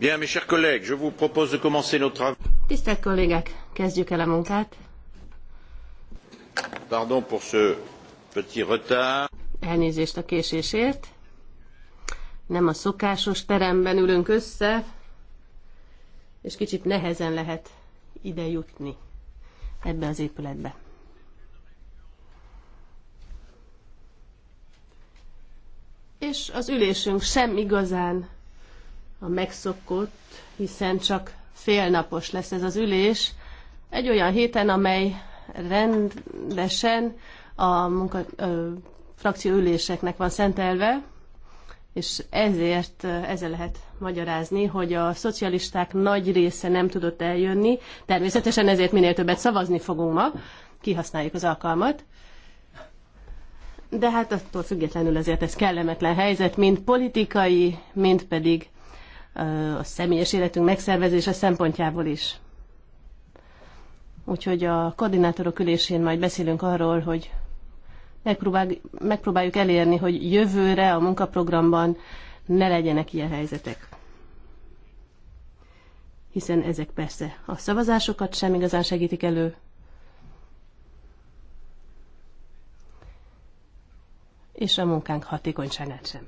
Bien, mes chers collègues, je vous propose de commencer Tisztelt kollégák, kezdjük el a munkát. Pardon pour ce petit retard. Elnézést a késésért. Nem a szokásos teremben ülünk össze, és kicsit nehezen lehet ide jutni ebbe az épületbe. És az ülésünk sem igazán a megszokott, hiszen csak félnapos lesz ez az ülés, egy olyan héten, amely rendesen a munka, ö, frakció üléseknek van szentelve, és ezért ezzel lehet magyarázni, hogy a szocialisták nagy része nem tudott eljönni. Természetesen ezért minél többet szavazni fogunk ma, kihasználjuk az alkalmat. De hát attól függetlenül ezért ez kellemetlen helyzet, mind politikai, mind pedig a személyes életünk megszervezése szempontjából is. Úgyhogy a koordinátorok ülésén majd beszélünk arról, hogy megpróbáljuk elérni, hogy jövőre a munkaprogramban ne legyenek ilyen helyzetek. Hiszen ezek persze a szavazásokat sem igazán segítik elő. És a munkánk hatékonyságát sem.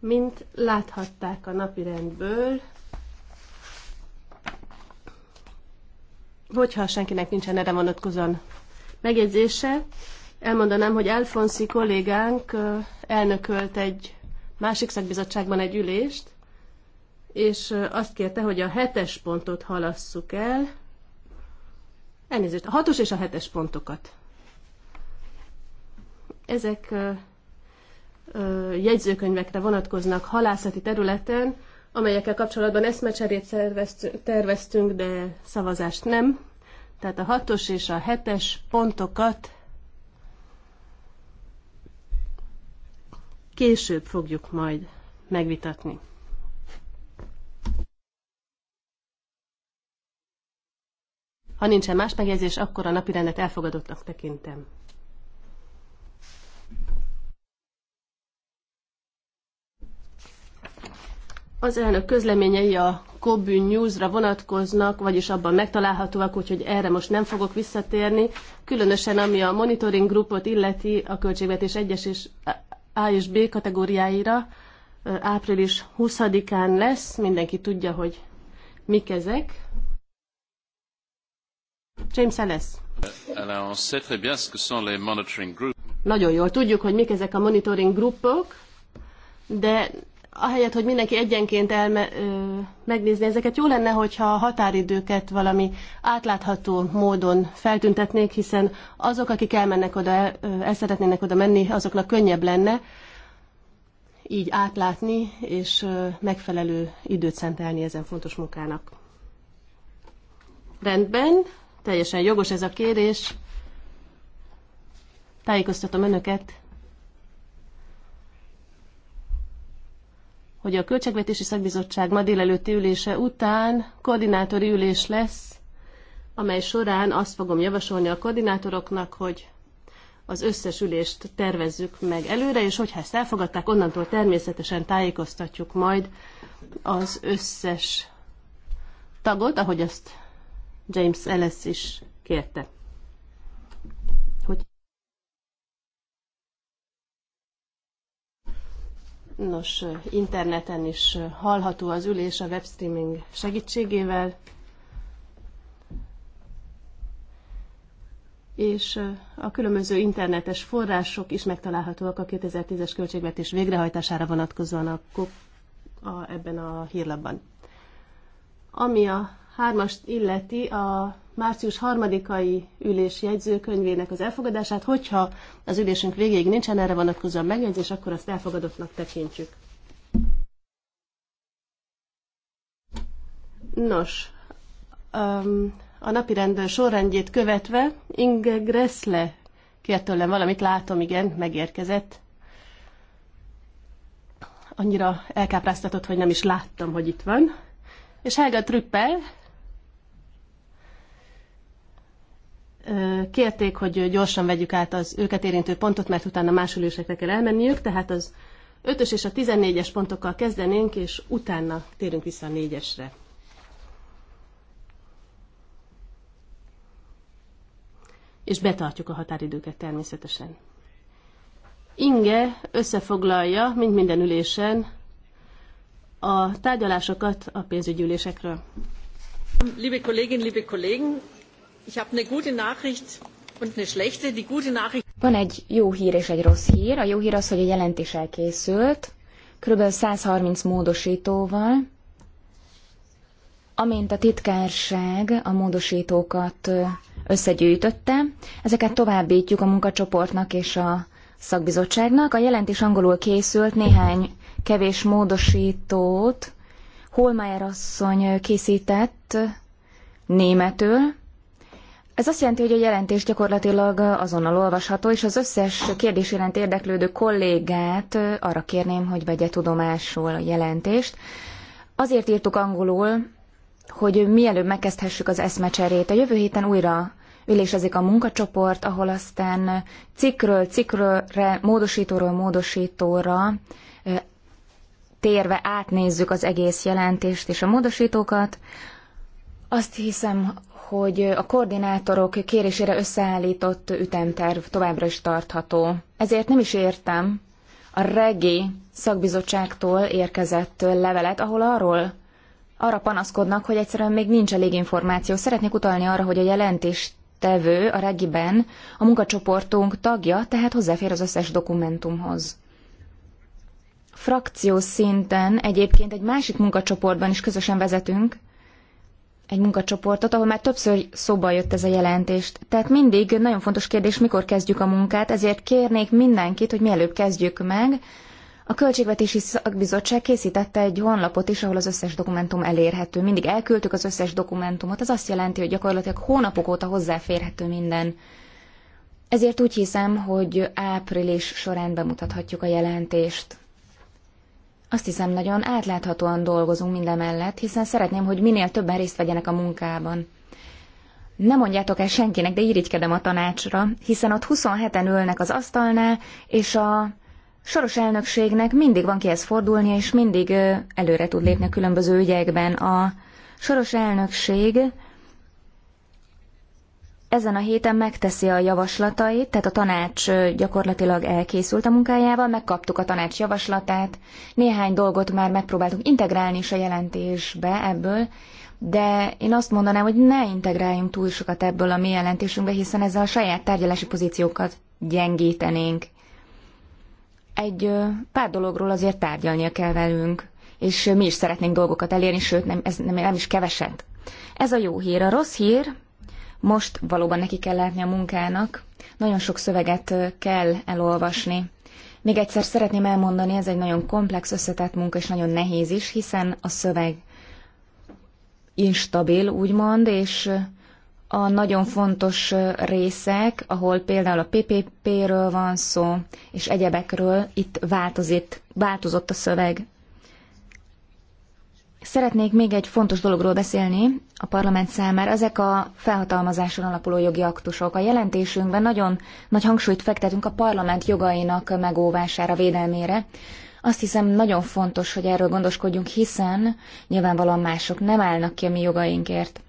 Mint láthatták a napirendből, hogyha senkinek nincsen erre vonatkozóan megjegyzése, elmondanám, hogy Alfonszi kollégánk elnökölt egy másik szakbizottságban egy ülést, és azt kérte, hogy a hetes pontot halasszuk el. Elnézést, a hatos és a hetes pontokat. Ezek jegyzőkönyvekre vonatkoznak halászati területen, amelyekkel kapcsolatban eszmecserét terveztünk, de szavazást nem. Tehát a hatos és a hetes pontokat később fogjuk majd megvitatni. Ha nincsen más megjegyzés, akkor a napirendet elfogadottnak tekintem. Az elnök közleményei a Kobű News-ra vonatkoznak, vagyis abban megtalálhatóak, úgyhogy erre most nem fogok visszatérni. Különösen ami a monitoring grupot illeti a költségvetés 1 és A és B kategóriáira április 20-án lesz. Mindenki tudja, hogy mik ezek. James Ellis. Nagyon jól tudjuk, hogy mik ezek a monitoring grupok, de ahelyett, hogy mindenki egyenként el megnézni ezeket, jó lenne, hogyha a határidőket valami átlátható módon feltüntetnék, hiszen azok, akik elmennek oda, el, szeretnének oda menni, azoknak könnyebb lenne így átlátni, és megfelelő időt szentelni ezen fontos munkának. Rendben, teljesen jogos ez a kérés. Tájékoztatom önöket, hogy a Költségvetési Szakbizottság ma délelőtti ülése után koordinátori ülés lesz, amely során azt fogom javasolni a koordinátoroknak, hogy az összes ülést tervezzük meg előre, és hogyha ezt elfogadták, onnantól természetesen tájékoztatjuk majd az összes tagot, ahogy azt James Ellis is kérte. Nos, interneten is hallható az ülés a webstreaming segítségével. és a különböző internetes források is megtalálhatóak a 2010-es költségvetés végrehajtására vonatkozóan a, a, ebben a hírlapban. Ami a hármast illeti a március harmadikai ülés jegyzőkönyvének az elfogadását, hogyha az ülésünk végéig nincsen erre vonatkozóan megjegyzés, akkor azt elfogadottnak tekintjük. Nos, um, a napirend sorrendjét követve Inge Gressle kért tőlem valamit, látom, igen, megérkezett. Annyira elkápráztatott, hogy nem is láttam, hogy itt van. És Helga Trüppel, kérték, hogy gyorsan vegyük át az őket érintő pontot, mert utána más ülésekre kell elmenniük, tehát az 5-ös és a 14-es pontokkal kezdenénk, és utána térünk vissza a 4-esre. És betartjuk a határidőket természetesen. Inge összefoglalja, mint minden ülésen, a tárgyalásokat a pénzügyi ülésekről. Liebe Kolleginnen, liebe Kollegen, van egy jó hír és egy rossz hír. A jó hír az, hogy a jelentés elkészült, kb. 130 módosítóval. Amint a titkárság a módosítókat összegyűjtötte, ezeket továbbítjuk a munkacsoportnak és a szakbizottságnak. A jelentés angolul készült, néhány kevés módosítót Holmeier asszony készített németül, ez azt jelenti, hogy a jelentés gyakorlatilag azonnal olvasható, és az összes kérdés iránt érdeklődő kollégát arra kérném, hogy vegye tudomásul a jelentést. Azért írtuk angolul, hogy mielőbb megkezdhessük az eszmecserét. A jövő héten újra ülésezik a munkacsoport, ahol aztán cikről, cikrőre, módosítóról, módosítóra térve átnézzük az egész jelentést és a módosítókat. Azt hiszem, hogy a koordinátorok kérésére összeállított ütemterv továbbra is tartható. Ezért nem is értem a regi szakbizottságtól érkezett levelet, ahol arról arra panaszkodnak, hogy egyszerűen még nincs elég információ. Szeretnék utalni arra, hogy a jelentés tevő a regiben a munkacsoportunk tagja, tehát hozzáfér az összes dokumentumhoz. Frakció szinten egyébként egy másik munkacsoportban is közösen vezetünk, egy munkacsoportot, ahol már többször szóba jött ez a jelentést. Tehát mindig nagyon fontos kérdés, mikor kezdjük a munkát, ezért kérnék mindenkit, hogy mielőbb kezdjük meg. A Költségvetési Szakbizottság készítette egy honlapot is, ahol az összes dokumentum elérhető. Mindig elküldtük az összes dokumentumot, az azt jelenti, hogy gyakorlatilag hónapok óta hozzáférhető minden. Ezért úgy hiszem, hogy április során bemutathatjuk a jelentést. Azt hiszem, nagyon átláthatóan dolgozunk mindemellett, hiszen szeretném, hogy minél többen részt vegyenek a munkában. Ne mondjátok el senkinek, de irigykedem a tanácsra, hiszen ott 27-en ülnek az asztalnál, és a soros elnökségnek mindig van kihez fordulnia, és mindig előre tud lépni a különböző ügyekben. A soros elnökség ezen a héten megteszi a javaslatait, tehát a tanács gyakorlatilag elkészült a munkájával, megkaptuk a tanács javaslatát, néhány dolgot már megpróbáltunk integrálni is a jelentésbe ebből, de én azt mondanám, hogy ne integráljunk túl sokat ebből a mi jelentésünkbe, hiszen ezzel a saját tárgyalási pozíciókat gyengítenénk. Egy pár dologról azért tárgyalnia kell velünk, és mi is szeretnénk dolgokat elérni, sőt, nem, ez nem, nem is keveset. Ez a jó hír. A rossz hír most valóban neki kell látni a munkának, nagyon sok szöveget kell elolvasni. Még egyszer szeretném elmondani, ez egy nagyon komplex, összetett munka, és nagyon nehéz is, hiszen a szöveg instabil, úgymond, és a nagyon fontos részek, ahol például a PPP-ről van szó, és egyebekről, itt változott, változott a szöveg Szeretnék még egy fontos dologról beszélni a parlament számára. Ezek a felhatalmazáson alapuló jogi aktusok. A jelentésünkben nagyon nagy hangsúlyt fektetünk a parlament jogainak megóvására, védelmére. Azt hiszem nagyon fontos, hogy erről gondoskodjunk, hiszen nyilvánvalóan mások nem állnak ki a mi jogainkért.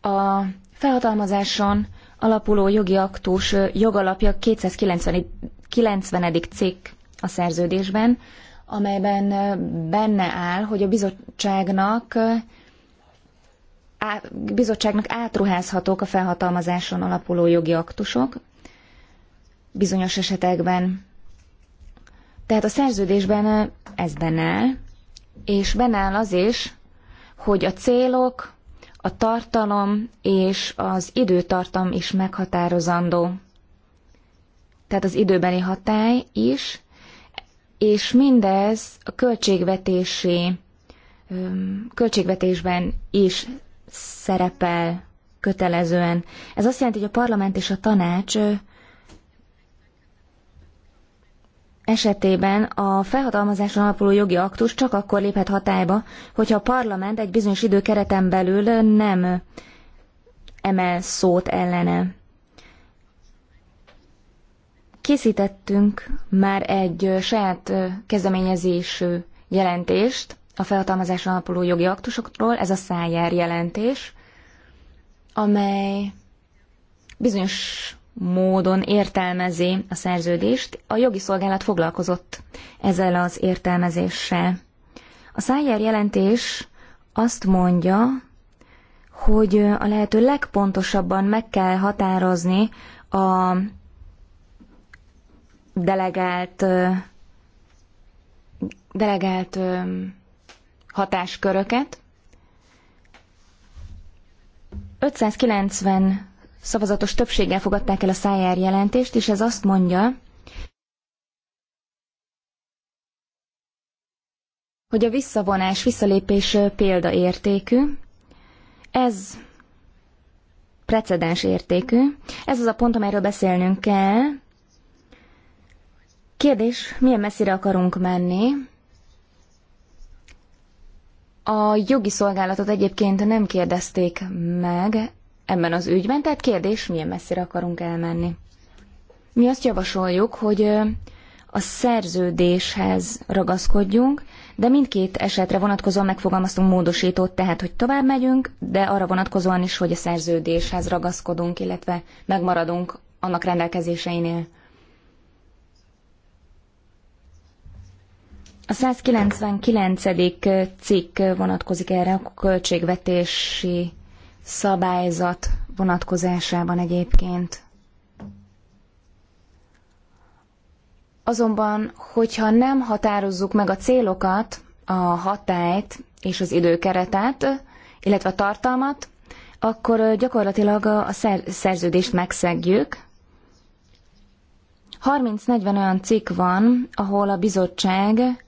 A felhatalmazáson alapuló jogi aktus jogalapja 290. cikk a szerződésben, amelyben benne áll, hogy a bizottságnak á, bizottságnak átruházhatók a felhatalmazáson alapuló jogi aktusok bizonyos esetekben. Tehát a szerződésben ez benne áll, és benne áll az is, hogy a célok, a tartalom és az időtartam is meghatározandó. Tehát az időbeni hatály is, és mindez a költségvetési költségvetésben is szerepel kötelezően. Ez azt jelenti, hogy a parlament és a tanács esetében a felhatalmazáson alapuló jogi aktus csak akkor léphet hatályba, hogyha a parlament egy bizonyos időkereten belül nem emel szót ellene. Készítettünk már egy saját kezdeményezésű jelentést a felhatalmazásra alapuló jogi aktusokról, ez a szájár jelentés, amely bizonyos módon értelmezi a szerződést. A jogi szolgálat foglalkozott ezzel az értelmezéssel. A szájár jelentés azt mondja, hogy a lehető legpontosabban meg kell határozni a delegált, delegált hatásköröket. 590 szavazatos többséggel fogadták el a szájár jelentést, és ez azt mondja, hogy a visszavonás, visszalépés példaértékű. Ez precedens értékű. Ez az a pont, amelyről beszélnünk kell, Kérdés, milyen messzire akarunk menni? A jogi szolgálatot egyébként nem kérdezték meg ebben az ügyben, tehát kérdés, milyen messzire akarunk elmenni. Mi azt javasoljuk, hogy a szerződéshez ragaszkodjunk, de mindkét esetre vonatkozóan megfogalmaztunk módosítót, tehát hogy tovább megyünk, de arra vonatkozóan is, hogy a szerződéshez ragaszkodunk, illetve megmaradunk annak rendelkezéseinél. A 199. cikk vonatkozik erre a költségvetési szabályzat vonatkozásában egyébként. Azonban, hogyha nem határozzuk meg a célokat, a hatályt és az időkeretet, illetve a tartalmat, akkor gyakorlatilag a szerződést megszegjük. 30-40 olyan cikk van, ahol a bizottság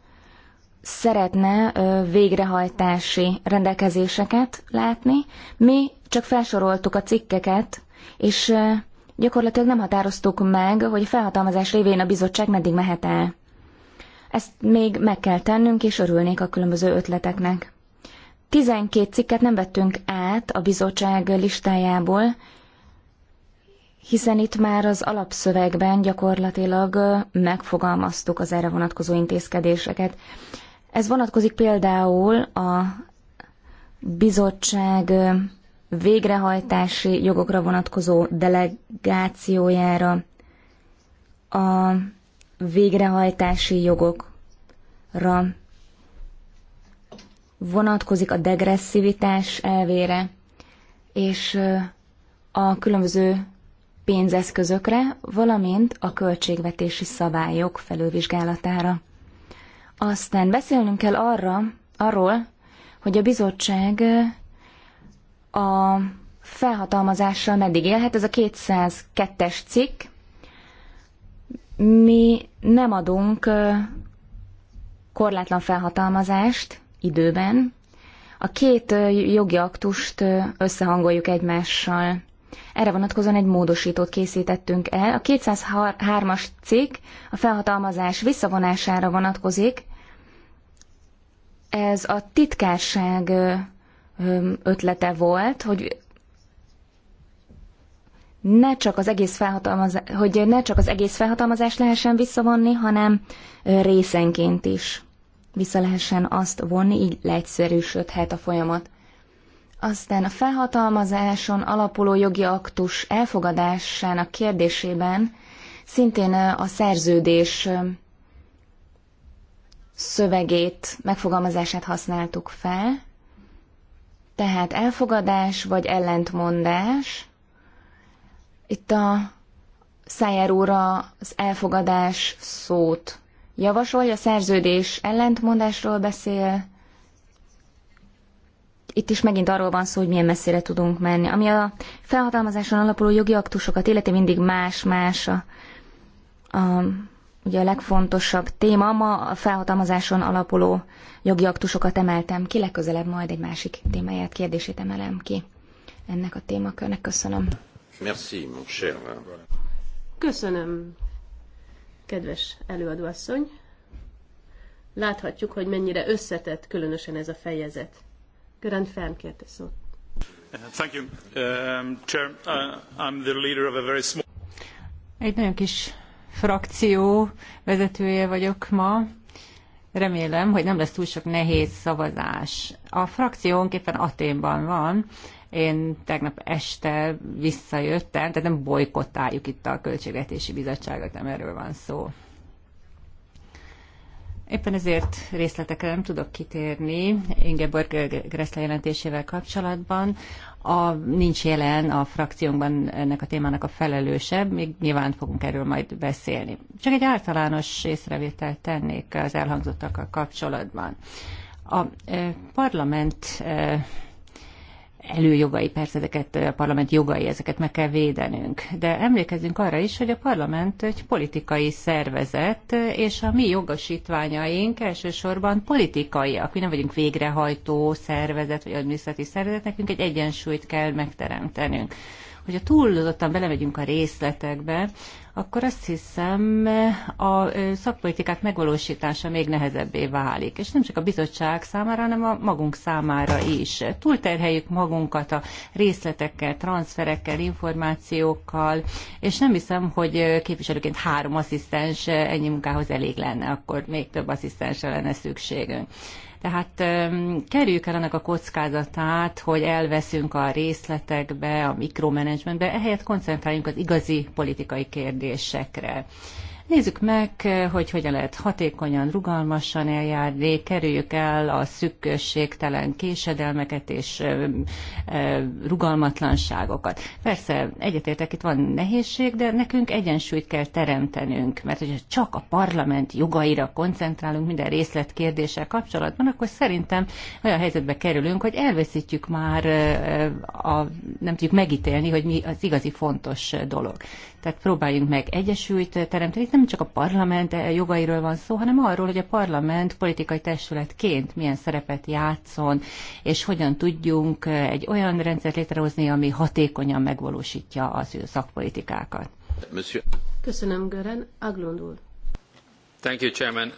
szeretne végrehajtási rendelkezéseket látni. Mi csak felsoroltuk a cikkeket, és gyakorlatilag nem határoztuk meg, hogy felhatalmazás révén a bizottság meddig mehet el. Ezt még meg kell tennünk, és örülnék a különböző ötleteknek. 12 cikket nem vettünk át a bizottság listájából, hiszen itt már az alapszövegben gyakorlatilag megfogalmaztuk az erre vonatkozó intézkedéseket. Ez vonatkozik például a bizottság végrehajtási jogokra vonatkozó delegációjára, a végrehajtási jogokra vonatkozik a degresszivitás elvére, és a különböző pénzeszközökre, valamint a költségvetési szabályok felülvizsgálatára. Aztán beszélnünk kell arra, arról, hogy a bizottság a felhatalmazással meddig élhet. Ez a 202-es cikk. Mi nem adunk korlátlan felhatalmazást időben. A két jogi aktust összehangoljuk egymással. Erre vonatkozóan egy módosítót készítettünk el. A 203-as cikk a felhatalmazás visszavonására vonatkozik. Ez a titkárság ötlete volt, hogy ne csak az egész felhatalmazás, hogy ne csak az egész felhatalmazást lehessen visszavonni, hanem részenként is vissza lehessen azt vonni, így leegyszerűsödhet a folyamat. Aztán a felhatalmazáson alapuló jogi aktus elfogadásának kérdésében szintén a szerződés szövegét, megfogalmazását használtuk fel, tehát elfogadás vagy ellentmondás. Itt a Szájer úr az elfogadás szót javasolja, a szerződés ellentmondásról beszél, itt is megint arról van szó, hogy milyen messzire tudunk menni. Ami a felhatalmazáson alapuló jogi aktusokat illeti, mindig más-más a, a, ugye a legfontosabb téma. Ma a felhatalmazáson alapuló jogi aktusokat emeltem ki, legközelebb majd egy másik témáját, kérdését emelem ki ennek a témakörnek. Köszönöm. Merci, mon cher. Köszönöm, kedves előadóasszony. Láthatjuk, hogy mennyire összetett különösen ez a fejezet. Thank you. Um, chair, uh, I'm the leader of a very small... Egy nagyon kis frakció vezetője vagyok ma. Remélem, hogy nem lesz túl sok nehéz szavazás. A frakciónk éppen Aténban van, én tegnap este visszajöttem, tehát nem bolykottáljuk itt a Költségvetési Bizottságot, nem erről van szó. Éppen ezért részletekre nem tudok kitérni Ingeborg Gressle jelentésével kapcsolatban. A, nincs jelen a frakciónkban ennek a témának a felelőse, még nyilván fogunk erről majd beszélni. Csak egy általános észrevételt tennék az elhangzottakkal kapcsolatban. A eh, parlament eh, előjogai, persze ezeket a parlament jogai, ezeket meg kell védenünk. De emlékezzünk arra is, hogy a parlament egy politikai szervezet, és a mi jogosítványaink elsősorban politikaiak. Mi nem vagyunk végrehajtó szervezet, vagy adminisztratív szervezet, nekünk egy egyensúlyt kell megteremtenünk hogyha túlzottan belemegyünk a részletekbe, akkor azt hiszem a szakpolitikák megvalósítása még nehezebbé válik. És nem csak a bizottság számára, hanem a magunk számára is. Túlterheljük magunkat a részletekkel, transferekkel, információkkal, és nem hiszem, hogy képviselőként három asszisztens ennyi munkához elég lenne, akkor még több asszisztensre lenne szükségünk. Tehát kerüljük el ennek a kockázatát, hogy elveszünk a részletekbe, a mikromanagementbe, ehelyett koncentráljunk az igazi politikai kérdésekre. Nézzük meg, hogy hogyan lehet hatékonyan, rugalmasan eljárni, kerüljük el a szükségtelen késedelmeket és rugalmatlanságokat. Persze, egyetértek, itt van nehézség, de nekünk egyensúlyt kell teremtenünk, mert hogyha csak a parlament jogaira koncentrálunk minden részletkérdéssel kapcsolatban, akkor szerintem olyan helyzetbe kerülünk, hogy elveszítjük már, a, nem tudjuk megítélni, hogy mi az igazi fontos dolog. Tehát próbáljunk meg egyesült teremteni. Itt nem csak a parlament jogairól van szó, hanem arról, hogy a parlament politikai testületként milyen szerepet játszon, és hogyan tudjunk egy olyan rendszert létrehozni, ami hatékonyan megvalósítja az ő szakpolitikákat. Köszönöm, Gören. Aglund úr. Thank you, Chairman.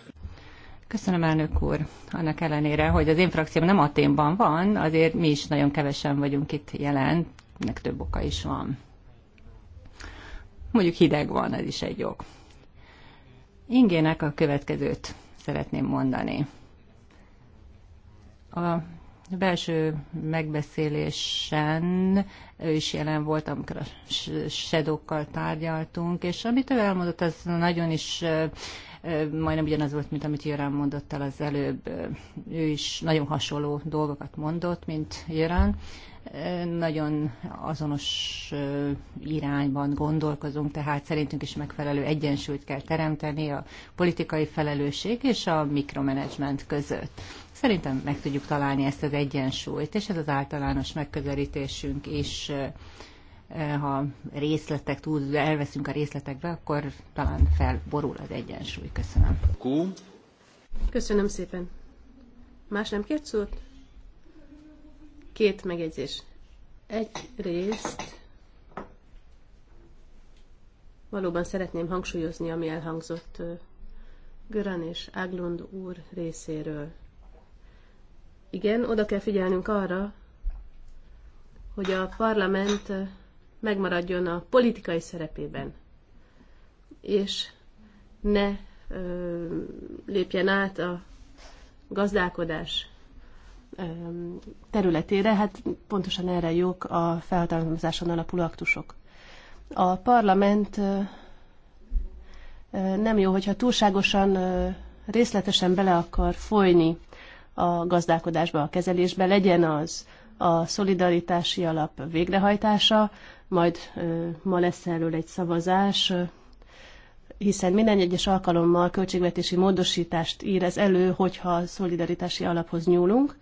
Köszönöm, elnök úr. Annak ellenére, hogy az én frakcióm nem Aténban van, azért mi is nagyon kevesen vagyunk itt jelen, nek több oka is van. Mondjuk hideg van, ez is egy ok. Ingének a következőt szeretném mondani. A belső megbeszélésen ő is jelen volt, amikor a sedokkal tárgyaltunk, és amit ő elmondott, az nagyon is majdnem ugyanaz volt, mint amit Jörán mondott el az előbb. Ő is nagyon hasonló dolgokat mondott, mint Jörán, nagyon azonos irányban gondolkozunk, tehát szerintünk is megfelelő egyensúlyt kell teremteni a politikai felelősség és a mikromanagement között. Szerintem meg tudjuk találni ezt az egyensúlyt, és ez az általános megközelítésünk is. Ha részletek túl, elveszünk a részletekbe, akkor talán felborul az egyensúly. Köszönöm. Köszönöm szépen. Más nem kért szót? Két megjegyzés. részt valóban szeretném hangsúlyozni, ami elhangzott Göran és Áglund úr részéről. Igen, oda kell figyelnünk arra, hogy a parlament megmaradjon a politikai szerepében, és ne ö, lépjen át a gazdálkodás területére, hát pontosan erre jók a felhatalmazáson alapuló aktusok. A parlament nem jó, hogyha túlságosan részletesen bele akar folyni a gazdálkodásba, a kezelésbe, legyen az a szolidaritási alap végrehajtása, majd ma lesz erről egy szavazás, hiszen minden egyes alkalommal költségvetési módosítást ír ez elő, hogyha a szolidaritási alaphoz nyúlunk,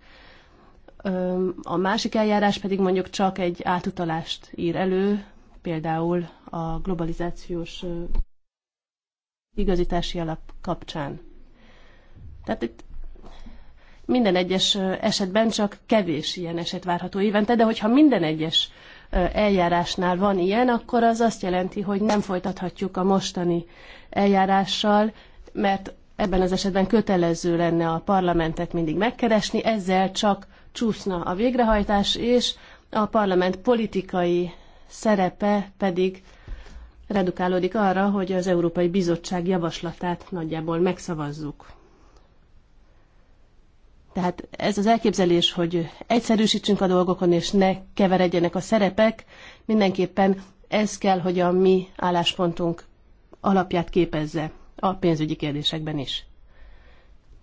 a másik eljárás pedig mondjuk csak egy átutalást ír elő, például a globalizációs igazítási alap kapcsán. Tehát itt minden egyes esetben csak kevés ilyen eset várható évente, de hogyha minden egyes eljárásnál van ilyen, akkor az azt jelenti, hogy nem folytathatjuk a mostani eljárással, mert ebben az esetben kötelező lenne a parlamentet mindig megkeresni, ezzel csak csúszna a végrehajtás, és a parlament politikai szerepe pedig redukálódik arra, hogy az Európai Bizottság javaslatát nagyjából megszavazzuk. Tehát ez az elképzelés, hogy egyszerűsítsünk a dolgokon, és ne keveredjenek a szerepek, mindenképpen ez kell, hogy a mi álláspontunk alapját képezze a pénzügyi kérdésekben is.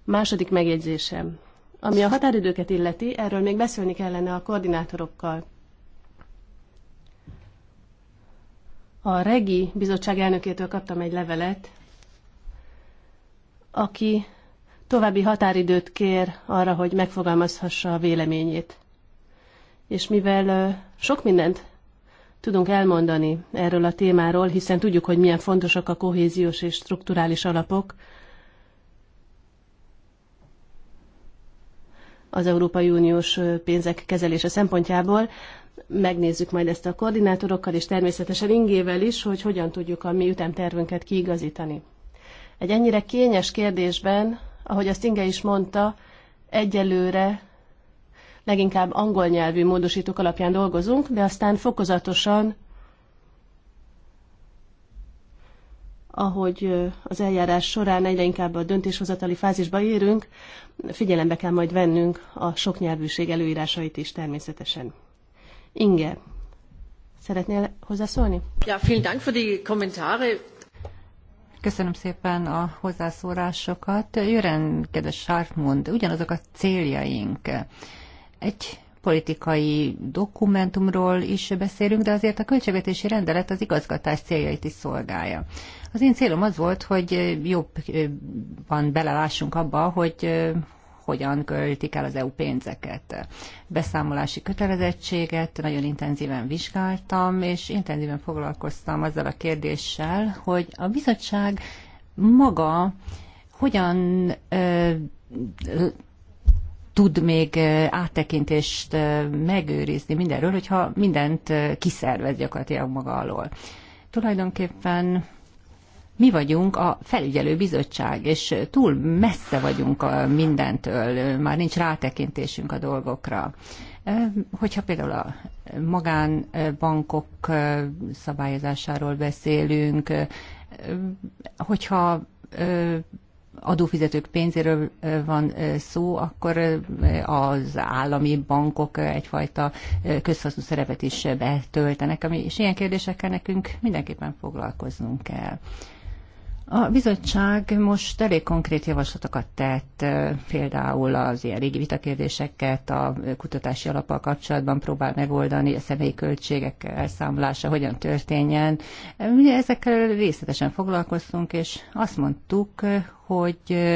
Második megjegyzésem. Ami a határidőket illeti, erről még beszélni kellene a koordinátorokkal. A Regi bizottság elnökétől kaptam egy levelet, aki további határidőt kér arra, hogy megfogalmazhassa a véleményét. És mivel sok mindent tudunk elmondani erről a témáról, hiszen tudjuk, hogy milyen fontosak a kohéziós és strukturális alapok, az Európai Uniós pénzek kezelése szempontjából. Megnézzük majd ezt a koordinátorokkal, és természetesen ingével is, hogy hogyan tudjuk a mi ütemtervünket kiigazítani. Egy ennyire kényes kérdésben, ahogy azt Inge is mondta, egyelőre leginkább angol nyelvű módosítók alapján dolgozunk, de aztán fokozatosan ahogy az eljárás során egyre inkább a döntéshozatali fázisba érünk, figyelembe kell majd vennünk a sok nyelvűség előírásait is természetesen. Inge, szeretnél hozzászólni? Ja, vielen Dank für die Kommentare. Köszönöm szépen a hozzászólásokat. Jören, kedves Sárfmond, ugyanazok a céljaink. Egy politikai dokumentumról is beszélünk, de azért a költségvetési rendelet az igazgatás céljait is szolgálja. Az én célom az volt, hogy jobban belelássunk abba, hogy hogyan költik el az EU pénzeket. Beszámolási kötelezettséget nagyon intenzíven vizsgáltam, és intenzíven foglalkoztam azzal a kérdéssel, hogy a bizottság maga hogyan ö, tud még áttekintést megőrizni mindenről, hogyha mindent kiszervez gyakorlatilag maga alól. Tulajdonképpen mi vagyunk a felügyelő bizottság, és túl messze vagyunk a mindentől, már nincs rátekintésünk a dolgokra. Hogyha például a magánbankok szabályozásáról beszélünk, hogyha adófizetők pénzéről van szó, akkor az állami bankok egyfajta közhasznú szerepet is betöltenek, ami, és ilyen kérdésekkel nekünk mindenképpen foglalkoznunk kell. A bizottság most elég konkrét javaslatokat tett, például az ilyen régi vitakérdéseket a kutatási alappal kapcsolatban próbál megoldani, a személyi költségek elszámolása hogyan történjen. Ugye ezekkel részletesen foglalkoztunk, és azt mondtuk, hogy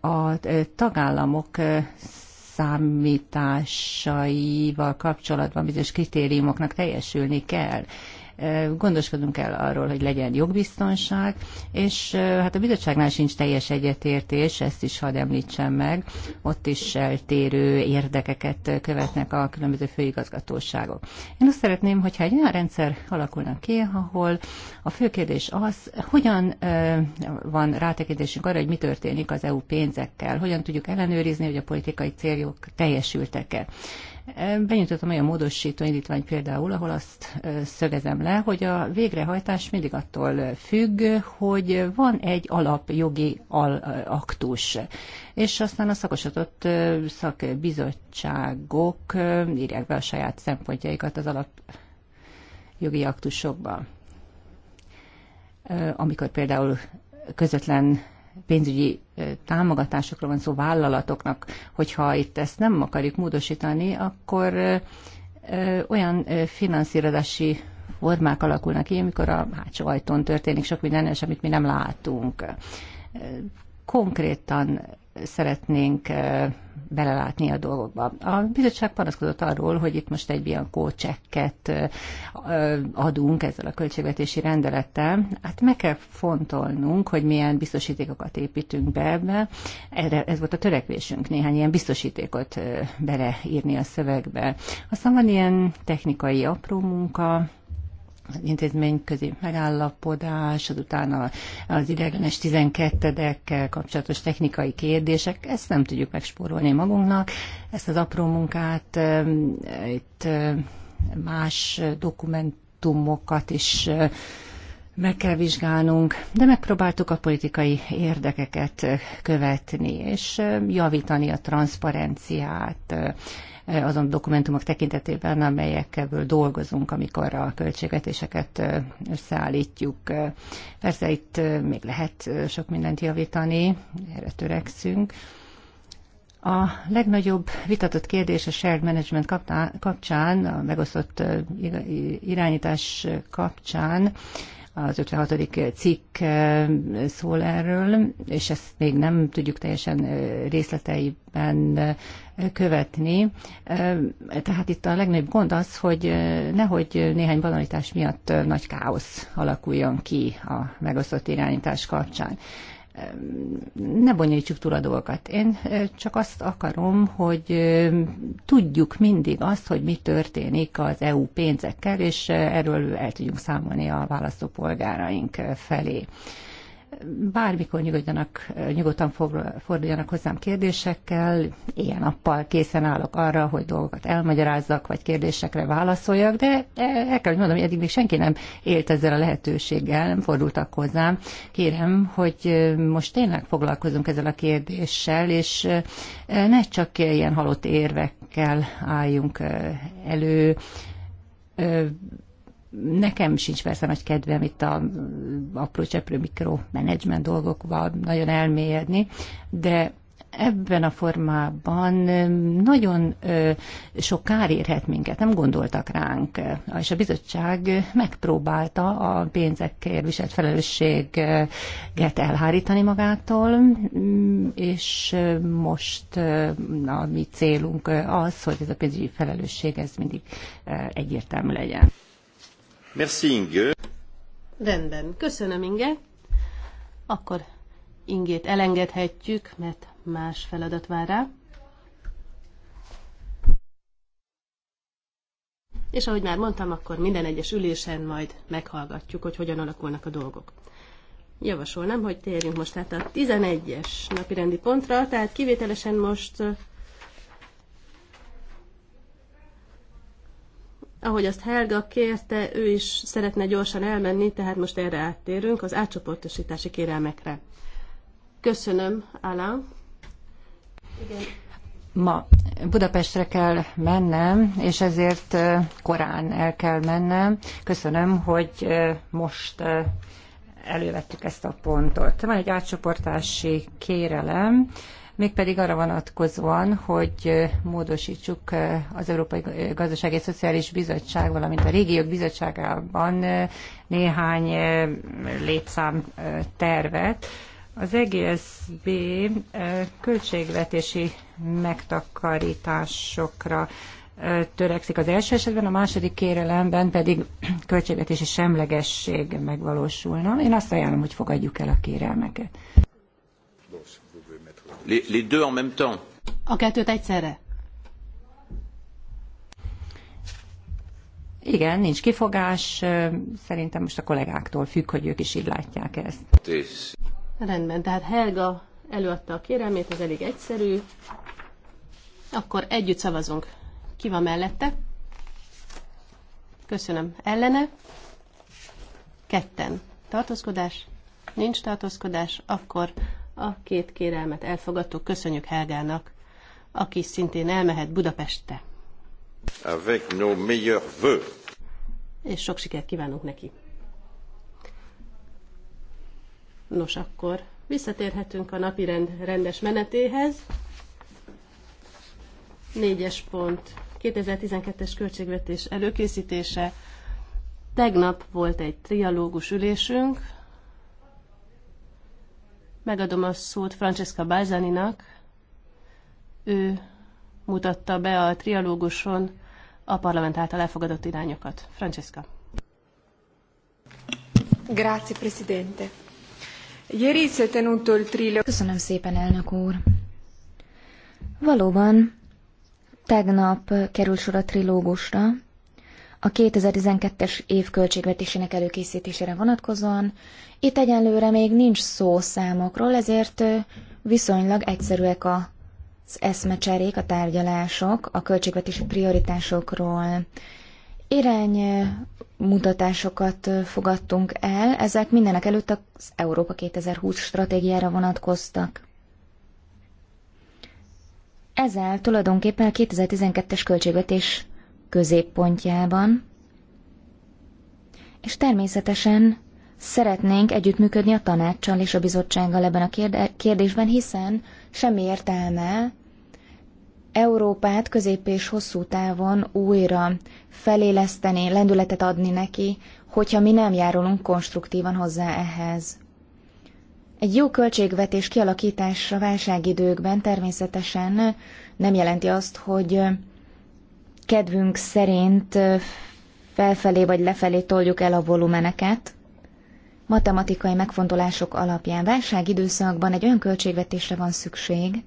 a tagállamok számításaival kapcsolatban bizonyos kritériumoknak teljesülni kell gondoskodunk kell arról, hogy legyen jogbiztonság, és hát a bizottságnál sincs teljes egyetértés, ezt is hadd említsem meg, ott is eltérő érdekeket követnek a különböző főigazgatóságok. Én azt szeretném, hogyha egy olyan rendszer alakulna ki, ahol a fő kérdés az, hogyan van rátekintésünk arra, hogy mi történik az EU pénzekkel, hogyan tudjuk ellenőrizni, hogy a politikai célok teljesültek-e. Benyújtottam olyan módosító indítvány például, ahol azt szögezem le, hogy a végrehajtás mindig attól függ, hogy van egy alapjogi al- aktus, és aztán a szakosodott szakbizottságok írják be a saját szempontjaikat az alapjogi aktusokba. Amikor például közvetlen pénzügyi támogatásokról van szó vállalatoknak, hogyha itt ezt nem akarjuk módosítani, akkor olyan finanszírozási formák alakulnak ki, amikor a hátsó ajtón történik sok minden, és amit mi nem látunk. Konkrétan szeretnénk belelátni a dolgokba. A bizottság panaszkodott arról, hogy itt most egy ilyen kócsekket adunk ezzel a költségvetési rendelettel. Hát meg kell fontolnunk, hogy milyen biztosítékokat építünk be ebbe. Erre, ez volt a törekvésünk, néhány ilyen biztosítékot beleírni a szövegbe. Aztán van ilyen technikai apró munka, közé megállapodás, azután az idegenes 12 dekkel kapcsolatos technikai kérdések, ezt nem tudjuk megspórolni magunknak, ezt az apró munkát itt más dokumentumokat is meg kell vizsgálnunk, de megpróbáltuk a politikai érdekeket követni, és javítani a transzparenciát, azon dokumentumok tekintetében, amelyekből dolgozunk, amikor a költségvetéseket összeállítjuk. Persze itt még lehet sok mindent javítani, erre törekszünk. A legnagyobb vitatott kérdés a shared management kapcsán, a megosztott irányítás kapcsán az 56. cikk eh, szól erről, és ezt még nem tudjuk teljesen eh, részleteiben eh, követni. Tehát itt a legnagyobb gond az, hogy nehogy néhány banalitás miatt nagy káosz alakuljon ki a megosztott irányítás kapcsán ne bonyolítsuk túl a dolgokat. Én csak azt akarom, hogy tudjuk mindig azt, hogy mi történik az EU pénzekkel, és erről el tudjunk számolni a választópolgáraink felé bármikor nyugodjanak, nyugodtan forduljanak hozzám kérdésekkel, ilyen nappal készen állok arra, hogy dolgokat elmagyarázzak, vagy kérdésekre válaszoljak, de el kell, hogy mondom, hogy eddig még senki nem élt ezzel a lehetőséggel, nem fordultak hozzám. Kérem, hogy most tényleg foglalkozunk ezzel a kérdéssel, és ne csak ilyen halott érvekkel álljunk elő, nekem sincs persze nagy kedvem itt a apró cseprő mikro menedzsment dolgokban nagyon elmélyedni, de ebben a formában nagyon sok kár érhet minket, nem gondoltak ránk, és a bizottság megpróbálta a pénzekért viselt felelősséget elhárítani magától, és most a mi célunk az, hogy ez a pénzügyi felelősség ez mindig egyértelmű legyen. Merci, Inge. Rendben, köszönöm, Inge. Akkor Ingét elengedhetjük, mert más feladat vár rá. És ahogy már mondtam, akkor minden egyes ülésen majd meghallgatjuk, hogy hogyan alakulnak a dolgok. Javasolnám, hogy térjünk most át a 11-es napirendi pontra, tehát kivételesen most Ahogy azt Helga kérte, ő is szeretne gyorsan elmenni, tehát most erre áttérünk az átcsoportosítási kérelmekre. Köszönöm, Alain. Igen. Ma Budapestre kell mennem, és ezért korán el kell mennem. Köszönöm, hogy most elővettük ezt a pontot. Van egy átcsoportási kérelem, mégpedig arra vonatkozóan, hogy módosítsuk az Európai Gazdasági és Szociális Bizottság, valamint a Régiók Bizottságában néhány létszám tervet, az EGSB költségvetési megtakarításokra törekszik az első esetben, a második kérelemben pedig költségvetési semlegesség megvalósulna. Én azt ajánlom, hogy fogadjuk el a kérelmeket. Les, les deux en même temps. A kettőt egyszerre? Igen, nincs kifogás. Szerintem most a kollégáktól függ, hogy ők is így látják ezt. Tész. Rendben, tehát Helga előadta a kérelmét, ez elég egyszerű. Akkor együtt szavazunk. Ki van mellette? Köszönöm. Ellene? Ketten. Tartózkodás? Nincs tartózkodás, akkor a két kérelmet elfogadtuk. Köszönjük Helgának, aki szintén elmehet Budapestre. Avec nos meilleurs vœux. És sok sikert kívánunk neki. Nos, akkor visszatérhetünk a napirend rendes menetéhez. Négyes pont. 2012-es költségvetés előkészítése. Tegnap volt egy trialógus ülésünk, Megadom a szót Francesca Balzaninak. Ő mutatta be a trialóguson a parlament által elfogadott irányokat. Francesca. Grazie, Presidente. Ieri si è tenuto il trilogo... Köszönöm szépen, elnök úr. Valóban, tegnap kerül sor a trilógusra, a 2012-es év költségvetésének előkészítésére vonatkozóan. Itt egyenlőre még nincs szó számokról, ezért viszonylag egyszerűek az eszmecserék, a tárgyalások, a költségvetési prioritásokról. Irány mutatásokat fogadtunk el, ezek mindenek előtt az Európa 2020 stratégiára vonatkoztak. Ezzel tulajdonképpen a 2012-es költségvetés középpontjában, és természetesen szeretnénk együttműködni a tanácssal és a bizottsággal ebben a kérdésben, hiszen semmi értelme Európát közép és hosszú távon újra feléleszteni, lendületet adni neki, hogyha mi nem járulunk konstruktívan hozzá ehhez. Egy jó költségvetés kialakítása válságidőkben természetesen nem jelenti azt, hogy kedvünk szerint felfelé vagy lefelé toljuk el a volumeneket, matematikai megfontolások alapján időszakban egy olyan költségvetésre van szükség,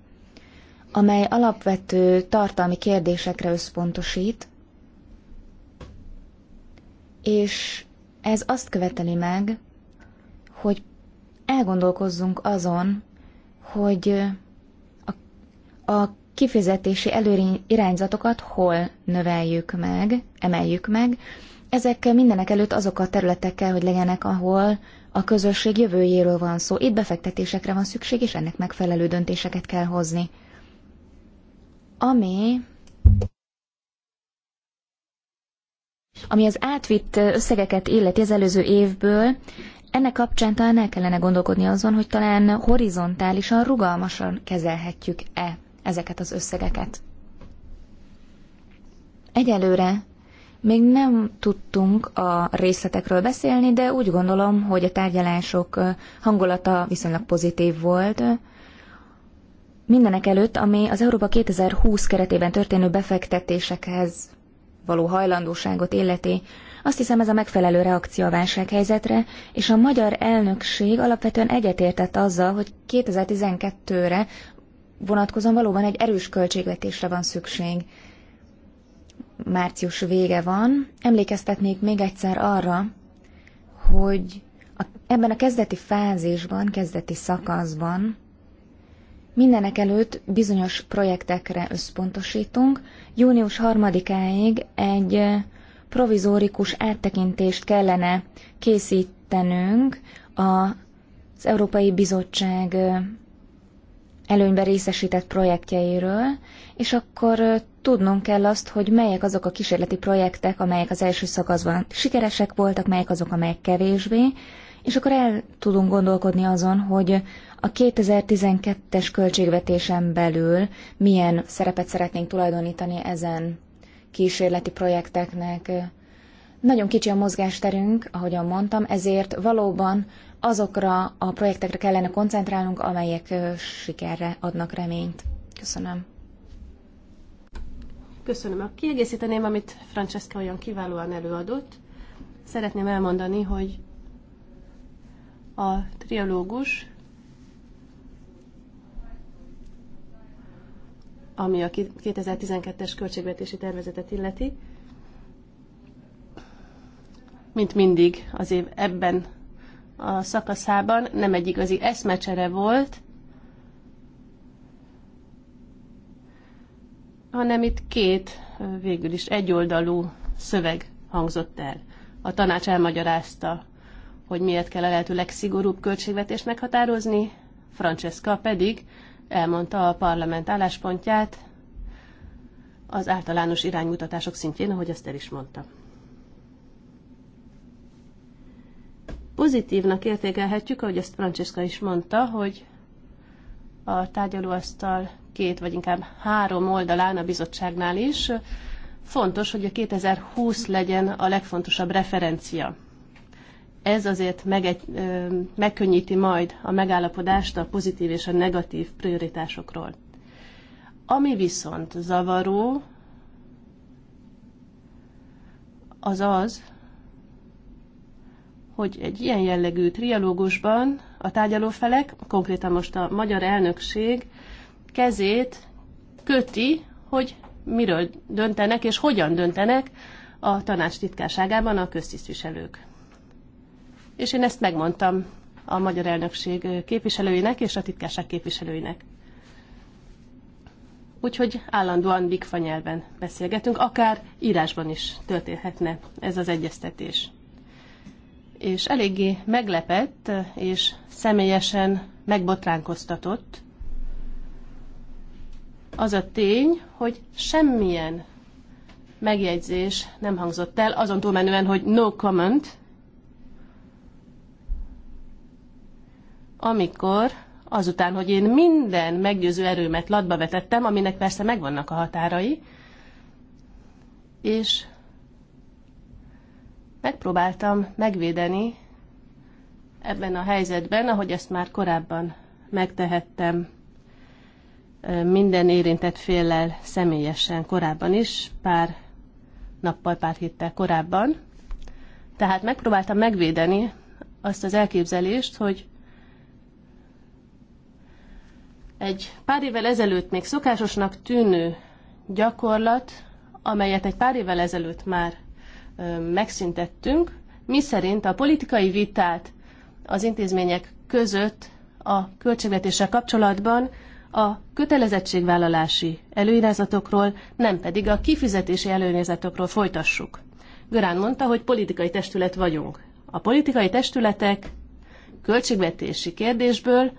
amely alapvető tartalmi kérdésekre összpontosít, és ez azt követeli meg, hogy elgondolkozzunk azon, hogy a, a kifizetési előirányzatokat hol növeljük meg, emeljük meg. Ezek mindenek előtt azok a területek kell, hogy legyenek, ahol a közösség jövőjéről van szó. Itt befektetésekre van szükség, és ennek megfelelő döntéseket kell hozni. Ami ami az átvitt összegeket illeti az előző évből, ennek kapcsán talán el kellene gondolkodni azon, hogy talán horizontálisan, rugalmasan kezelhetjük-e ezeket az összegeket. Egyelőre még nem tudtunk a részletekről beszélni, de úgy gondolom, hogy a tárgyalások hangulata viszonylag pozitív volt. Mindenek előtt, ami az Európa 2020 keretében történő befektetésekhez való hajlandóságot illeti, azt hiszem ez a megfelelő reakció a válsághelyzetre, és a magyar elnökség alapvetően egyetértett azzal, hogy 2012-re vonatkozom, valóban egy erős költségvetésre van szükség. Március vége van. Emlékeztetnék még egyszer arra, hogy a, ebben a kezdeti fázisban, kezdeti szakaszban mindenek előtt bizonyos projektekre összpontosítunk. Június 3-áig egy provizórikus áttekintést kellene készítenünk az Európai Bizottság előnybe részesített projektjeiről, és akkor tudnunk kell azt, hogy melyek azok a kísérleti projektek, amelyek az első szakaszban sikeresek voltak, melyek azok, amelyek kevésbé, és akkor el tudunk gondolkodni azon, hogy a 2012-es költségvetésen belül milyen szerepet szeretnénk tulajdonítani ezen kísérleti projekteknek, nagyon kicsi a mozgásterünk, ahogyan mondtam, ezért valóban azokra a projektekre kellene koncentrálnunk, amelyek sikerre adnak reményt. Köszönöm. Köszönöm. a Kiegészíteném, amit Francesca olyan kiválóan előadott. Szeretném elmondani, hogy a triológus, ami a 2012-es költségvetési tervezetet illeti, mint mindig az év ebben a szakaszában nem egy igazi eszmecsere volt, hanem itt két végül is egyoldalú szöveg hangzott el. A tanács elmagyarázta, hogy miért kell a lehető legszigorúbb költségvetést meghatározni, Francesca pedig elmondta a parlament álláspontját az általános iránymutatások szintjén, ahogy azt el is mondta. Pozitívnak értékelhetjük, ahogy ezt Francesca is mondta, hogy a tárgyalóasztal két vagy inkább három oldalán a bizottságnál is fontos, hogy a 2020 legyen a legfontosabb referencia. Ez azért egy, ö, megkönnyíti majd a megállapodást a pozitív és a negatív prioritásokról. Ami viszont zavaró, az az, hogy egy ilyen jellegű trialógusban a tárgyalófelek, konkrétan most a magyar elnökség kezét köti, hogy miről döntenek és hogyan döntenek a tanács titkárságában a köztisztviselők. És én ezt megmondtam a magyar elnökség képviselőinek és a titkárság képviselőinek. Úgyhogy állandóan bigfa nyelven beszélgetünk, akár írásban is történhetne ez az egyeztetés és eléggé meglepett és személyesen megbotránkoztatott az a tény, hogy semmilyen megjegyzés nem hangzott el, azon túlmenően, hogy no comment, amikor azután, hogy én minden meggyőző erőmet latba vetettem, aminek persze megvannak a határai, és Megpróbáltam megvédeni ebben a helyzetben, ahogy ezt már korábban megtehettem minden érintett féllel személyesen korábban is, pár nappal, pár héttel korábban. Tehát megpróbáltam megvédeni azt az elképzelést, hogy egy pár évvel ezelőtt még szokásosnak tűnő gyakorlat, amelyet egy pár évvel ezelőtt már megszüntettünk, mi szerint a politikai vitát az intézmények között a költségvetéssel kapcsolatban a kötelezettségvállalási előirányzatokról, nem pedig a kifizetési előirányzatokról folytassuk. Görán mondta, hogy politikai testület vagyunk. A politikai testületek költségvetési kérdésből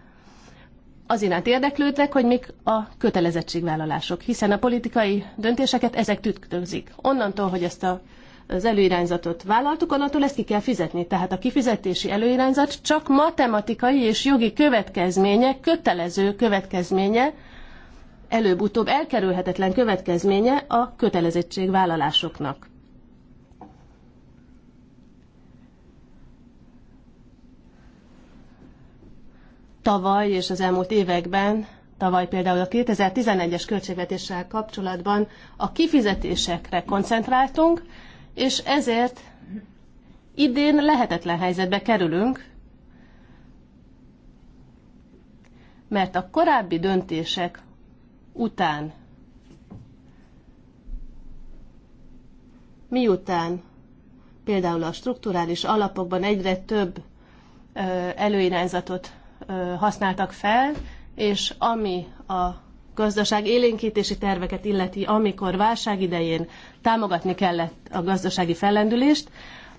az iránt érdeklődtek, hogy mik a kötelezettségvállalások, hiszen a politikai döntéseket ezek tükrözik. Onnantól, hogy ezt a az előirányzatot vállaltuk, onnantól ezt ki kell fizetni. Tehát a kifizetési előirányzat csak matematikai és jogi következménye, kötelező következménye, előbb-utóbb elkerülhetetlen következménye a kötelezettségvállalásoknak. Tavaly és az elmúlt években Tavaly például a 2011-es költségvetéssel kapcsolatban a kifizetésekre koncentráltunk, és ezért idén lehetetlen helyzetbe kerülünk, mert a korábbi döntések után, miután például a strukturális alapokban egyre több előirányzatot használtak fel, és ami a gazdaság élénkítési terveket illeti, amikor válság idején támogatni kellett a gazdasági fellendülést,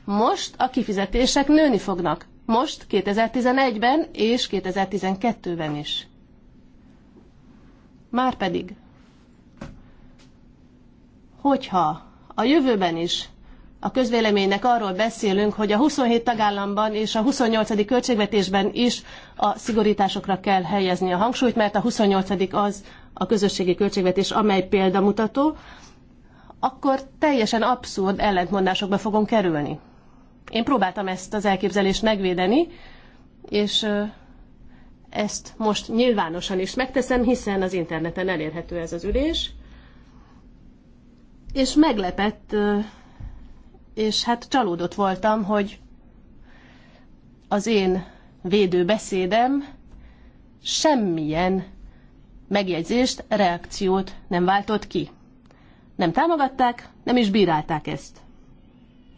most a kifizetések nőni fognak. Most 2011-ben és 2012-ben is. Márpedig, hogyha a jövőben is a közvéleménynek arról beszélünk, hogy a 27 tagállamban és a 28. költségvetésben is a szigorításokra kell helyezni a hangsúlyt, mert a 28. az, a közösségi költségvetés, amely példamutató, akkor teljesen abszurd ellentmondásokba fogunk kerülni. Én próbáltam ezt az elképzelést megvédeni, és ezt most nyilvánosan is megteszem, hiszen az interneten elérhető ez az ülés. És meglepett, és hát csalódott voltam, hogy az én védő beszédem semmilyen megjegyzést, reakciót nem váltott ki. Nem támogatták, nem is bírálták ezt.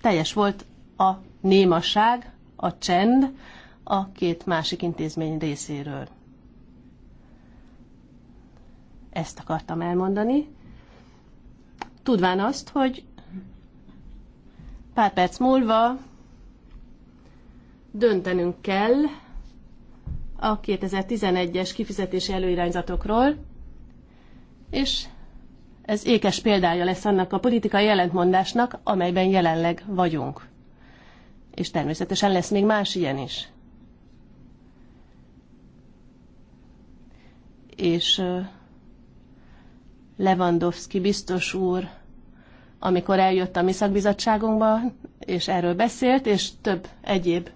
Teljes volt a némaság, a csend a két másik intézmény részéről. Ezt akartam elmondani, tudván azt, hogy pár perc múlva döntenünk kell, a 2011-es kifizetési előirányzatokról, és ez ékes példája lesz annak a politikai jelentmondásnak, amelyben jelenleg vagyunk. És természetesen lesz még más ilyen is. És Lewandowski biztos úr, amikor eljött a mi szakbizottságunkba, és erről beszélt, és több egyéb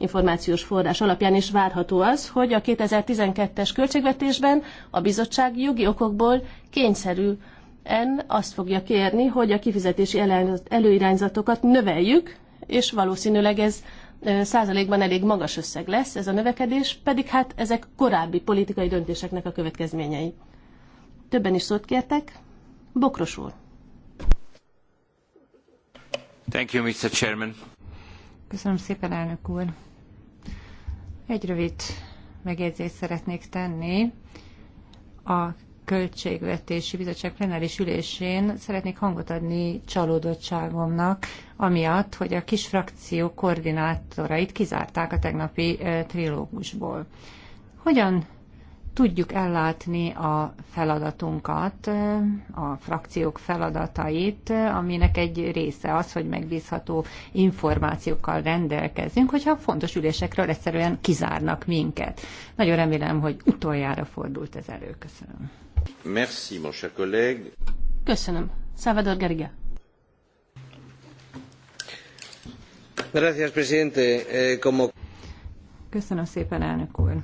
információs forrás alapján is várható az, hogy a 2012-es költségvetésben a bizottság jogi okokból kényszerül en azt fogja kérni, hogy a kifizetési előirányzatokat növeljük, és valószínűleg ez százalékban elég magas összeg lesz ez a növekedés, pedig hát ezek korábbi politikai döntéseknek a következményei. Többen is szót kértek. Bokros úr. Thank you, Mr. Chairman. Köszönöm szépen, elnök úr. Egy rövid megjegyzést szeretnék tenni. A Költségvetési Bizottság plenáris ülésén szeretnék hangot adni csalódottságomnak, amiatt, hogy a kis frakció koordinátorait kizárták a tegnapi trilógusból. Hogyan tudjuk ellátni a feladatunkat, a frakciók feladatait, aminek egy része az, hogy megbízható információkkal rendelkezünk, hogyha fontos ülésekről egyszerűen kizárnak minket. Nagyon remélem, hogy utoljára fordult ez elő. Köszönöm. Merci, mon cher collègue. Köszönöm. Salvador Gerige. Gracias, presidente. Eh, como... Köszönöm szépen, elnök úr.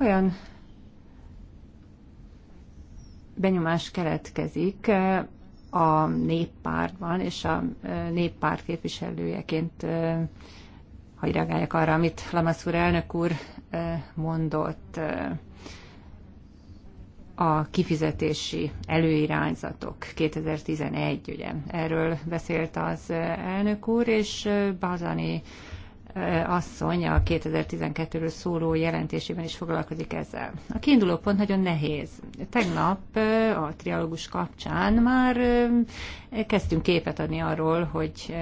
olyan benyomás keletkezik eh, a néppártban, és a eh, néppárt képviselőjeként hagyj eh, reagáljak arra, amit Lamaszúr elnök úr mondott a kifizetési előirányzatok 2011, ugye erről beszélt az elnök úr, és Bazani Eh, asszony a 2012-ről szóló jelentésében is foglalkozik ezzel. A kiinduló pont nagyon nehéz. Tegnap eh, a trialógus kapcsán már eh, kezdtünk képet adni arról, hogy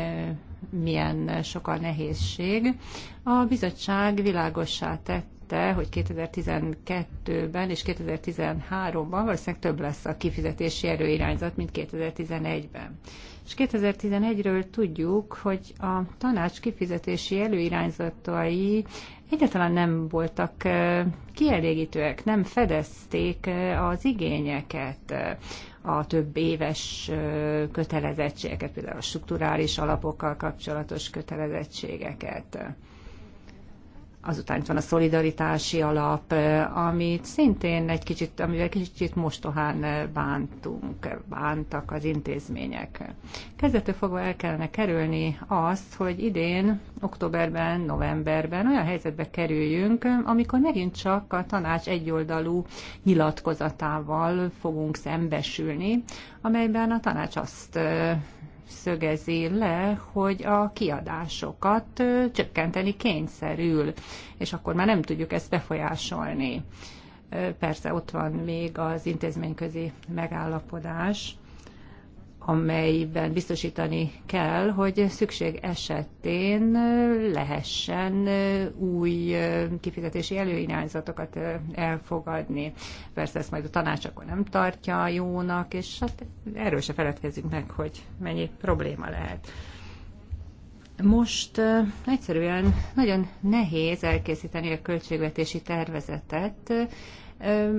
milyen sok a nehézség. A bizottság világossá tett említette, hogy 2012-ben és 2013-ban valószínűleg több lesz a kifizetési erőirányzat, mint 2011-ben. És 2011-ről tudjuk, hogy a tanács kifizetési előirányzatai egyáltalán nem voltak kielégítőek, nem fedezték az igényeket a több éves kötelezettségeket, például a strukturális alapokkal kapcsolatos kötelezettségeket azután itt van a szolidaritási alap, eh, amit szintén egy kicsit, amivel kicsit mostohán eh, bántunk, eh, bántak az intézmények. Kezdetől fogva el kellene kerülni azt, hogy idén, októberben, novemberben olyan helyzetbe kerüljünk, amikor megint csak a tanács egyoldalú nyilatkozatával fogunk szembesülni, amelyben a tanács azt szögezi le, hogy a kiadásokat csökkenteni kényszerül, és akkor már nem tudjuk ezt befolyásolni. Persze ott van még az intézményközi megállapodás, amelyben biztosítani kell, hogy szükség esetén lehessen új kifizetési előirányzatokat elfogadni. Persze ezt majd a tanács akkor nem tartja jónak, és hát erről se feledkezzünk meg, hogy mennyi probléma lehet. Most egyszerűen nagyon nehéz elkészíteni a költségvetési tervezetet,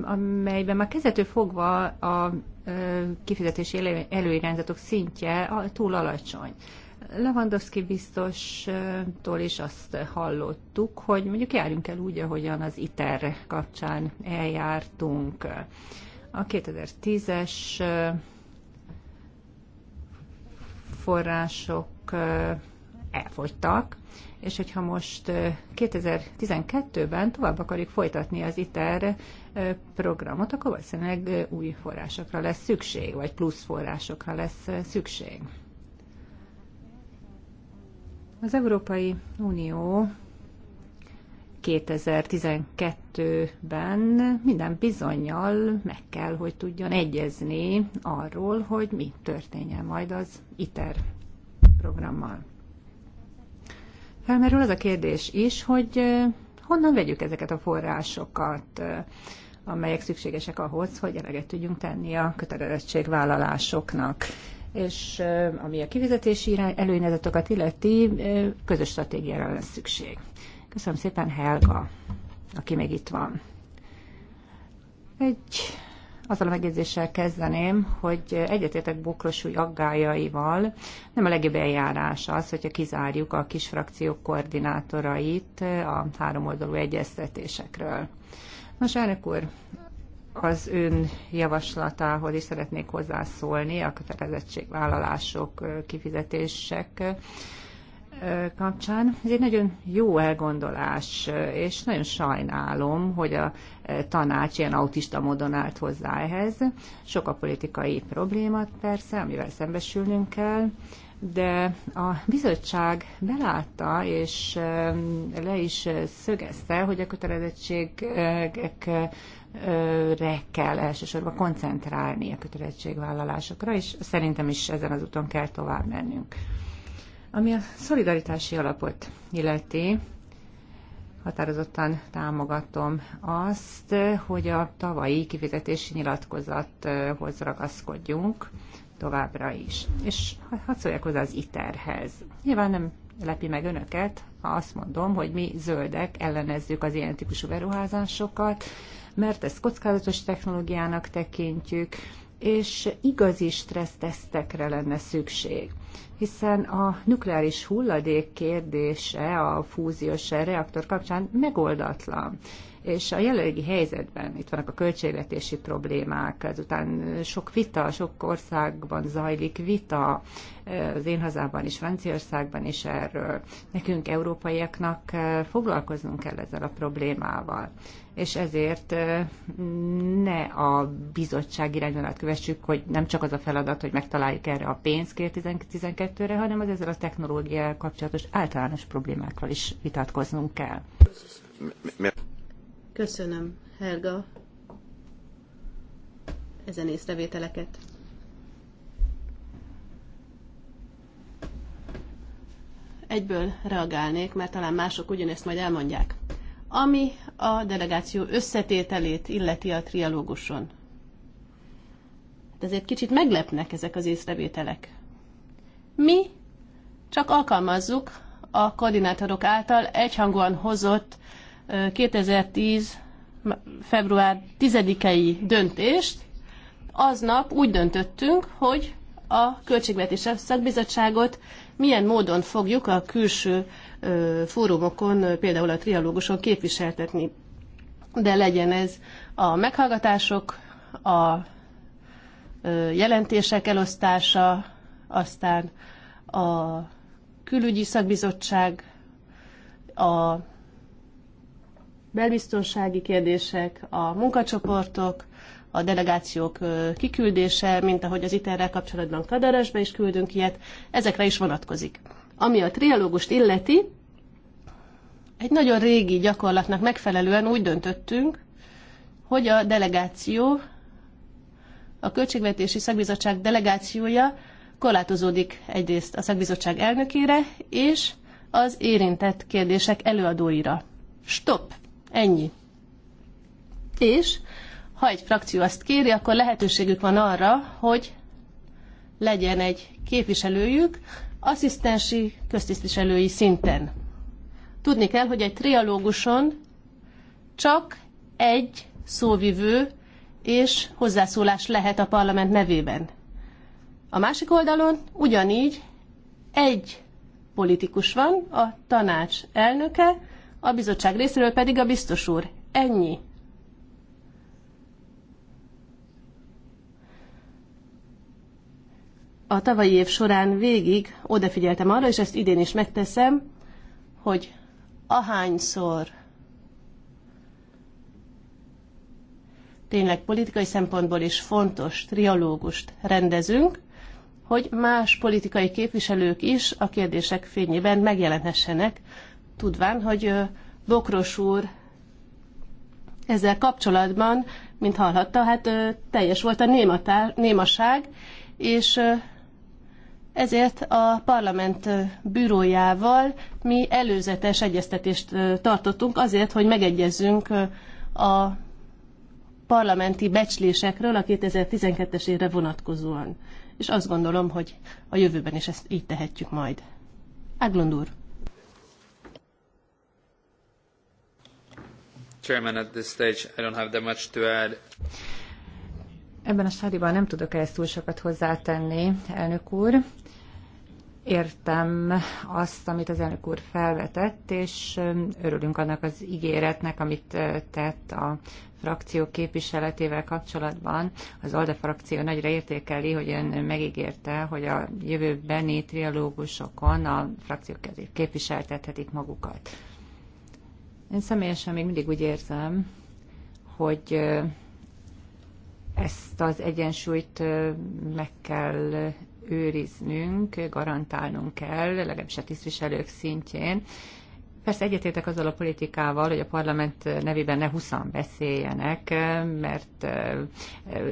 amelyben már kezdető fogva a kifizetési előirányzatok szintje túl alacsony. Lewandowski biztostól is azt hallottuk, hogy mondjuk járjunk el úgy, ahogyan az ITER kapcsán eljártunk. A 2010-es források elfogytak, és hogyha most 2012-ben tovább akarjuk folytatni az ITER programot, akkor valószínűleg új forrásokra lesz szükség, vagy plusz forrásokra lesz szükség. Az Európai Unió 2012-ben minden bizonyal meg kell, hogy tudjon egyezni arról, hogy mi történjen majd az ITER programmal. Felmerül az a kérdés is, hogy honnan vegyük ezeket a forrásokat, amelyek szükségesek ahhoz, hogy eleget tudjunk tenni a kötelezettségvállalásoknak és ami a kivizetési előnyezetokat illeti, közös stratégiára lesz szükség. Köszönöm szépen Helga, aki még itt van. Egy azzal a megjegyzéssel kezdeném, hogy egyetértek Bokros új aggájaival. Nem a legjobb eljárás az, hogyha kizárjuk a kis frakciók koordinátorait a háromoldalú egyeztetésekről. Nos, elnök úr, az ön javaslatához is szeretnék hozzászólni a kötelezettségvállalások, kifizetések kapcsán. Ez egy nagyon jó elgondolás, és nagyon sajnálom, hogy a tanács ilyen autista módon állt hozzá ehhez. Sok a politikai probléma persze, amivel szembesülnünk kell, de a bizottság belátta és le is szögezte, hogy a kötelezettségekre kell elsősorban koncentrálni a kötelezettségvállalásokra, és szerintem is ezen az úton kell tovább mennünk. Ami a szolidaritási alapot illeti, határozottan támogatom azt, hogy a tavalyi kifizetési nyilatkozathoz ragaszkodjunk, továbbra is. És hadd szóljak hozzá az iterhez. Nyilván nem lepi meg önöket, ha azt mondom, hogy mi zöldek ellenezzük az ilyen típusú beruházásokat, mert ezt kockázatos technológiának tekintjük, és igazi stressztesztekre lenne szükség. Hiszen a nukleáris hulladék kérdése a fúziós reaktor kapcsán megoldatlan és a jelenlegi helyzetben itt vannak a költségvetési problémák, ezután sok vita, sok országban zajlik vita, az én hazában is, Franciaországban is erről. Nekünk, európaiaknak eh, foglalkoznunk kell ezzel a problémával. És ezért eh, ne a bizottság irányvonalát kövessük, hogy nem csak az a feladat, hogy megtaláljuk erre a pénzt 2012-re, hanem az ezzel a technológiával kapcsolatos általános problémákról is vitatkoznunk kell. Köszönöm, Helga, ezen észrevételeket. Egyből reagálnék, mert talán mások ugyanezt majd elmondják. Ami a delegáció összetételét illeti a trialóguson. De hát ezért kicsit meglepnek ezek az észrevételek. Mi csak alkalmazzuk a koordinátorok által egyhangúan hozott 2010. február 10-i döntést, aznap úgy döntöttünk, hogy a költségvetési Szakbizottságot milyen módon fogjuk a külső fórumokon, például a trialóguson képviseltetni. De legyen ez a meghallgatások, a jelentések elosztása, aztán a külügyi szakbizottság, a belbiztonsági kérdések, a munkacsoportok, a delegációk kiküldése, mint ahogy az iter kapcsolatban Kadaresbe is küldünk ilyet, ezekre is vonatkozik. Ami a trialógust illeti, egy nagyon régi gyakorlatnak megfelelően úgy döntöttünk, hogy a delegáció, a Költségvetési Szakbizottság delegációja korlátozódik egyrészt a szakbizottság elnökére és az érintett kérdések előadóira. Stop! Ennyi. És ha egy frakció azt kéri, akkor lehetőségük van arra, hogy legyen egy képviselőjük asszisztensi köztisztviselői szinten. Tudni kell, hogy egy trialóguson csak egy szóvivő és hozzászólás lehet a parlament nevében. A másik oldalon ugyanígy egy politikus van, a tanács elnöke, a bizottság részéről pedig a biztos úr. Ennyi. A tavalyi év során végig odafigyeltem arra, és ezt idén is megteszem, hogy ahányszor tényleg politikai szempontból is fontos trialógust rendezünk, hogy más politikai képviselők is a kérdések fényében megjelenhessenek tudván, hogy Bokros úr ezzel kapcsolatban, mint hallhatta, hát teljes volt a nématár, némaság, és ezért a parlament bürójával mi előzetes egyeztetést tartottunk azért, hogy megegyezzünk a parlamenti becslésekről a 2012-es évre vonatkozóan. És azt gondolom, hogy a jövőben is ezt így tehetjük majd. Áglond úr! Chairman, at this stage I don't have that much to add. Ebben a stádiumban nem tudok ehhez túl sokat hozzátenni, elnök úr. Értem azt, amit az elnök úr felvetett, és um, örülünk annak az ígéretnek, amit uh, tett a frakció képviseletével kapcsolatban. Az ALDE frakció nagyra értékeli, hogy ön megígérte, hogy a jövőbeni trialógusokon a frakciók képviseltethetik magukat. Én személyesen még mindig úgy érzem, hogy ezt az egyensúlyt meg kell őriznünk, garantálnunk kell, legalábbis a tisztviselők szintjén. Persze egyetértek azzal a politikával, hogy a parlament nevében ne huszan beszéljenek, mert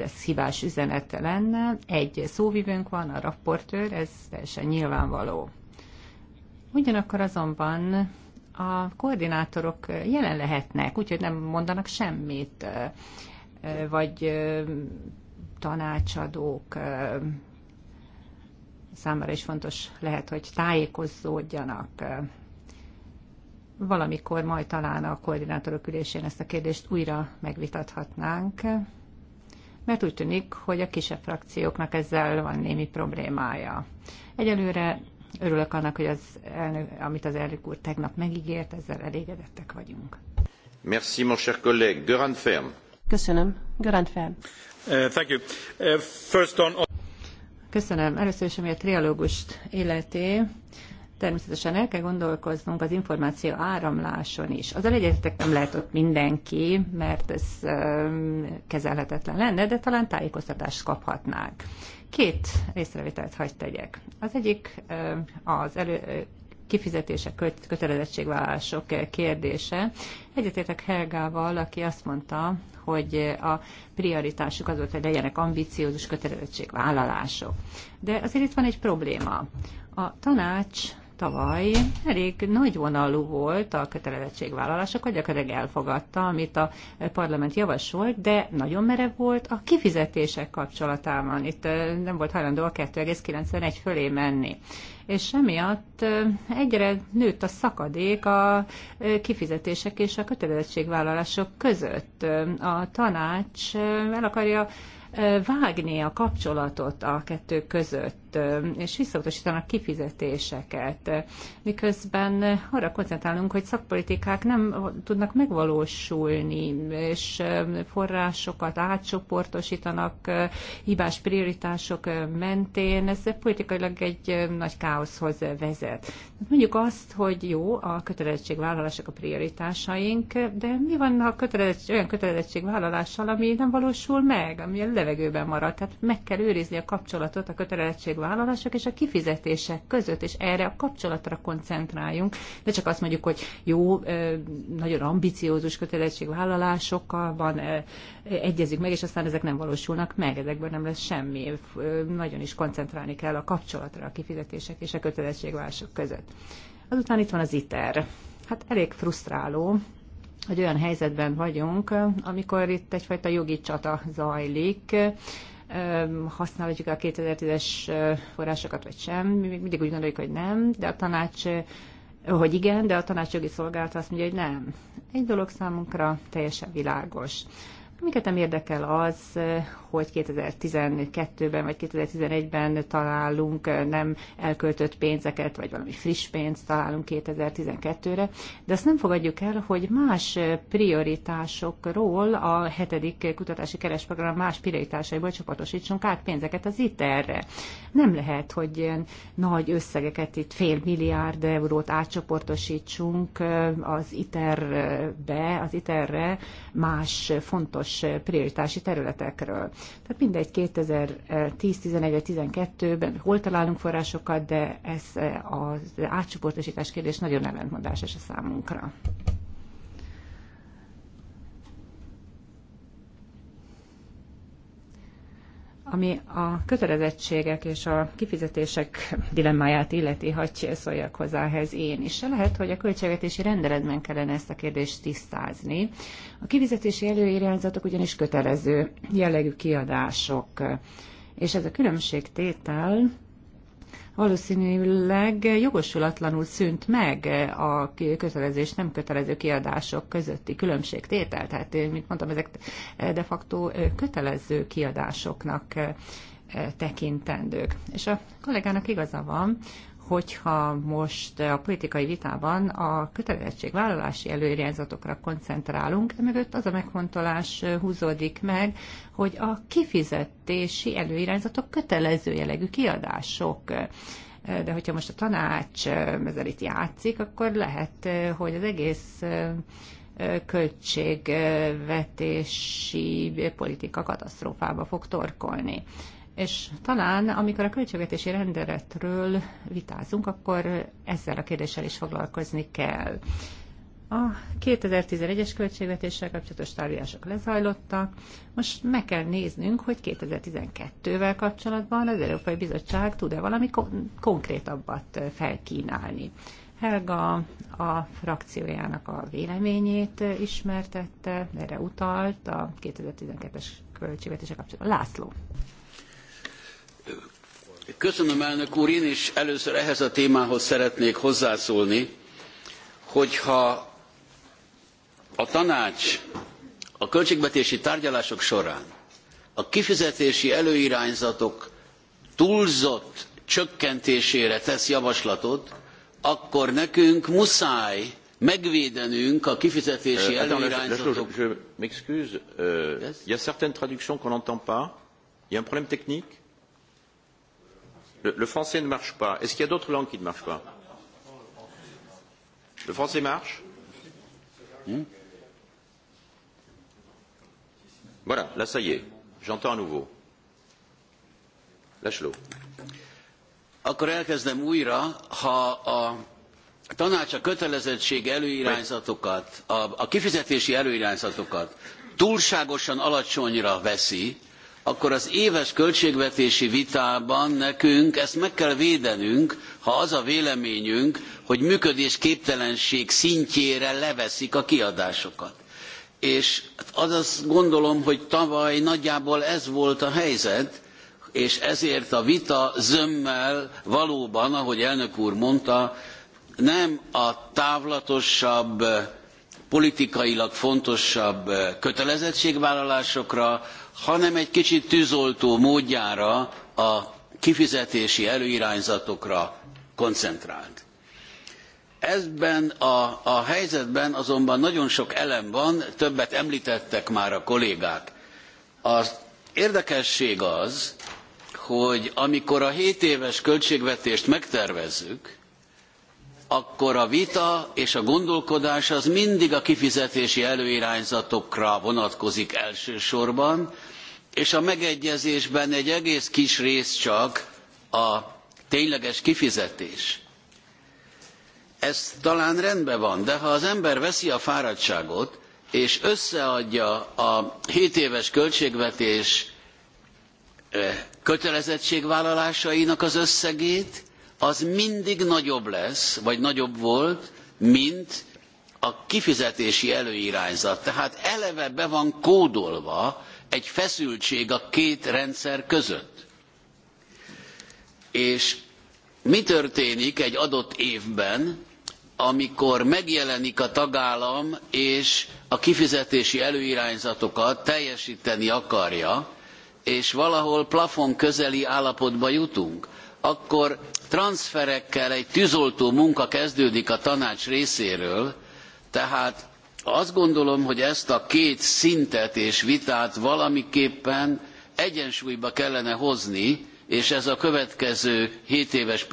ez hibás üzenet lenne. Egy szóvivőnk van, a rapportőr, ez teljesen nyilvánvaló. Ugyanakkor azonban a koordinátorok jelen lehetnek, úgyhogy nem mondanak semmit, vagy tanácsadók számára is fontos lehet, hogy tájékozódjanak. Valamikor majd talán a koordinátorok ülésén ezt a kérdést újra megvitathatnánk, mert úgy tűnik, hogy a kisebb frakcióknak ezzel van némi problémája. Egyelőre Örülök annak, hogy az elnök, amit az elnök úr tegnap megígért, ezzel elégedettek vagyunk. Merci, mon cher collègue. Göran Ferm. Köszönöm. Göran Ferm. Uh, thank you. Uh, first on... Köszönöm. Először is, ami a trialógust életé. természetesen el kell gondolkoznunk az információ áramláson is. Az elégedettek nem lehet ott mindenki, mert ez um, kezelhetetlen lenne, de talán tájékoztatást kaphatnák. Két észrevételt hagyd tegyek. Az egyik az elő, kifizetések, kötelezettségvállások kérdése. Egyetértek Helgával, aki azt mondta, hogy a prioritásuk az volt, hogy legyenek ambiciózus kötelezettségvállalások. De azért itt van egy probléma. A tanács tavaly elég nagy vonalú volt a kötelezettségvállalás, akkor gyakorlatilag elfogadta, amit a parlament javasolt, de nagyon merev volt a kifizetések kapcsolatában. Itt nem volt hajlandó a 2,91 fölé menni és emiatt egyre nőtt a szakadék a kifizetések és a kötelezettségvállalások között. A tanács el akarja vágni a kapcsolatot a kettő között és visszautasítanak kifizetéseket, miközben arra koncentrálunk, hogy szakpolitikák nem tudnak megvalósulni, és forrásokat átcsoportosítanak hibás prioritások mentén, ez politikailag egy nagy káoszhoz vezet. Mondjuk azt, hogy jó, a kötelezettségvállalások a prioritásaink, de mi van a kötelezettség, olyan kötelezettségvállalással, ami nem valósul meg, ami a levegőben marad? Tehát meg kell őrizni a kapcsolatot a kötelezettség vállalások és a kifizetések között, és erre a kapcsolatra koncentráljunk, de csak azt mondjuk, hogy jó, nagyon ambiciózus kötelezettségvállalásokkal van, egyezik meg, és aztán ezek nem valósulnak meg, ezekből nem lesz semmi. Nagyon is koncentrálni kell a kapcsolatra a kifizetések és a kötelezettségvállások között. Azután itt van az ITER. Hát elég frusztráló, hogy olyan helyzetben vagyunk, amikor itt egyfajta jogi csata zajlik, használhatjuk a 2010-es forrásokat, vagy sem. Mi még mindig úgy gondoljuk, hogy nem, de a tanács hogy igen, de a jogi szolgálat azt mondja, hogy nem. Egy dolog számunkra teljesen világos. Miket nem érdekel az, hogy 2012-ben vagy 2011-ben találunk eh, nem elköltött pénzeket, vagy valami friss pénzt találunk 2012-re, de azt nem fogadjuk el, hogy más eh, prioritásokról a hetedik kutatási keresprogram más prioritásaiból csoportosítsunk át pénzeket az ITER-re. Nem lehet, hogy ilyen nagy összegeket itt fél milliárd eurót átcsoportosítsunk eh, az ITER-be, az ITER-re más fontos prioritási területekről. Tehát mindegy, 2010-11 vagy 12-ben hol találunk forrásokat, de ez eh, az átcsoportosítás kérdés nagyon ellentmondásos a számunkra. Ami a kötelezettségek és a kifizetések dilemmáját illeti, hagyj szóljak hozzá ehhez én is. Lehet, hogy a költségvetési rendeletben kellene ezt a kérdést tisztázni. A kifizetési előirányzatok ugyanis kötelező jellegű kiadások, és ez a különbségtétel valószínűleg jogosulatlanul szűnt meg a kötelező és nem kötelező kiadások közötti különbségtétel. Tehát, mint mondtam, ezek de facto kötelező kiadásoknak tekintendők. És a kollégának igaza van, hogyha most eh, a politikai vitában a kötelezettségvállalási előirányzatokra koncentrálunk, emögött az a megfontolás eh, húzódik meg, hogy a kifizetési előirányzatok kötelező jellegű kiadások eh, de hogyha most a tanács ezzel itt játszik, akkor lehet, hogy az egész költségvetési politika katasztrófába fog torkolni. És talán, amikor a költségvetési rendeletről vitázunk, akkor ezzel a kérdéssel is foglalkozni kell. A 2011-es költségvetéssel kapcsolatos tárgyalások lezajlottak. Most meg kell néznünk, hogy 2012-vel kapcsolatban az Európai Bizottság tud-e valami konkrétabbat felkínálni. Helga a frakciójának a véleményét ismertette, erre utalt a 2012-es költségvetése kapcsolatban. László. Köszönöm, elnök úr. Én is először ehhez a témához szeretnék hozzászólni, hogyha a tanács a költségvetési tárgyalások során a kifizetési előirányzatok túlzott csökkentésére tesz javaslatot, akkor nekünk muszáj megvédenünk a kifizetési uh, előirányzatok... Je, je m'excuse, uh, yes? il y a certaines traductions qu'on n'entend pas. Il y a un problème technique le, le français ne marche pas. Est-ce qu'il y a d'autres langues qui ne marchent pas Le français marche hmm Voilà, là ça y est, j'entends à nouveau. Lâche-le. Akkor elkezdem újra, ha a tanács a kötelezettség előirányzatokat, a, a kifizetési előirányzatokat túlságosan alacsonyra veszi, akkor az éves költségvetési vitában nekünk ezt meg kell védenünk, ha az a véleményünk, hogy működésképtelenség szintjére leveszik a kiadásokat. És hát az azt gondolom, hogy tavaly nagyjából ez volt a helyzet, és ezért a vita zömmel valóban, ahogy elnök úr mondta, nem a távlatosabb, politikailag fontosabb kötelezettségvállalásokra, hanem egy kicsit tűzoltó módjára a kifizetési előirányzatokra koncentrált. Ebben a, a helyzetben azonban nagyon sok elem van, többet említettek már a kollégák. Az érdekesség az, hogy amikor a 7 éves költségvetést megtervezzük, akkor a vita és a gondolkodás az mindig a kifizetési előirányzatokra vonatkozik elsősorban, és a megegyezésben egy egész kis rész csak a tényleges kifizetés. Ez talán rendben van, de ha az ember veszi a fáradtságot, és összeadja a 7 éves költségvetés kötelezettségvállalásainak az összegét, az mindig nagyobb lesz, vagy nagyobb volt, mint a kifizetési előirányzat. Tehát eleve be van kódolva, egy feszültség a két rendszer között. És mi történik egy adott évben, amikor megjelenik a tagállam és a kifizetési előirányzatokat teljesíteni akarja, és valahol plafon közeli állapotba jutunk, akkor transferekkel egy tűzoltó munka kezdődik a tanács részéről, tehát azt gondolom, hogy ezt a két szintet és vitát valamiképpen egyensúlyba kellene hozni, és ez a következő 7 éves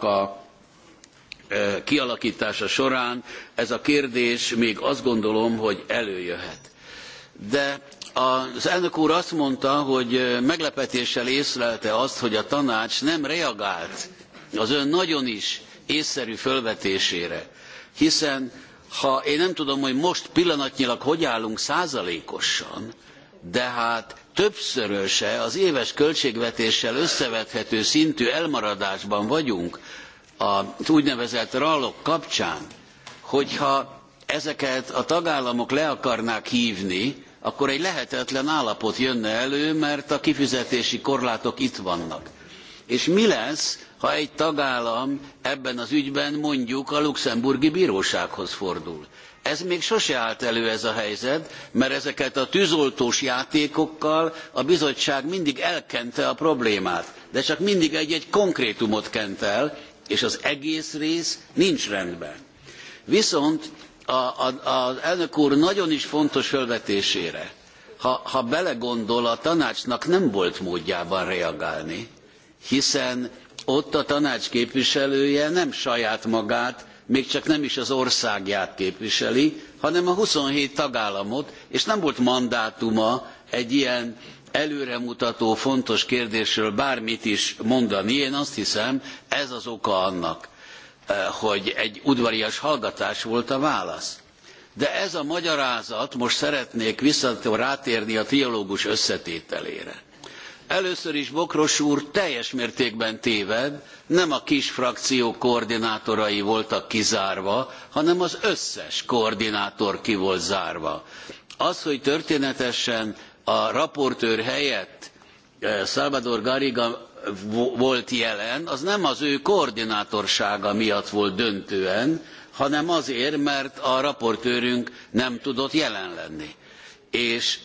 a kialakítása során ez a kérdés még azt gondolom, hogy előjöhet. De az elnök úr azt mondta, hogy meglepetéssel észlelte azt, hogy a tanács nem reagált az ön nagyon is észszerű fölvetésére, hiszen ha én nem tudom, hogy most pillanatnyilag hogy állunk százalékosan, de hát többszöröse az éves költségvetéssel összevethető szintű elmaradásban vagyunk az úgynevezett rallok kapcsán, hogyha ezeket a tagállamok le akarnák hívni, akkor egy lehetetlen állapot jönne elő, mert a kifizetési korlátok itt vannak. És mi lesz, ha egy tagállam ebben az ügyben mondjuk a luxemburgi bírósághoz fordul. Ez még sose állt elő ez a helyzet, mert ezeket a tűzoltós játékokkal a bizottság mindig elkente a problémát, de csak mindig egy-egy konkrétumot kent el, és az egész rész nincs rendben. Viszont a, a, az elnök úr nagyon is fontos felvetésére, ha, ha belegondol, a tanácsnak nem volt módjában reagálni, hiszen ott a tanács képviselője nem saját magát, még csak nem is az országját képviseli, hanem a 27 tagállamot, és nem volt mandátuma egy ilyen előremutató fontos kérdésről bármit is mondani. Én azt hiszem, ez az oka annak, eh, hogy egy udvarias hallgatás volt a válasz. De ez a magyarázat, most szeretnék visszatérni a triológus összetételére először is bokros úr teljes mértékben téved nem a kis frakció koordinátorai voltak kizárva hanem az összes koordinátor ki volt zárva. az hogy történetesen a raportőr helyett eh, salvador garriga volt jelen az nem az ő koordinátorsága miatt volt döntően hanem azért mert a raportőrünk nem tudott jelen lenni és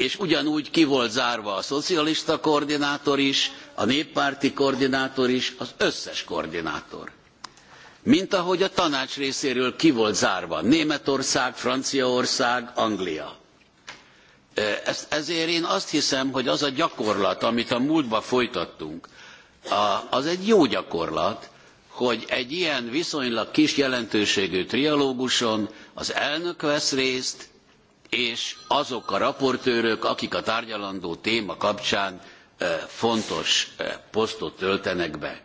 és ugyanúgy ki volt zárva a szocialista koordinátor is, a néppárti koordinátor is, az összes koordinátor. Mint ahogy a tanács részéről ki volt zárva Németország, Franciaország, Anglia. Ezt, ezért én azt hiszem, hogy az a gyakorlat, amit a múltban folytattunk, az egy jó gyakorlat, hogy egy ilyen viszonylag kis jelentőségű trialóguson az elnök vesz részt, és azok a raportőrök, akik a tárgyalandó téma kapcsán e, fontos e, posztot töltenek be.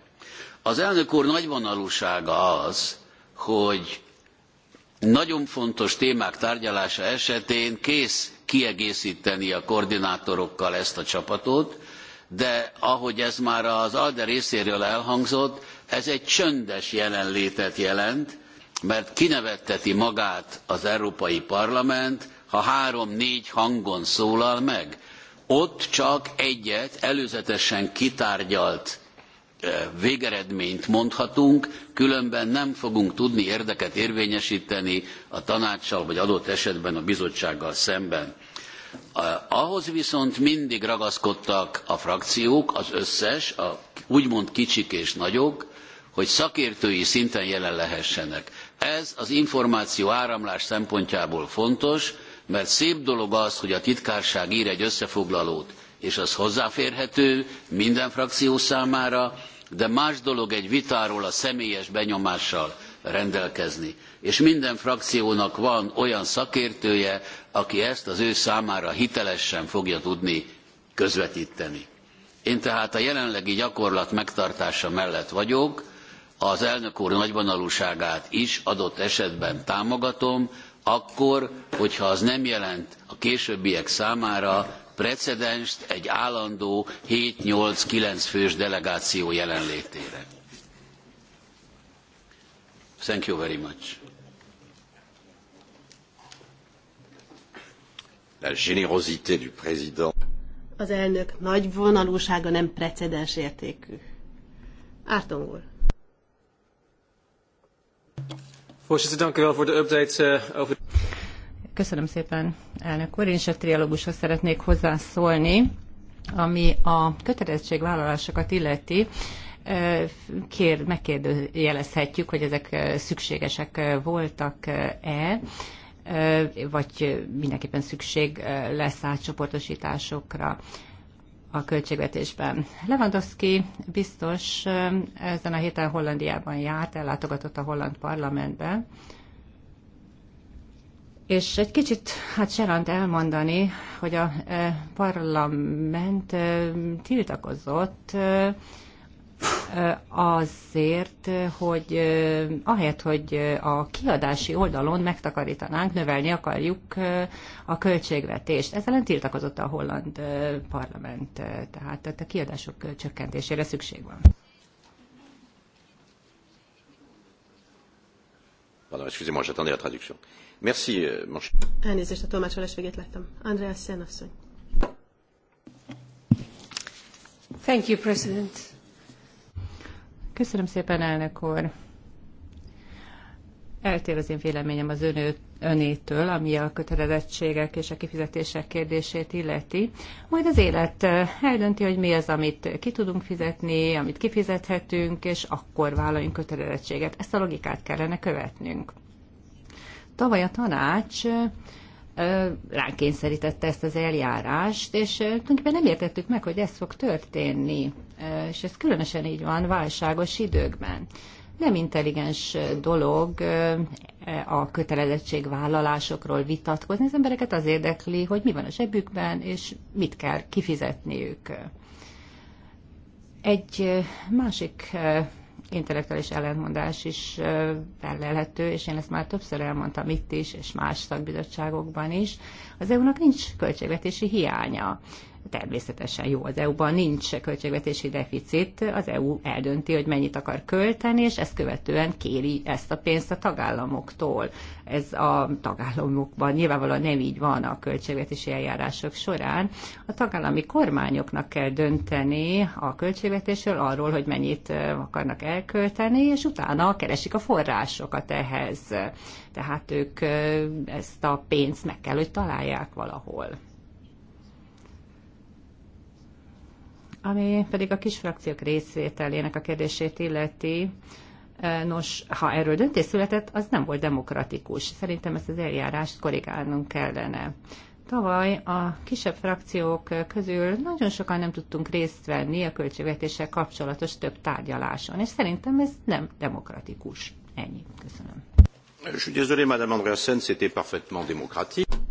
Az elnök úr nagyvonalúsága az, hogy nagyon fontos témák tárgyalása esetén kész kiegészíteni a koordinátorokkal ezt a csapatot, de ahogy ez már az ALDE részéről elhangzott, ez egy csöndes jelenlétet jelent, mert kinevetteti magát az Európai Parlament, ha három-négy hangon szólal meg. Ott csak egyet előzetesen kitárgyalt végeredményt mondhatunk, különben nem fogunk tudni érdeket érvényesíteni a tanácssal, vagy adott esetben a bizottsággal szemben. Ahhoz viszont mindig ragaszkodtak a frakciók, az összes, a úgymond kicsik és nagyok, hogy szakértői szinten jelen lehessenek. Ez az információ áramlás szempontjából fontos, mert szép dolog az, hogy a titkárság ír egy összefoglalót, és az hozzáférhető minden frakció számára, de más dolog egy vitáról a személyes benyomással rendelkezni. És minden frakciónak van olyan szakértője, aki ezt az ő számára hitelesen fogja tudni közvetíteni. Én tehát a jelenlegi gyakorlat megtartása mellett vagyok, az elnök úr nagyvonalúságát is adott esetben támogatom, akkor, hogyha az nem jelent a későbbiek számára precedenst egy állandó 7-8-9 fős delegáció jelenlétére. Thank you very much. La générosité du président. Az elnök nagy vonalúsága nem precedens értékű. Ártongol. Voorzitter, dank u wel voor de update eh, over... Köszönöm szépen, elnök úr. Én is a trialógushoz szeretnék hozzászólni, ami a kötelezettségvállalásokat illeti eh, kér, megkérdőjelezhetjük, hogy ezek eh, szükségesek voltak-e, vagy mindenképpen szükség lesz átcsoportosításokra a költségvetésben. Lewandowski biztos ezen a héten Hollandiában járt, ellátogatott a holland parlamentbe, és egy kicsit hát serant elmondani, hogy a parlament tiltakozott azért, hogy eh, ahelyett, hogy eh, a kiadási oldalon megtakarítanánk, növelni akarjuk eh, a költségvetést. Ezzel ellen tiltakozott a holland parlament, tehát, tehát a kiadások csökkentésére szükség van. Pardon, excusez-moi, j'attendais la traduction. Merci, euh, mon cher. Elnézést, a tolmácsolás végét láttam. Andrea Szenasszony. Thank you, President. Köszönöm szépen, elnök úr. Eltér az én véleményem az önő, önétől, ami a kötelezettségek és a kifizetések kérdését illeti. Majd az élet eh, eldönti, hogy mi az, amit ki tudunk fizetni, amit kifizethetünk, és akkor vállaljunk kötelezettséget. Ezt a logikát kellene követnünk. Tavaly a tanács eh, ránkényszerítette ezt az eljárást, és tulajdonképpen nem értettük meg, hogy ez fog történni. És ez különösen így van válságos időkben. Nem intelligens dolog a kötelezettségvállalásokról vitatkozni. Az embereket az érdekli, hogy mi van a zsebükben, és mit kell kifizetniük. Egy másik intellektuális ellentmondás is fellelhető, és én ezt már többször elmondtam itt is, és más szakbizottságokban is. Az EU-nak nincs költségvetési hiánya természetesen jó. Az EU-ban nincs költségvetési deficit, az EU eldönti, hogy mennyit akar költeni, és ezt követően kéri ezt a pénzt a tagállamoktól. Ez a tagállamokban nyilvánvalóan nem így van a költségvetési eljárások során. A tagállami kormányoknak kell dönteni a költségvetésről arról, hogy mennyit akarnak elkölteni, és utána keresik a forrásokat ehhez. Tehát ők ezt a pénzt meg kell, hogy találják valahol. Ami pedig a kis frakciók részvételének a kérdését illeti, e, Nos, ha erről döntés született, az nem volt demokratikus. Szerintem ezt az eljárást korrigálnunk kellene. Tavaly a kisebb frakciók közül nagyon sokan nem tudtunk részt venni a költségvetéssel kapcsolatos több tárgyaláson, és szerintem ez nem demokratikus. Ennyi. Köszönöm.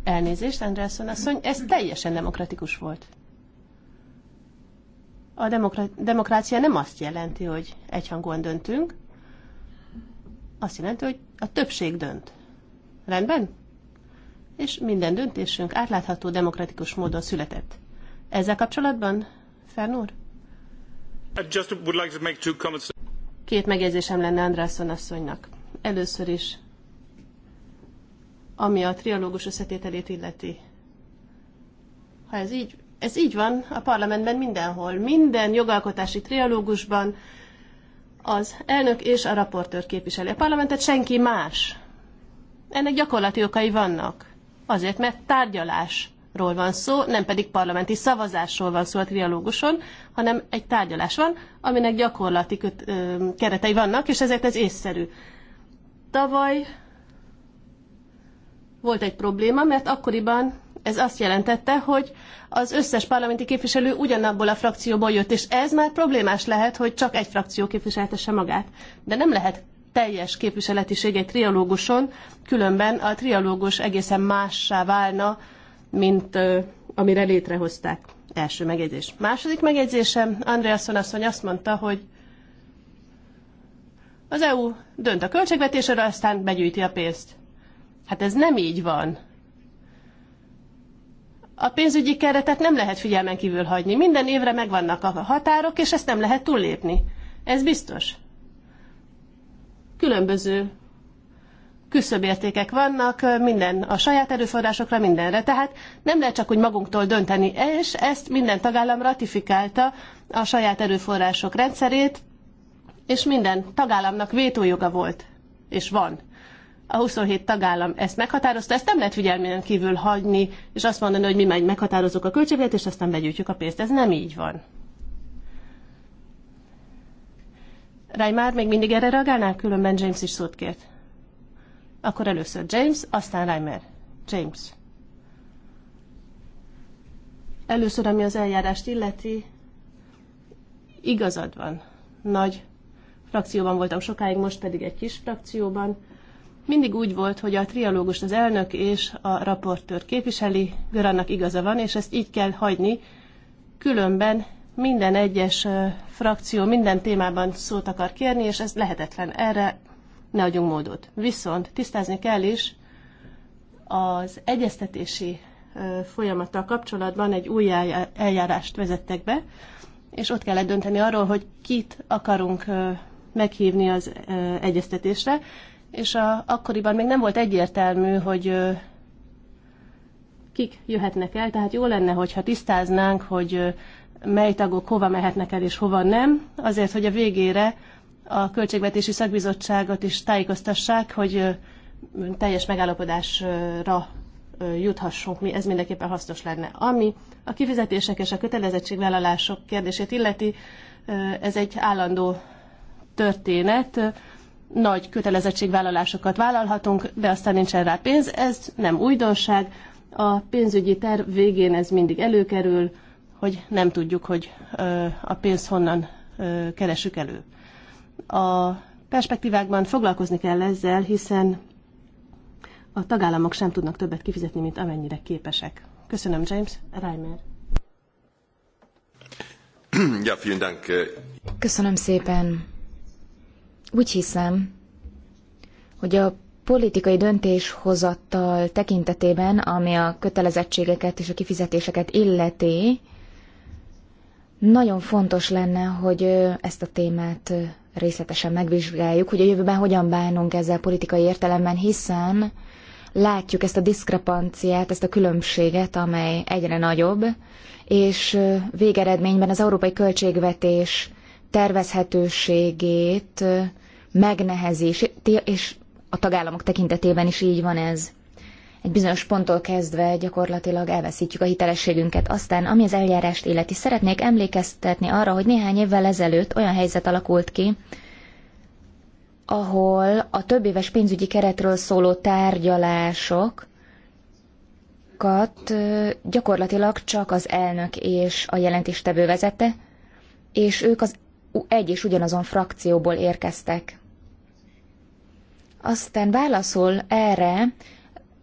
Elnézést, Andrásson asszony, ez teljesen demokratikus volt. A demokrácia nem azt jelenti, hogy egyhangúan döntünk, azt jelenti, hogy a többség dönt. Rendben? És minden döntésünk átlátható demokratikus módon született. Ezzel kapcsolatban, Fernúr? Két megjegyzésem lenne Andrásson asszonynak. Először is, ami a trialógus összetételét illeti. Ha ez így ez így van a parlamentben mindenhol. Minden jogalkotási trialógusban az elnök és a raportőr képviseli a parlamentet, senki más. Ennek gyakorlati okai vannak. Azért, mert tárgyalásról van szó, nem pedig parlamenti szavazásról van szó a trialóguson, hanem egy tárgyalás van, aminek gyakorlati köt, ö, keretei vannak, és ezért ez észszerű. Tavaly volt egy probléma, mert akkoriban ez azt jelentette, hogy az összes parlamenti képviselő ugyanabból a frakcióból jött, és ez már problémás lehet, hogy csak egy frakció képviseltesse magát. De nem lehet teljes képviseletiség egy trialóguson, különben a trialógus egészen mássá válna, mint amire létrehozták. Első megjegyzés. Második megjegyzésem, Andreasson asszony azt mondta, hogy az EU dönt a költségvetésről, aztán begyűjti a pénzt. Hát ez nem így van a pénzügyi keretet nem lehet figyelmen kívül hagyni. Minden évre megvannak a határok, és ezt nem lehet túllépni. Ez biztos. Különböző küszöbértékek vannak minden a saját erőforrásokra, mindenre. Tehát nem lehet csak úgy magunktól dönteni, és ezt minden tagállam ratifikálta a saját erőforrások rendszerét, és minden tagállamnak vétójoga volt, és van a 27 tagállam ezt meghatározta, ezt nem lehet figyelmen kívül hagyni, és azt mondani, hogy mi meg meghatározunk a költségvetést, és aztán begyűjtjük a pénzt. Ez nem így van. Reimer még mindig erre reagálnál? Különben James is szót kért. Akkor először James, aztán Reimer. James. Először, ami az eljárást illeti, igazad van. Nagy frakcióban voltam sokáig, most pedig egy kis frakcióban mindig úgy volt, hogy a trialógust az elnök és a raportőr képviseli, Görannak igaza van, és ezt így kell hagyni, különben minden egyes frakció minden témában szót akar kérni, és ez lehetetlen. Erre ne adjunk módot. Viszont tisztázni kell is az egyeztetési folyamattal kapcsolatban egy új eljárást vezettek be, és ott kellett dönteni arról, hogy kit akarunk meghívni az egyeztetésre, és a, akkoriban még nem volt egyértelmű, hogy ö, kik jöhetnek el, tehát jó lenne, hogyha tisztáznánk, hogy ö, mely tagok hova mehetnek el és hova nem, azért, hogy a végére a Költségvetési Szakbizottságot is tájékoztassák, hogy ö, teljes megállapodásra juthassunk mi, ez mindenképpen hasznos lenne. Ami a kifizetések és a kötelezettségvállalások kérdését illeti, ez egy állandó történet nagy kötelezettségvállalásokat vállalhatunk, de aztán nincsen rá pénz. Ez nem újdonság. A pénzügyi terv végén ez mindig előkerül, hogy nem tudjuk, hogy a pénzt honnan keresük elő. A perspektívákban foglalkozni kell ezzel, hiszen a tagállamok sem tudnak többet kifizetni, mint amennyire képesek. Köszönöm, James. Reimer. Ja, vielen Dank. Köszönöm szépen. Úgy hiszem, hogy a politikai döntéshozattal tekintetében, ami a kötelezettségeket és a kifizetéseket illeti, nagyon fontos lenne, hogy ezt a témát részletesen megvizsgáljuk, hogy a jövőben hogyan bánunk ezzel politikai értelemben, hiszen látjuk ezt a diszkrepanciát, ezt a különbséget, amely egyre nagyobb, és végeredményben az európai költségvetés tervezhetőségét megnehezés, és a tagállamok tekintetében is így van ez. Egy bizonyos ponttól kezdve gyakorlatilag elveszítjük a hitelességünket. Aztán, ami az eljárást illeti, szeretnék emlékeztetni arra, hogy néhány évvel ezelőtt olyan helyzet alakult ki, ahol a több éves pénzügyi keretről szóló tárgyalások gyakorlatilag csak az elnök és a jelentéstevő vezette, és ők az egy és ugyanazon frakcióból érkeztek. Aztán válaszol erre,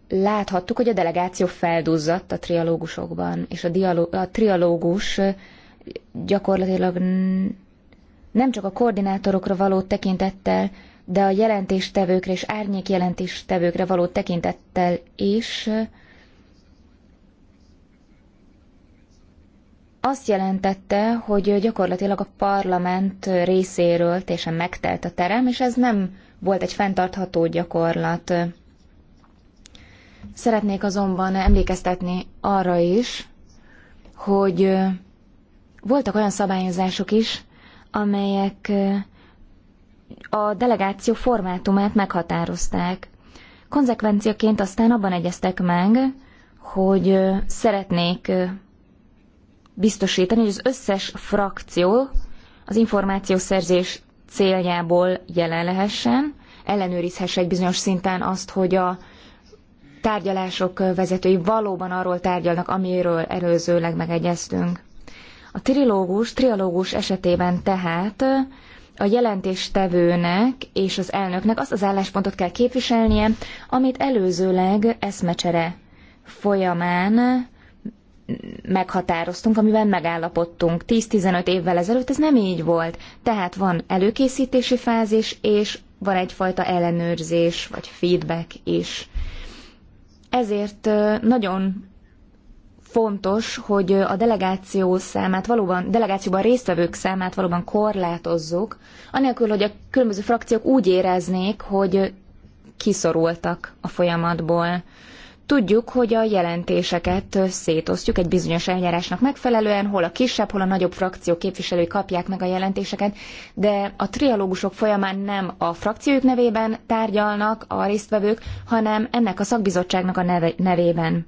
láthattuk, hogy a delegáció felduzzadt a trialógusokban, és a, dialó- a trialógus gyakorlatilag nem csak a koordinátorokra való tekintettel, de a jelentéstevőkre és árnyék jelentéstevőkre való tekintettel is azt jelentette, hogy gyakorlatilag a parlament részéről teljesen megtelt a terem, és ez nem volt egy fenntartható gyakorlat. Szeretnék azonban emlékeztetni arra is, hogy voltak olyan szabályozások is, amelyek a delegáció formátumát meghatározták. Konzekvenciaként aztán abban egyeztek meg, hogy szeretnék biztosítani, hogy az összes frakció az információszerzés céljából jelen lehessen, ellenőrizhesse egy bizonyos szinten azt, hogy a tárgyalások vezetői valóban arról tárgyalnak, amiről előzőleg megegyeztünk. A trilógus, trialógus esetében tehát a jelentéstevőnek és az elnöknek azt az álláspontot kell képviselnie, amit előzőleg eszmecsere folyamán meghatároztunk, amiben megállapodtunk. 10-15 évvel ezelőtt ez nem így volt. Tehát van előkészítési fázis, és van egyfajta ellenőrzés, vagy feedback is. Ezért nagyon fontos, hogy a delegáció számát valóban, delegációban résztvevők számát valóban korlátozzuk, anélkül, hogy a különböző frakciók úgy éreznék, hogy kiszorultak a folyamatból. Tudjuk, hogy a jelentéseket szétosztjuk egy bizonyos eljárásnak megfelelően, hol a kisebb, hol a nagyobb frakció képviselői kapják meg a jelentéseket, de a trialógusok folyamán nem a frakciójuk nevében tárgyalnak a résztvevők, hanem ennek a szakbizottságnak a neve, nevében.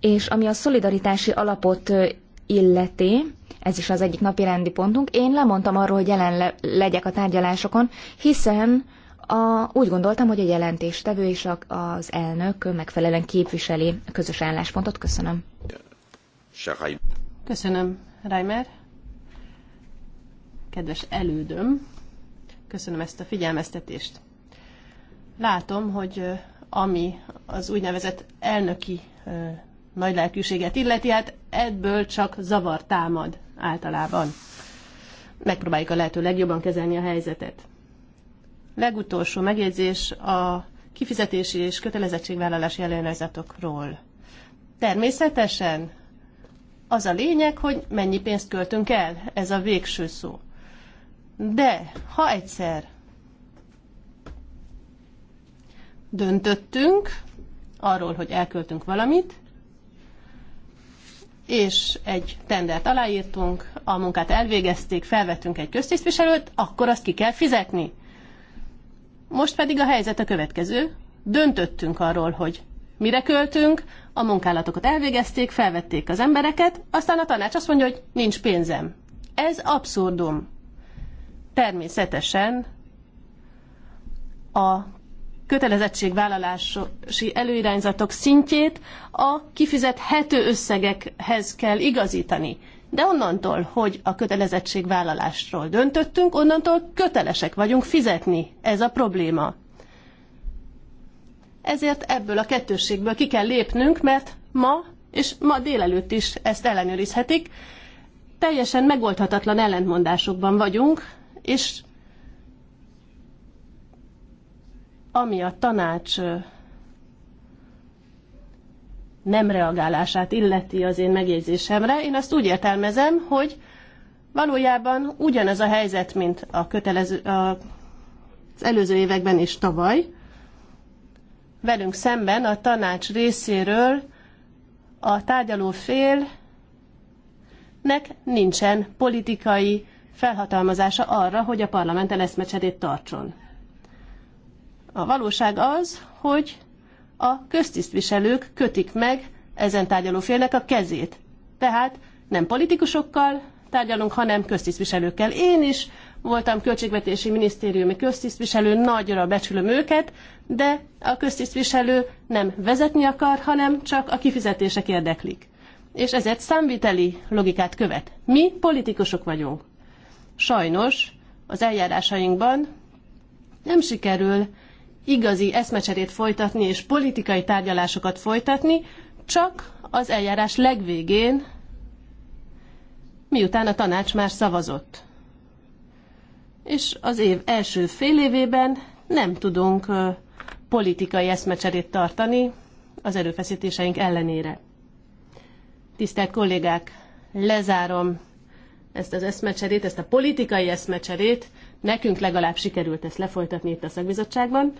És ami a szolidaritási alapot illeti, ez is az egyik napi rendi pontunk, én lemondtam arról, hogy jelen le legyek a tárgyalásokon, hiszen a, úgy gondoltam, hogy a jelentéstevő és a, az elnök megfelelően képviseli a közös álláspontot. Köszönöm. Köszönöm, Reimer. Kedves elődöm, köszönöm ezt a figyelmeztetést. Látom, hogy ami az úgynevezett elnöki nagy lelkűséget illeti, hát ebből csak zavar támad általában. Megpróbáljuk a lehető legjobban kezelni a helyzetet legutolsó megjegyzés a kifizetési és kötelezettségvállalási előirányzatokról. Természetesen az a lényeg, hogy mennyi pénzt költünk el, ez a végső szó. De ha egyszer döntöttünk arról, hogy elköltünk valamit, és egy tendert aláírtunk, a munkát elvégezték, felvettünk egy köztisztviselőt, akkor azt ki kell fizetni. Most pedig a helyzet a következő. Döntöttünk arról, hogy mire költünk, a munkálatokat elvégezték, felvették az embereket, aztán a tanács azt mondja, hogy nincs pénzem. Ez abszurdum. Természetesen a kötelezettségvállalási előirányzatok szintjét a kifizethető összegekhez kell igazítani. De onnantól, hogy a kötelezettségvállalásról döntöttünk, onnantól kötelesek vagyunk fizetni. Ez a probléma. Ezért ebből a kettősségből ki kell lépnünk, mert ma és ma délelőtt is ezt ellenőrizhetik. Teljesen megoldhatatlan ellentmondásokban vagyunk, és ami a tanács nem reagálását illeti az én megjegyzésemre, én azt úgy értelmezem, hogy valójában ugyanez a helyzet, mint a kötelező, a, az előző években és tavaly. Velünk szemben a tanács részéről a tárgyaló félnek nincsen politikai felhatalmazása arra, hogy a parlament eszmecserét tartson. A valóság az, hogy a köztisztviselők kötik meg ezen félnek a kezét. Tehát nem politikusokkal tárgyalunk, hanem köztisztviselőkkel. Én is voltam költségvetési minisztériumi köztisztviselő, nagyra becsülöm őket, de a köztisztviselő nem vezetni akar, hanem csak a kifizetések érdeklik. És ez egy számviteli logikát követ. Mi politikusok vagyunk. Sajnos az eljárásainkban nem sikerül igazi eszmecserét folytatni és politikai tárgyalásokat folytatni, csak az eljárás legvégén, miután a tanács már szavazott. És az év első fél évében nem tudunk politikai eszmecserét tartani az erőfeszítéseink ellenére. Tisztelt kollégák, lezárom ezt az eszmecserét, ezt a politikai eszmecserét, nekünk legalább sikerült ezt lefolytatni itt a szakbizottságban.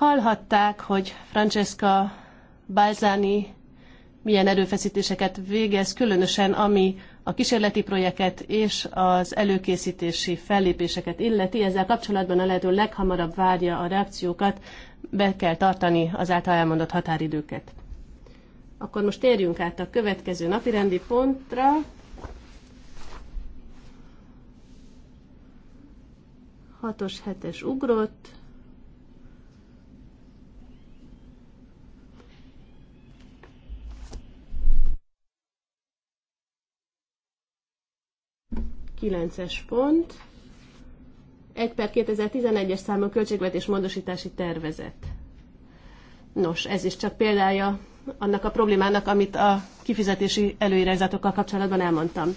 Hallhatták, hogy Francesca Balzani milyen erőfeszítéseket végez, különösen ami a kísérleti projektet és az előkészítési fellépéseket illeti. Ezzel kapcsolatban a lehető leghamarabb várja a reakciókat, be kell tartani az által elmondott határidőket. Akkor most térjünk át a következő napirendi pontra. Hatos, hetes ugrott. 9-es pont, 1 per 2011-es számú költségvetés módosítási tervezet. Nos, ez is csak példája annak a problémának, amit a kifizetési előirányzatokkal kapcsolatban elmondtam.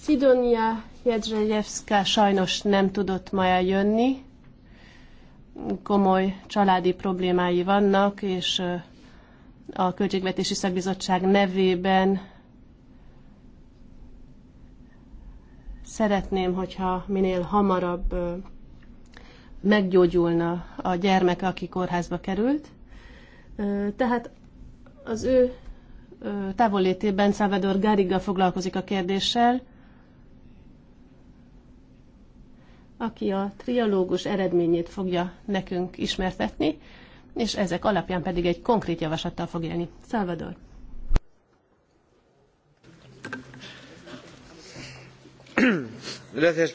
Szidonia Jedzselyevszka sajnos nem tudott ma eljönni, komoly családi problémái vannak, és a Költségvetési Szakbizottság nevében Szeretném, hogyha minél hamarabb meggyógyulna a gyermek, aki kórházba került. Tehát az ő távollétében Salvador Garriga foglalkozik a kérdéssel, aki a trialógus eredményét fogja nekünk ismertetni, és ezek alapján pedig egy konkrét javaslattal fog élni. Salvador. Eh,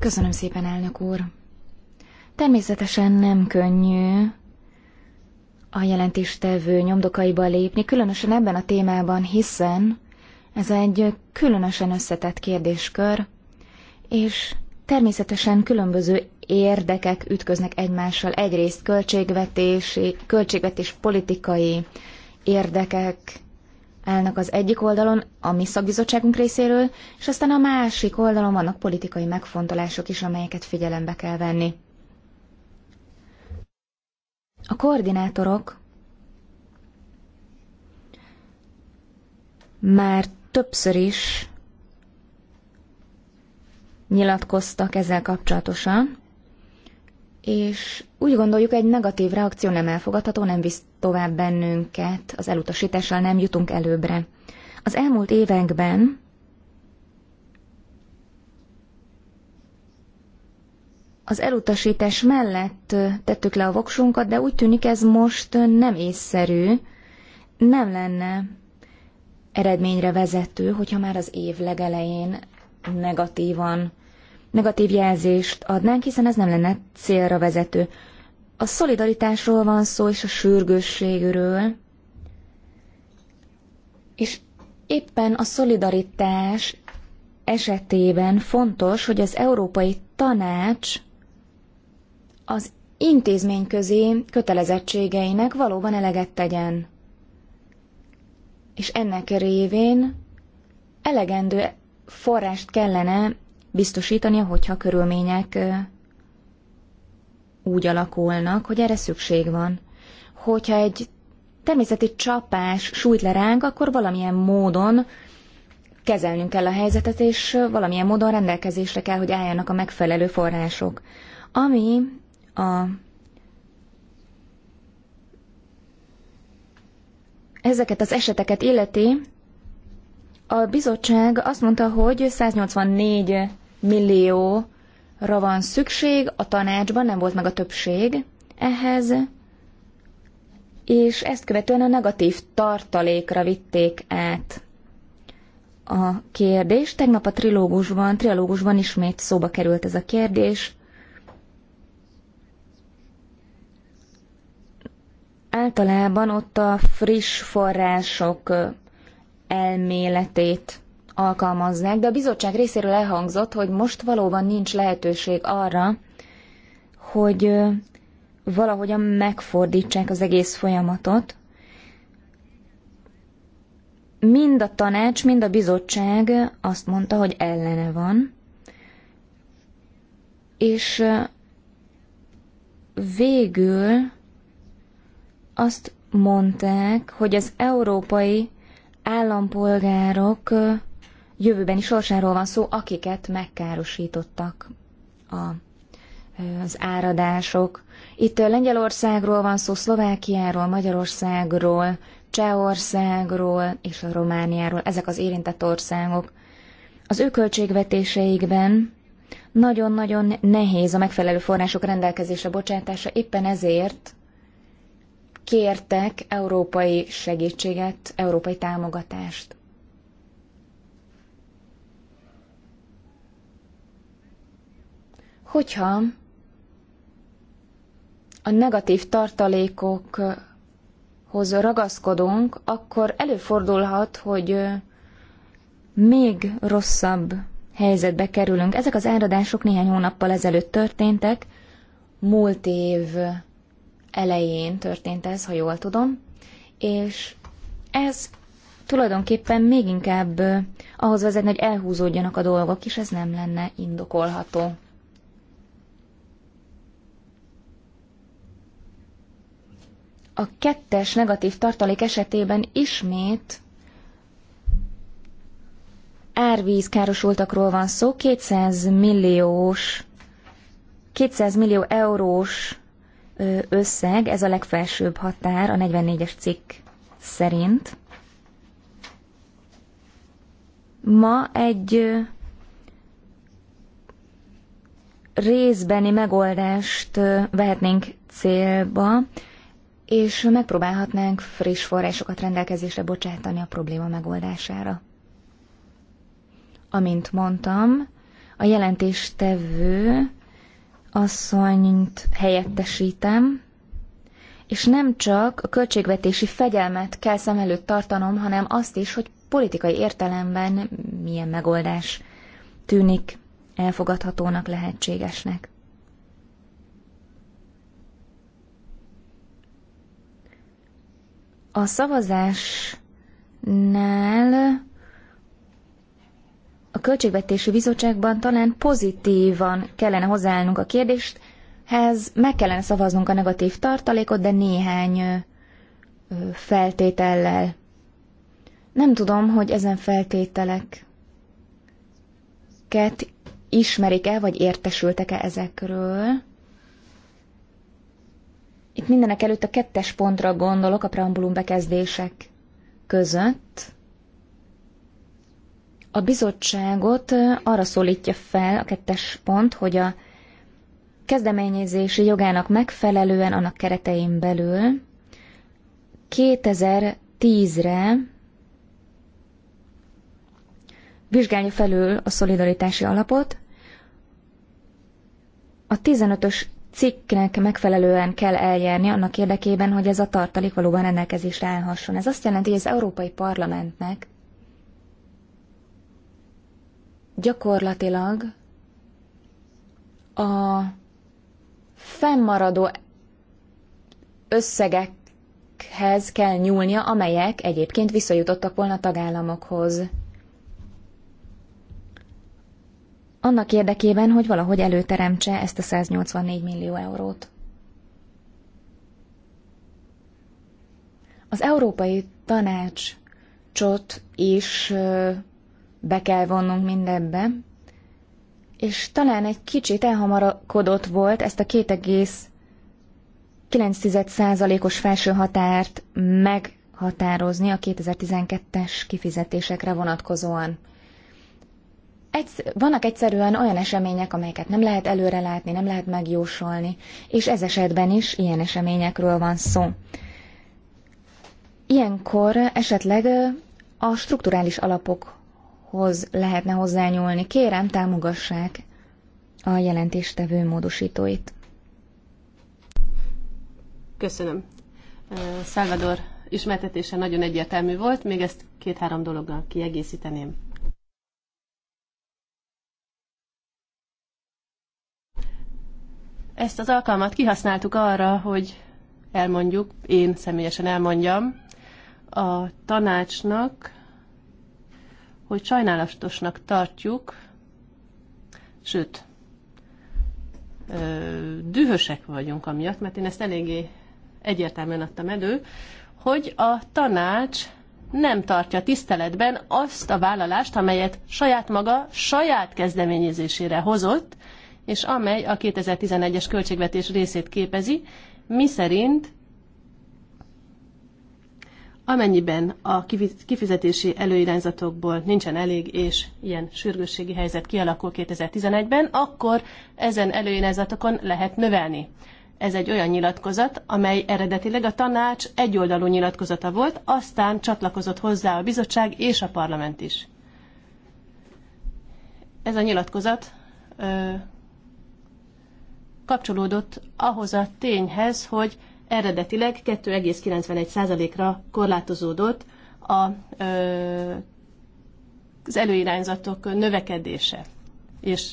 Köszönöm szépen, elnök úr. Természetesen nem könnyű a jelentéstevő nyomdokaiba lépni, különösen ebben a témában, hiszen ez egy különösen összetett kérdéskör, és természetesen különböző érdekek ütköznek egymással. Egyrészt költségvetési, költségvetés politikai érdekek, állnak az egyik oldalon a mi szakbizottságunk részéről, és aztán a másik oldalon vannak politikai megfontolások is, amelyeket figyelembe kell venni. A koordinátorok már többször is nyilatkoztak ezzel kapcsolatosan, és úgy gondoljuk, egy negatív reakció nem elfogadható, nem visz tovább bennünket, az elutasítással nem jutunk előbbre. Az elmúlt években az elutasítás mellett tettük le a voksunkat, de úgy tűnik ez most nem észszerű, nem lenne eredményre vezető, hogyha már az év legelején negatívan, negatív jelzést adnánk, hiszen ez nem lenne célra vezető. A szolidaritásról van szó, és a sürgősségről. És éppen a szolidaritás esetében fontos, hogy az Európai Tanács az közé kötelezettségeinek valóban eleget tegyen. És ennek révén elegendő forrást kellene biztosítania, hogyha körülmények úgy alakulnak, hogy erre szükség van. Hogyha egy természeti csapás sújt le ránk, akkor valamilyen módon kezelnünk kell a helyzetet, és valamilyen módon rendelkezésre kell, hogy álljanak a megfelelő források. Ami a ezeket az eseteket illeti, a bizottság azt mondta, hogy 184 millió van szükség, a tanácsban nem volt meg a többség ehhez, és ezt követően a negatív tartalékra vitték át a kérdést. Tegnap a trilógusban, trilógusban ismét szóba került ez a kérdés. Általában ott a friss források elméletét alkalmazzák, de a bizottság részéről elhangzott, hogy most valóban nincs lehetőség arra, hogy valahogyan megfordítsák az egész folyamatot. Mind a tanács, mind a bizottság azt mondta, hogy ellene van, és végül azt mondták, hogy az európai állampolgárok jövőbeni sorsáról van szó, akiket megkárosítottak a, az áradások. Itt Lengyelországról van szó, Szlovákiáról, Magyarországról, Csehországról és a Romániáról. Ezek az érintett országok. Az ő költségvetéseikben nagyon-nagyon nehéz a megfelelő források rendelkezése bocsátása, éppen ezért kértek európai segítséget, európai támogatást. hogyha a negatív tartalékokhoz ragaszkodunk, akkor előfordulhat, hogy még rosszabb helyzetbe kerülünk. Ezek az áradások néhány hónappal ezelőtt történtek, múlt év elején történt ez, ha jól tudom, és ez tulajdonképpen még inkább ahhoz vezetne, hogy elhúzódjanak a dolgok, és ez nem lenne indokolható. a kettes negatív tartalék esetében ismét árvízkárosultakról van szó, 200 milliós, 200 millió eurós összeg, ez a legfelsőbb határ a 44-es cikk szerint. Ma egy részbeni megoldást vehetnénk célba, és megpróbálhatnánk friss forrásokat rendelkezésre bocsátani a probléma megoldására. Amint mondtam, a jelentéstevő asszonyt helyettesítem, és nem csak a költségvetési fegyelmet kell szem előtt tartanom, hanem azt is, hogy politikai értelemben milyen megoldás tűnik elfogadhatónak, lehetségesnek. A szavazásnál a Költségvetési Bizottságban talán pozitívan kellene hozzáállnunk a kérdést, kérdéshez, meg kellene szavaznunk a negatív tartalékot, de néhány feltétellel. Nem tudom, hogy ezen feltételeket ismerik-e, vagy értesültek-e ezekről. Itt mindenek előtt a kettes pontra gondolok a preambulum bekezdések között. A bizottságot arra szólítja fel a kettes pont, hogy a kezdeményezési jogának megfelelően annak keretein belül 2010-re vizsgálja felül a szolidaritási alapot, a 15-ös cikknek megfelelően kell eljárni annak érdekében, hogy ez a tartalék valóban rendelkezésre állhasson. Ez azt jelenti, hogy az Európai Parlamentnek gyakorlatilag a fennmaradó összegekhez kell nyúlnia, amelyek egyébként visszajutottak volna a tagállamokhoz. annak érdekében, hogy valahogy előteremtse ezt a 184 millió eurót. Az Európai Tanácsot is be kell vonnunk mindebbe, és talán egy kicsit elhamarakodott volt ezt a 2,9%-os felső határt meghatározni a 2012-es kifizetésekre vonatkozóan egy, vannak egyszerűen olyan események, amelyeket nem lehet előrelátni, nem lehet megjósolni, és ez esetben is ilyen eseményekről van szó. Ilyenkor esetleg a strukturális alapokhoz lehetne hozzányúlni. Kérem, támogassák a jelentéstevő módosítóit. Köszönöm. Salvador ismertetése nagyon egyértelmű volt, még ezt két-három dologgal kiegészíteném. Ezt az alkalmat kihasználtuk arra, hogy elmondjuk, én személyesen elmondjam a tanácsnak, hogy sajnálatosnak tartjuk, sőt, dühösek vagyunk amiatt, mert én ezt eléggé egyértelműen adtam elő, hogy a tanács nem tartja tiszteletben azt a vállalást, amelyet saját maga saját kezdeményezésére hozott, és amely a 2011-es költségvetés részét képezi, miszerint amennyiben a kifizetési előirányzatokból nincsen elég, és ilyen sürgősségi helyzet kialakul 2011-ben, akkor ezen előirányzatokon lehet növelni. Ez egy olyan nyilatkozat, amely eredetileg a tanács egyoldalú nyilatkozata volt, aztán csatlakozott hozzá a bizottság és a parlament is. Ez a nyilatkozat kapcsolódott ahhoz a tényhez, hogy eredetileg 2,91%-ra korlátozódott a, ö, az előirányzatok növekedése. És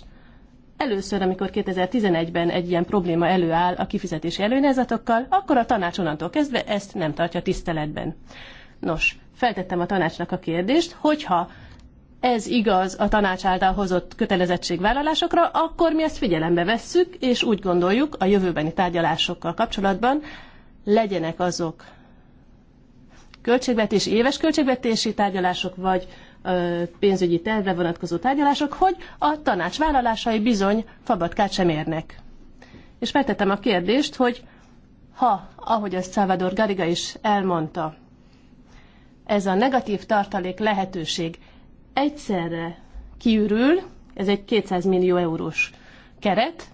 először, amikor 2011-ben egy ilyen probléma előáll a kifizetési előirányzatokkal, akkor a tanács onnantól kezdve ezt nem tartja tiszteletben. Nos, feltettem a tanácsnak a kérdést, hogyha ez igaz a tanács által hozott kötelezettségvállalásokra, akkor mi ezt figyelembe vesszük, és úgy gondoljuk a jövőbeni tárgyalásokkal kapcsolatban legyenek azok költségvetési, éves költségvetési tárgyalások, vagy ö, pénzügyi tervre vonatkozó tárgyalások, hogy a tanács vállalásai bizony fabatkát sem érnek. És feltettem a kérdést, hogy ha, ahogy ezt Salvador Gariga is elmondta, ez a negatív tartalék lehetőség egyszerre kiürül, ez egy 200 millió eurós keret,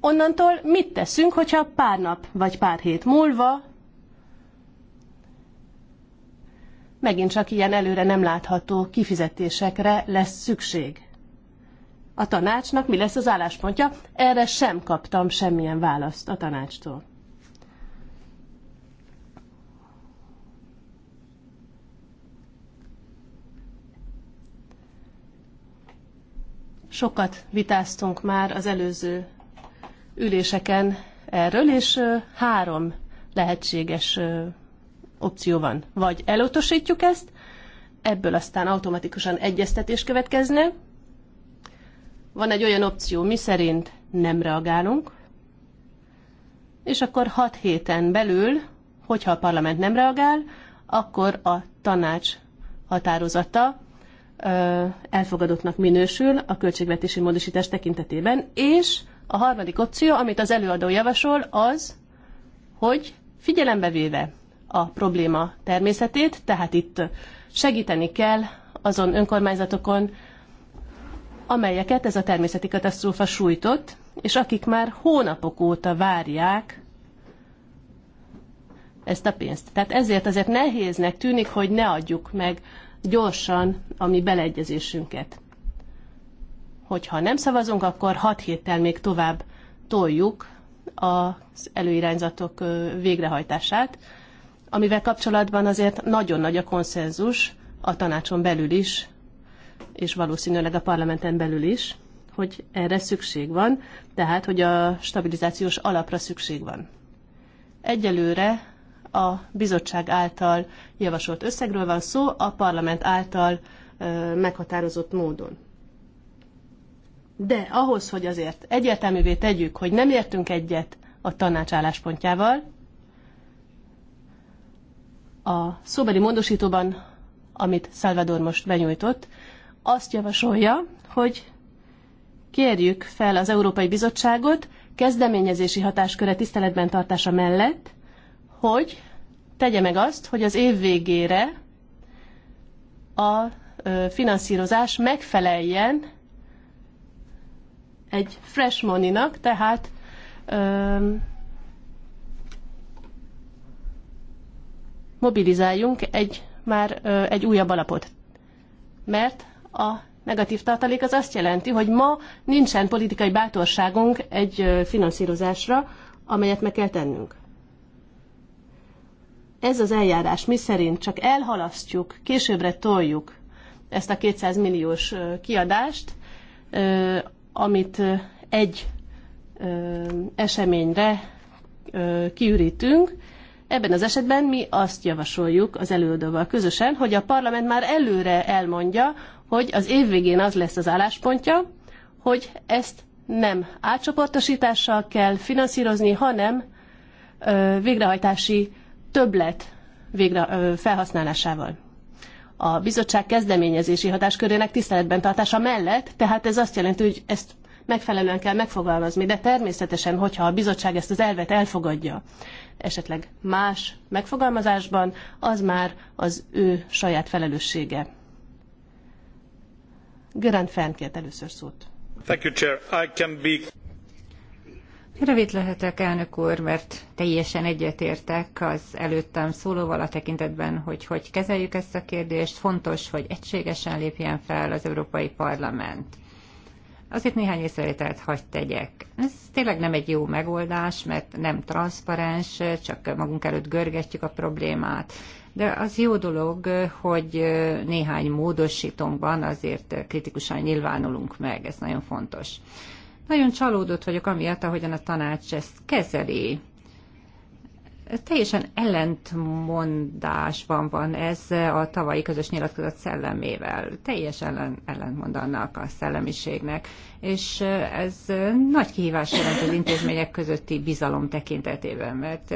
onnantól mit teszünk, hogyha pár nap vagy pár hét múlva megint csak ilyen előre nem látható kifizetésekre lesz szükség. A tanácsnak mi lesz az álláspontja? Erre sem kaptam semmilyen választ a tanácstól. Sokat vitáztunk már az előző üléseken erről, és három lehetséges opció van. Vagy elutasítjuk ezt, ebből aztán automatikusan egyeztetés következne. Van egy olyan opció, mi szerint nem reagálunk, és akkor hat héten belül, hogyha a parlament nem reagál, akkor a tanács határozata elfogadottnak minősül a költségvetési módosítás tekintetében, és a harmadik opció, amit az előadó javasol, az, hogy figyelembe véve a probléma természetét, tehát itt segíteni kell azon önkormányzatokon, amelyeket ez a természeti katasztrófa sújtott, és akik már hónapok óta várják ezt a pénzt. Tehát ezért azért nehéznek tűnik, hogy ne adjuk meg gyorsan a mi beleegyezésünket. Hogyha nem szavazunk, akkor 6 héttel még tovább toljuk az előirányzatok végrehajtását, amivel kapcsolatban azért nagyon nagy a konszenzus a tanácson belül is, és valószínűleg a parlamenten belül is, hogy erre szükség van, tehát hogy a stabilizációs alapra szükség van. Egyelőre a bizottság által javasolt összegről van szó, a parlament által meghatározott módon. De ahhoz, hogy azért egyértelművé tegyük, hogy nem értünk egyet a tanács álláspontjával, a szóbeli módosítóban, amit Salvador most benyújtott, azt javasolja, hogy kérjük fel az Európai Bizottságot kezdeményezési hatásköre tiszteletben tartása mellett, hogy tegye meg azt, hogy az év végére a finanszírozás megfeleljen egy fresh money-nak, tehát mobilizáljunk egy már egy újabb alapot. Mert a negatív tartalék az azt jelenti, hogy ma nincsen politikai bátorságunk egy ö, finanszírozásra, amelyet meg kell tennünk ez az eljárás mi szerint csak elhalasztjuk, későbbre toljuk ezt a 200 milliós kiadást, amit egy eseményre kiürítünk, Ebben az esetben mi azt javasoljuk az előadóval közösen, hogy a parlament már előre elmondja, hogy az év végén az lesz az álláspontja, hogy ezt nem átcsoportosítással kell finanszírozni, hanem végrehajtási többlet végre, felhasználásával. A bizottság kezdeményezési hatáskörének tiszteletben tartása mellett, tehát ez azt jelenti, hogy ezt megfelelően kell megfogalmazni, de természetesen, hogyha a bizottság ezt az elvet elfogadja, esetleg más megfogalmazásban, az már az ő saját felelőssége. Gerant Fern kért először szót. Thank you, Chair. I can be... Rövid lehetek, elnök úr, mert teljesen egyetértek az előttem szólóval a tekintetben, hogy hogy kezeljük ezt a kérdést. Fontos, hogy egységesen lépjen fel az Európai Parlament. Azért néhány észrevételt hagyd tegyek. Ez tényleg nem egy jó megoldás, mert nem transzparens, csak magunk előtt görgetjük a problémát. De az jó dolog, hogy néhány módosítónkban azért kritikusan nyilvánulunk meg, ez nagyon fontos. Nagyon csalódott vagyok amiatt, ahogyan a tanács ezt kezeli. Teljesen ellentmondásban van ez a tavalyi közös nyilatkozat szellemével. Teljesen ellen, ellentmond annak a szellemiségnek. És ez nagy kihívás jelent az intézmények közötti bizalom tekintetében, mert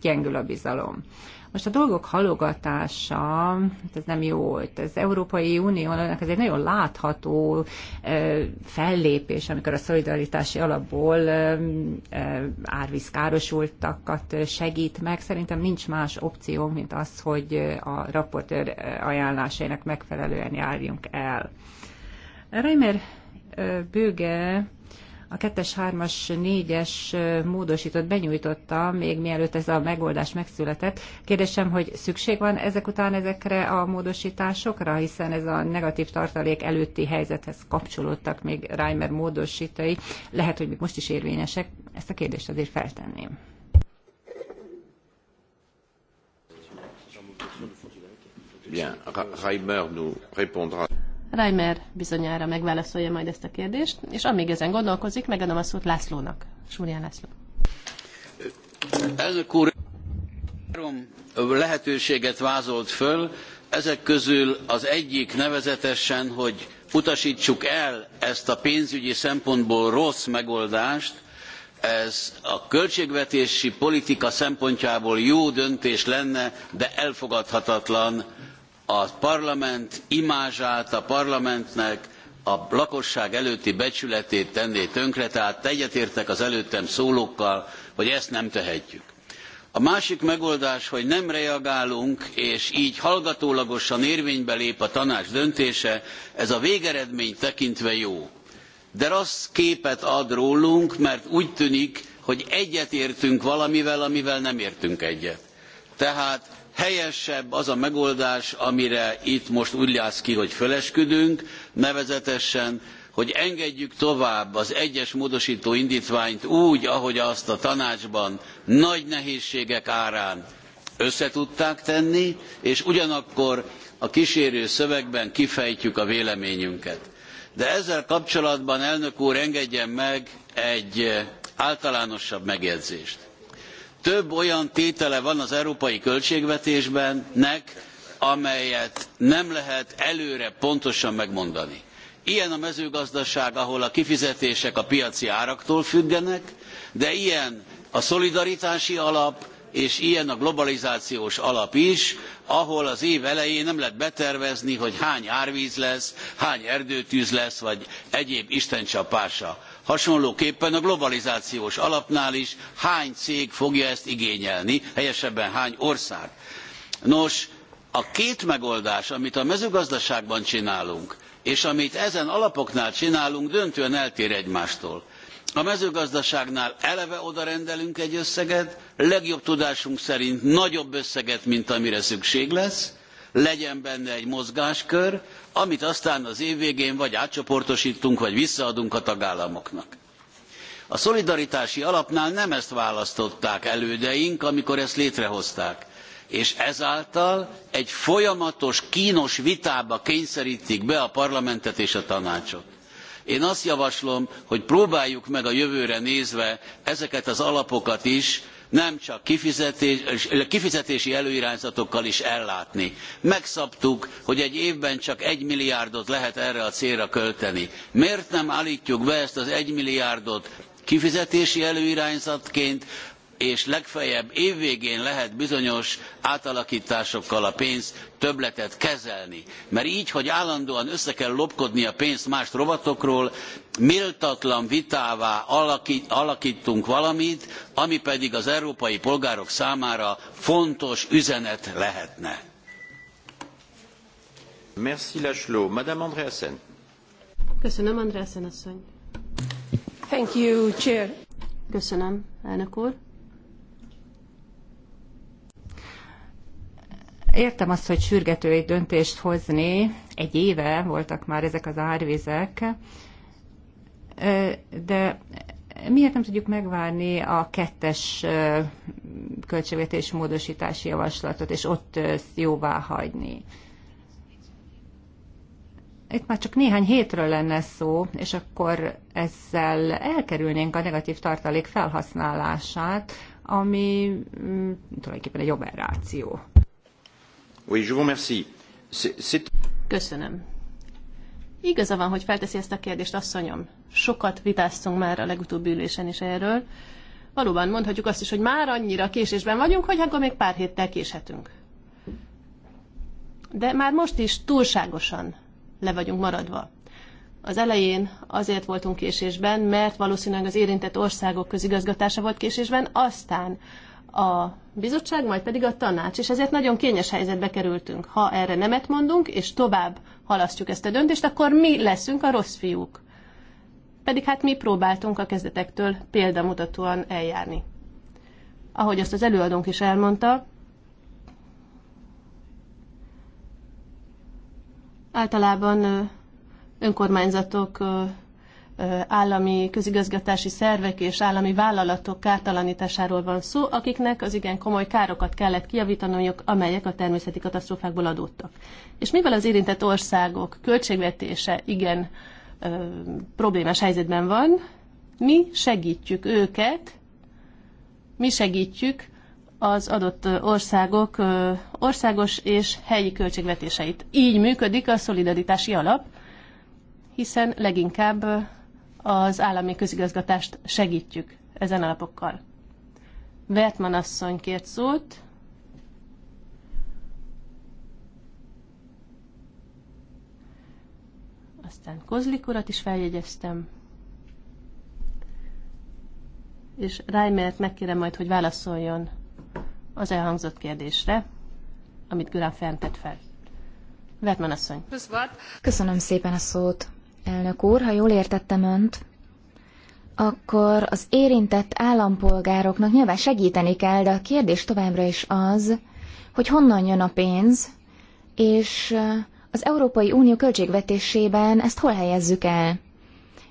gyengül a bizalom. Most a dolgok halogatása, hát ez nem jó, ez Európai Uniónak ez egy nagyon látható fellépés, amikor a szolidaritási alapból árvízkárosultakat segít meg. Szerintem nincs más opció, mint az, hogy a raportőr ajánlásainak megfelelően járjunk el. Reimer Böge a 2-es, 3-as, 4-es módosított benyújtotta még mielőtt ez a megoldás megszületett. Kérdésem, hogy szükség van ezek után ezekre a módosításokra, hiszen ez a negatív tartalék előtti helyzethez kapcsolódtak még Reimer módosítai. Lehet, hogy még most is érvényesek. Ezt a kérdést azért feltenném. Bien, Reimer nous répondra. Reimer bizonyára megválaszolja majd ezt a kérdést, és amíg ezen gondolkozik, megadom a szót Lászlónak. Súrján László. Elnök úr, három lehetőséget vázolt föl, ezek közül az egyik nevezetesen, hogy utasítsuk el ezt a pénzügyi szempontból rossz megoldást, ez a költségvetési politika szempontjából jó döntés lenne, de elfogadhatatlan a parlament imázsát, a parlamentnek a lakosság előtti becsületét tenné tönkre, tehát egyetértek az előttem szólókkal, hogy ezt nem tehetjük. A másik megoldás, hogy nem reagálunk, és így hallgatólagosan érvénybe lép a tanács döntése, ez a végeredmény tekintve jó. De rossz képet ad rólunk, mert úgy tűnik, hogy egyetértünk valamivel, amivel nem értünk egyet. Tehát helyesebb az a megoldás amire itt most úgy látsz ki hogy fölesküdünk nevezetesen hogy engedjük tovább az egyes módostó indtványt úgy ahogy azt a tanácsban nagy nehézségek árán össze tudták tenni és ugyanakkor a ksérő szövegben kifejtjük a véleményünket. de ezzel kapcsolatban elnök úr engedjen meg egy általánosabb megjegyzést több olyan tétele van az európai költségvetésbennek, amelyet nem lehet előre pontosan megmondani. Ilyen a mezőgazdaság, ahol a kifizetések a piaci áraktól függenek, de ilyen a szolidaritási alap, és ilyen a globalizációs alap is, ahol az év elején nem lehet betervezni, hogy hány árvíz lesz, hány erdőtűz lesz, vagy egyéb istencsapása hasonlóképpen a globalizációs alapnál is hány cég fogja ezt igényelni helyesebben hány ország. nos a két megoldás amit a mezőgazdaságban csinálunk és amit ezen alapoknál csinálunk döntően eltér egymástól. A mezőgazdaságnál eleve odarendelünk egy összeget, legjobb tudásunk szerint nagyobb összeget, mint amire szükség lesz, legyen benne egy mozgáskör, amit aztán az év végén vagy átcsoportosítunk, vagy visszaadunk a tagállamoknak. A szolidaritási alapnál nem ezt választották elődeink, amikor ezt létrehozták és ezáltal egy folyamatos kínos vitába kényszerítik be a parlamentet és a tanácsot. Én azt javaslom, hogy próbáljuk meg a jövőre nézve ezeket az alapokat is nem csak kifizetési előirányzatokkal is ellátni. Megszabtuk, hogy egy évben csak egy milliárdot lehet erre a célra költeni. Miért nem álltjuk be ezt az egy milliárdot kifizetési előirányzatként és legfeljebb végén lehet bizonyos átalaktásokkal a pénz többletet kezelni. Mert így, hogy állandóan össze kell lopkodni a pénzt más rovatokról, méltatlan vitává alakítunk valamit, ami pedig az európai polgárok számára fontos üzenet lehetne. Merci László. Madame Andreasen. Köszönöm, Andreasen asszony. Thank you, Chair. Köszönöm, elnök úr. Értem azt, hogy egy döntést hozni, egy éve voltak már ezek az árvizek, de miért nem tudjuk megvárni a kettes költségvetés módosítási javaslatot, és ott jóvá hagyni? Itt már csak néhány hétről lenne szó, és akkor ezzel elkerülnénk a negatív tartalék felhasználását, ami mm, tulajdonképpen egy operáció. Köszönöm. Igaza van, hogy felteszi ezt a kérdést, asszonyom. Sokat vitáztunk már a legutóbbi ülésen is erről. Valóban mondhatjuk azt is, hogy már annyira késésben vagyunk, hogy akkor még pár héttel késhetünk. De már most is túlságosan le vagyunk maradva. Az elején azért voltunk késésben, mert valószínűleg az érintett országok közigazgatása volt késésben, aztán a bizottság, majd pedig a tanács, és ezért nagyon kényes helyzetbe kerültünk. Ha erre nemet mondunk, és tovább halasztjuk ezt a döntést, akkor mi leszünk a rossz fiúk. Pedig hát mi próbáltunk a kezdetektől példamutatóan eljárni. Ahogy azt az előadónk is elmondta, általában önkormányzatok állami közigazgatási szervek és állami vállalatok kártalanításáról van szó, akiknek az igen komoly károkat kellett kiavítanunk, amelyek a természeti katasztrófákból adódtak. És mivel az érintett országok költségvetése igen ö, problémás helyzetben van, mi segítjük őket, mi segítjük az adott országok országos és helyi költségvetéseit. Így működik a szolidaritási alap, hiszen leginkább az állami közigazgatást segítjük ezen alapokkal. Vertman asszony kért szót. Aztán Kozlik urat is feljegyeztem. És Reimert megkérem majd, hogy válaszoljon az elhangzott kérdésre, amit Gülán Fern tett fel. Vertman asszony. Köszönöm szépen a szót elnök úr, ha jól értettem önt, akkor az érintett állampolgároknak nyilván segíteni kell, de a kérdés továbbra is az, hogy honnan jön a pénz, és az Európai Unió költségvetésében ezt hol helyezzük el.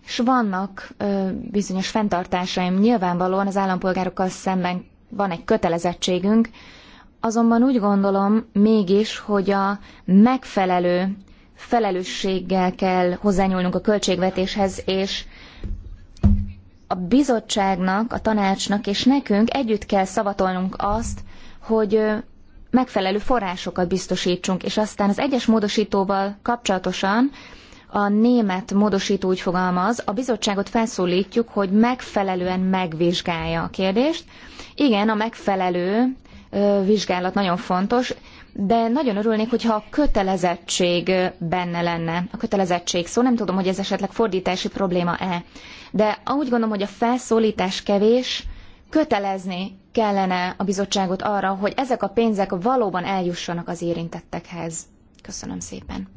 És vannak ö, bizonyos fenntartásaim, nyilvánvalóan az állampolgárokkal szemben van egy kötelezettségünk, azonban úgy gondolom mégis, hogy a megfelelő felelősséggel kell hozzányúlnunk a költségvetéshez, és a bizottságnak, a tanácsnak és nekünk együtt kell szavatolnunk azt, hogy megfelelő forrásokat biztosítsunk, és aztán az egyes módosítóval kapcsolatosan a német módosító úgy fogalmaz, a bizottságot felszólítjuk, hogy megfelelően megvizsgálja a kérdést. Igen, a megfelelő vizsgálat nagyon fontos de nagyon örülnék, hogyha a kötelezettség benne lenne. A kötelezettség szó, nem tudom, hogy ez esetleg fordítási probléma-e, de úgy gondolom, hogy a felszólítás kevés, kötelezni kellene a bizottságot arra, hogy ezek a pénzek valóban eljussanak az érintettekhez. Köszönöm szépen.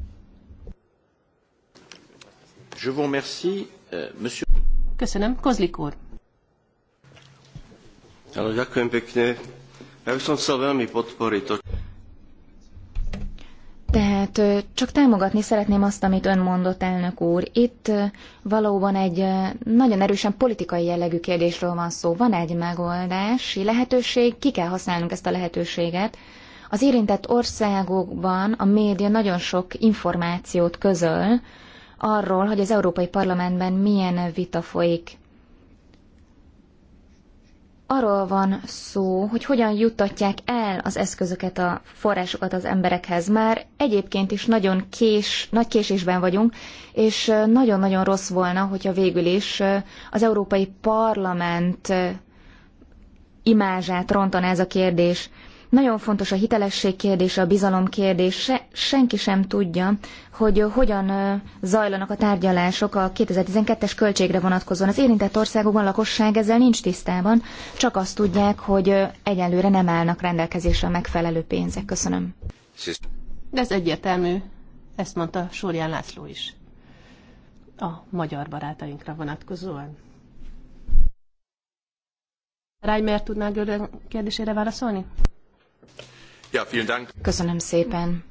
Je vous euh, monsieur... Köszönöm. Kozlik úr. Ďakujem pekne. Ja by som chcel veľmi podporiť to, tehát csak támogatni szeretném azt, amit ön mondott, elnök úr. Itt valóban egy nagyon erősen politikai jellegű kérdésről van szó. Van egy megoldási lehetőség, ki kell használnunk ezt a lehetőséget. Az érintett országokban a média nagyon sok információt közöl arról, hogy az Európai Parlamentben milyen vita folyik arról van szó, hogy hogyan juttatják el az eszközöket, a forrásokat az emberekhez. Már egyébként is nagyon kés, nagy késésben vagyunk, és nagyon-nagyon rossz volna, hogyha végül is az Európai Parlament imázsát rontaná ez a kérdés. Nagyon fontos a hitelesség kérdése, a bizalom kérdése. Senki sem tudja, hogy hogyan zajlanak a tárgyalások a 2012-es költségre vonatkozóan. Az érintett országokban lakosság ezzel nincs tisztában, csak azt tudják, hogy egyelőre nem állnak rendelkezésre megfelelő pénzek. Köszönöm. De ez egyértelmű, ezt mondta Súrján László is. A magyar barátainkra vonatkozóan. Reimer tudnál a kérdésére válaszolni? Köszönöm szépen.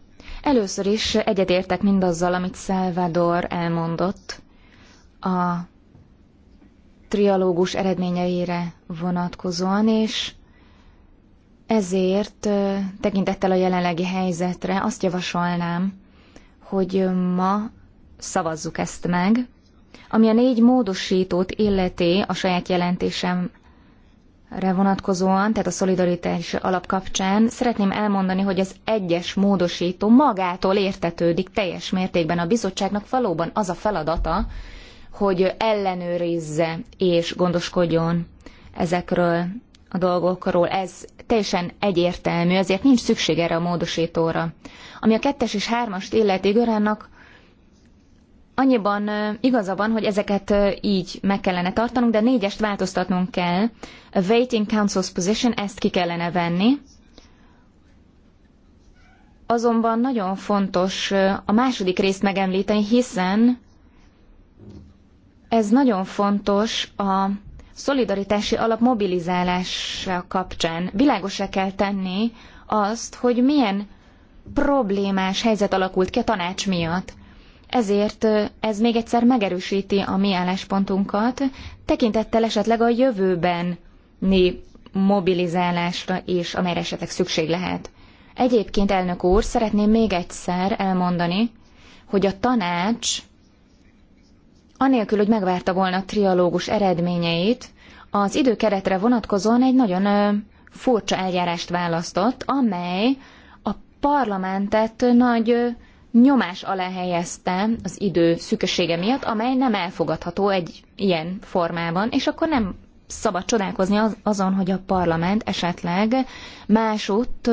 Először is egyetértek mindazzal, amit Salvador elmondott a trialógus eredményeire vonatkozóan, és ezért tekintettel a jelenlegi helyzetre azt javasolnám, hogy ma szavazzuk ezt meg, ami a négy módosítót illeti a saját jelentésem re vonatkozóan, tehát a szolidaritás alap kapcsán szeretném elmondani, hogy az egyes módosító magától értetődik teljes mértékben a bizottságnak valóban az a feladata, hogy ellenőrizze és gondoskodjon ezekről a dolgokról. Ez teljesen egyértelmű, ezért nincs szükség erre a módosítóra. Ami a kettes és hármast illeti Göránnak Annyiban igaza van, hogy ezeket így meg kellene tartanunk, de négyest változtatnunk kell. A waiting council's position, ezt ki kellene venni. Azonban nagyon fontos a második részt megemlíteni, hiszen ez nagyon fontos a szolidaritási alap mobilizálása kapcsán. Világosra kell tenni azt, hogy milyen problémás helyzet alakult ki a tanács miatt. Ezért ez még egyszer megerősíti a mi álláspontunkat, tekintettel esetleg a jövőben mobilizálásra és amelyre esetleg szükség lehet. Egyébként, elnök úr, szeretném még egyszer elmondani, hogy a tanács, anélkül, hogy megvárta volna a trialógus eredményeit, az időkeretre vonatkozóan egy nagyon furcsa eljárást választott, amely a parlamentet nagy nyomás alá helyezte az idő szükessége miatt, amely nem elfogadható egy ilyen formában, és akkor nem szabad csodálkozni azon, hogy a parlament esetleg másutt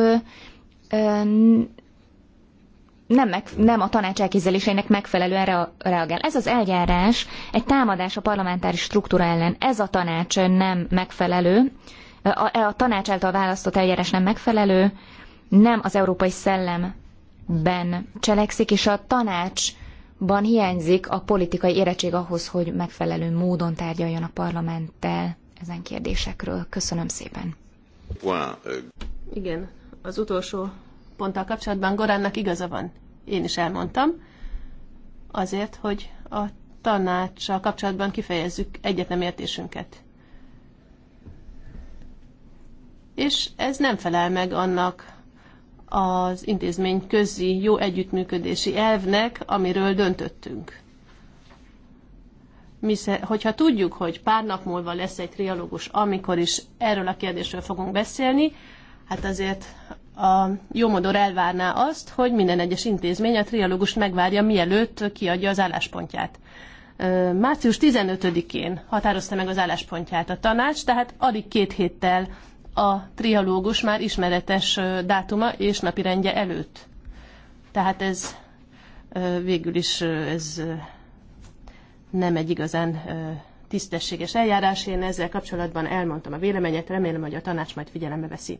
nem, meg, nem a tanács elképzeléseinek megfelelően rea- reagál. Ez az eljárás egy támadás a parlamentári struktúra ellen. Ez a tanács nem megfelelő, a, e a tanács által választott eljárás nem megfelelő, nem az európai szellem ben cselekszik, és a tanácsban hiányzik a politikai érettség ahhoz, hogy megfelelő módon tárgyaljon a parlamenttel ezen kérdésekről. Köszönöm szépen. Igen, az utolsó ponttal kapcsolatban Goránnak igaza van. Én is elmondtam. Azért, hogy a tanácssal kapcsolatban kifejezzük egyetemértésünket. És ez nem felel meg annak, az intézmény közi jó együttműködési elvnek, amiről döntöttünk. Misze, hogyha tudjuk, hogy pár nap múlva lesz egy trialógus, amikor is erről a kérdésről fogunk beszélni, hát azért a jó modor elvárná azt, hogy minden egyes intézmény a trialógust megvárja, mielőtt kiadja az álláspontját. Március 15-én határozta meg az álláspontját a tanács, tehát alig két héttel a trialógus már ismeretes dátuma és napirendje előtt. Tehát ez végül is ez nem egy igazán tisztességes eljárás. Én ezzel kapcsolatban elmondtam a véleményet, remélem, hogy a tanács majd figyelembe veszi.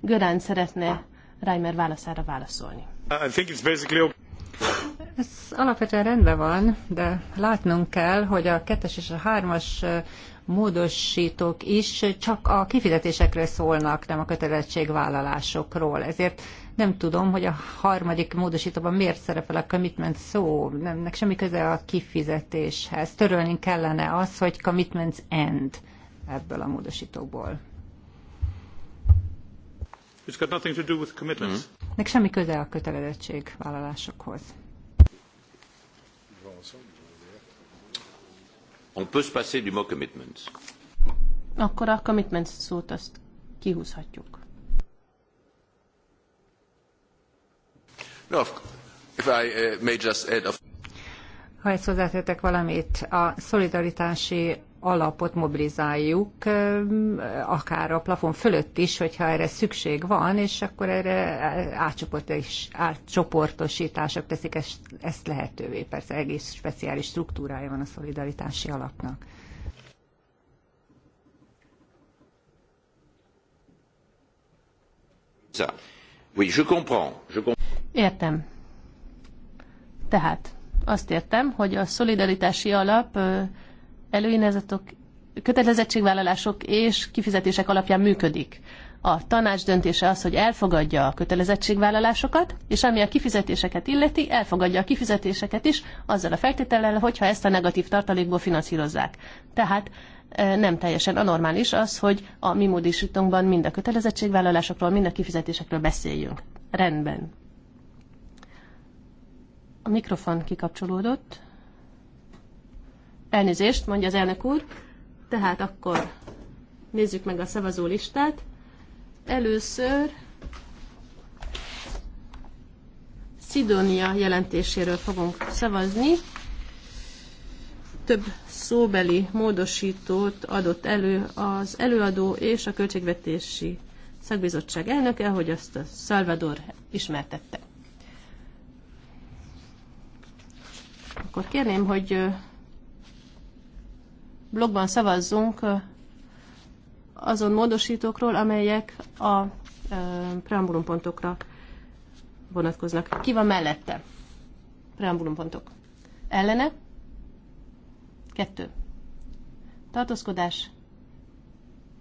Görán szeretne Reimer válaszára válaszolni. I think it's basically okay. Ez alapvetően rendben van, de látnunk kell, hogy a kettes és a hármas módosítók is csak a kifizetésekről szólnak, nem a kötelezettségvállalásokról. Ezért nem tudom, hogy a harmadik módosítóban miért szerepel a commitment szó, nemnek semmi köze a kifizetéshez. Törölni kellene az, hogy commitments end ebből a módosítóból. It's got nothing to do with commitments. Mm. Nek semmi köze a kötelezettségvállalásokhoz. On peut se passer du mot commitment. Akkor a commitments szót azt kihúzhatjuk. No, if I uh, may just add Ha ezt hozzátettek valamit, a szolidaritási alapot mobilizáljuk, akár a plafon fölött is, hogyha erre szükség van, és akkor erre átcsoportosítások teszik ezt lehetővé. Persze egész speciális struktúrája van a szolidaritási alapnak. Értem. Tehát azt értem, hogy a szolidaritási alap előínezetok, kötelezettségvállalások és kifizetések alapján működik. A tanács döntése az, hogy elfogadja a kötelezettségvállalásokat, és ami a kifizetéseket illeti, elfogadja a kifizetéseket is, azzal a feltétellel, hogyha ezt a negatív tartalékból finanszírozzák. Tehát e, nem teljesen anormális az, hogy a mi módosítónkban mind a kötelezettségvállalásokról, mind a kifizetésekről beszéljünk. Rendben. A mikrofon kikapcsolódott. Elnézést, mondja az elnök úr. Tehát akkor nézzük meg a szavazó listát. Először Szidónia jelentéséről fogunk szavazni. Több szóbeli módosítót adott elő az előadó és a költségvetési szakbizottság elnöke, hogy azt a Salvador ismertette. Akkor kérném, hogy blogban szavazzunk azon módosítókról, amelyek a preambulumpontokra vonatkoznak. Ki van mellette? Preambulumpontok. Ellene? Kettő. Tartózkodás?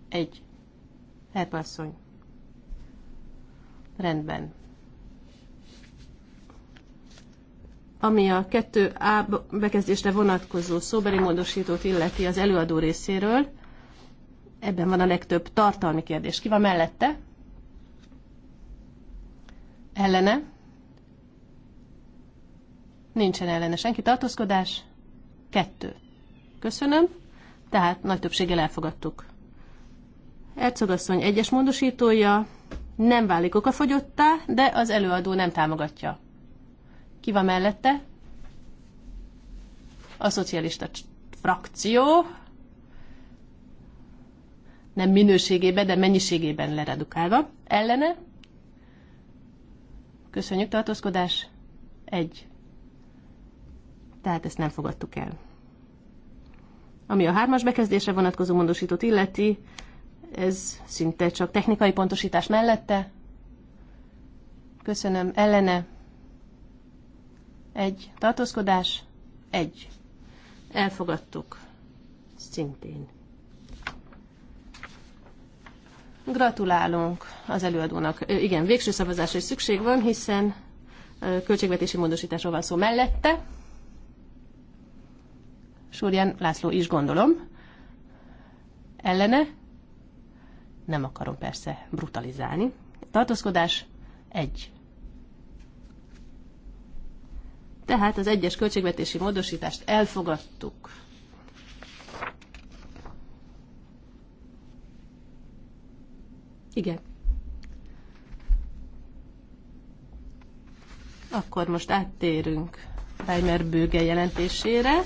Egy. Herpasszony. Rendben. Ami a 2A bekezdésre vonatkozó szóbeli módosítót illeti az előadó részéről, ebben van a legtöbb tartalmi kérdés. Ki van mellette? Ellene? Nincsen ellene senki. Tartózkodás? Kettő. Köszönöm. Tehát nagy többséggel elfogadtuk. Ercogasszony egyes módosítója nem válik okafogyottá, de az előadó nem támogatja. Ki van mellette? A szocialista frakció nem minőségében, de mennyiségében leredukálva. Ellene? Köszönjük, tartózkodás. Egy. Tehát ezt nem fogadtuk el. Ami a hármas bekezdésre vonatkozó módosítót illeti, ez szinte csak technikai pontosítás mellette. Köszönöm, ellene egy tartózkodás, egy. Elfogadtuk. Szintén. Gratulálunk az előadónak. Igen, végső szavazásra is szükség van, hiszen költségvetési módosításról van szó mellette. Súrján László is gondolom. Ellene? Nem akarom persze brutalizálni. Tartózkodás? Egy. Tehát az egyes költségvetési módosítást elfogadtuk. Igen. Akkor most áttérünk Reimer bőge jelentésére.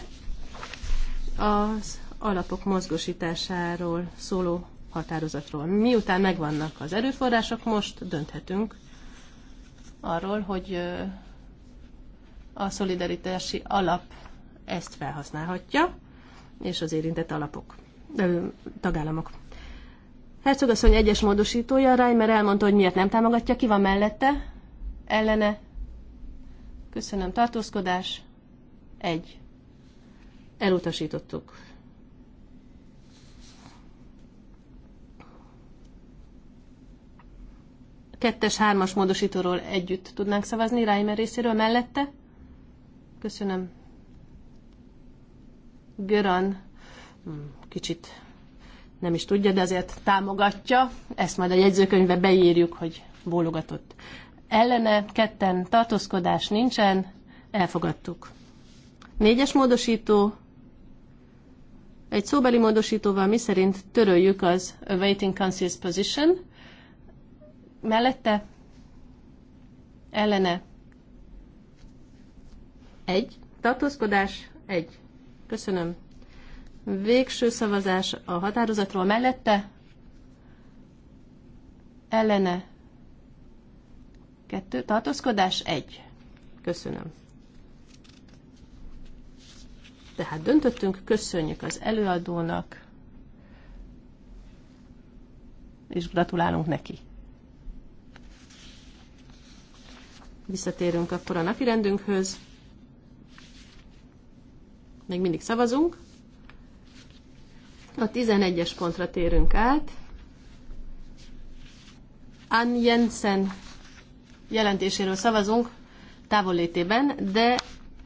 Az alapok mozgosításáról szóló határozatról. Miután megvannak az erőforrások, most dönthetünk arról, hogy a szolidaritási alap ezt felhasználhatja, és az érintett alapok, ö, tagállamok. Hercogasszony egyes módosítója, Reimer elmondta, hogy miért nem támogatja, ki van mellette, ellene, köszönöm, tartózkodás, egy. Elutasítottuk. Kettes, hármas módosítóról együtt tudnánk szavazni, Reimer részéről mellette, Köszönöm. Göran hm, kicsit nem is tudja, de azért támogatja. Ezt majd a jegyzőkönyvbe beírjuk, hogy bólogatott. Ellene ketten tartózkodás nincsen, elfogadtuk. Négyes módosító, egy szóbeli módosítóval mi szerint töröljük az awaiting counsel's position, mellette ellene egy. Tartózkodás. Egy. Köszönöm. Végső szavazás a határozatról mellette. Ellene. Kettő. Tartózkodás. Egy. Köszönöm. Tehát döntöttünk, köszönjük az előadónak, és gratulálunk neki. Visszatérünk akkor a napirendünkhöz. Még mindig szavazunk. A 11-es pontra térünk át. Ann Jensen jelentéséről szavazunk távollétében, de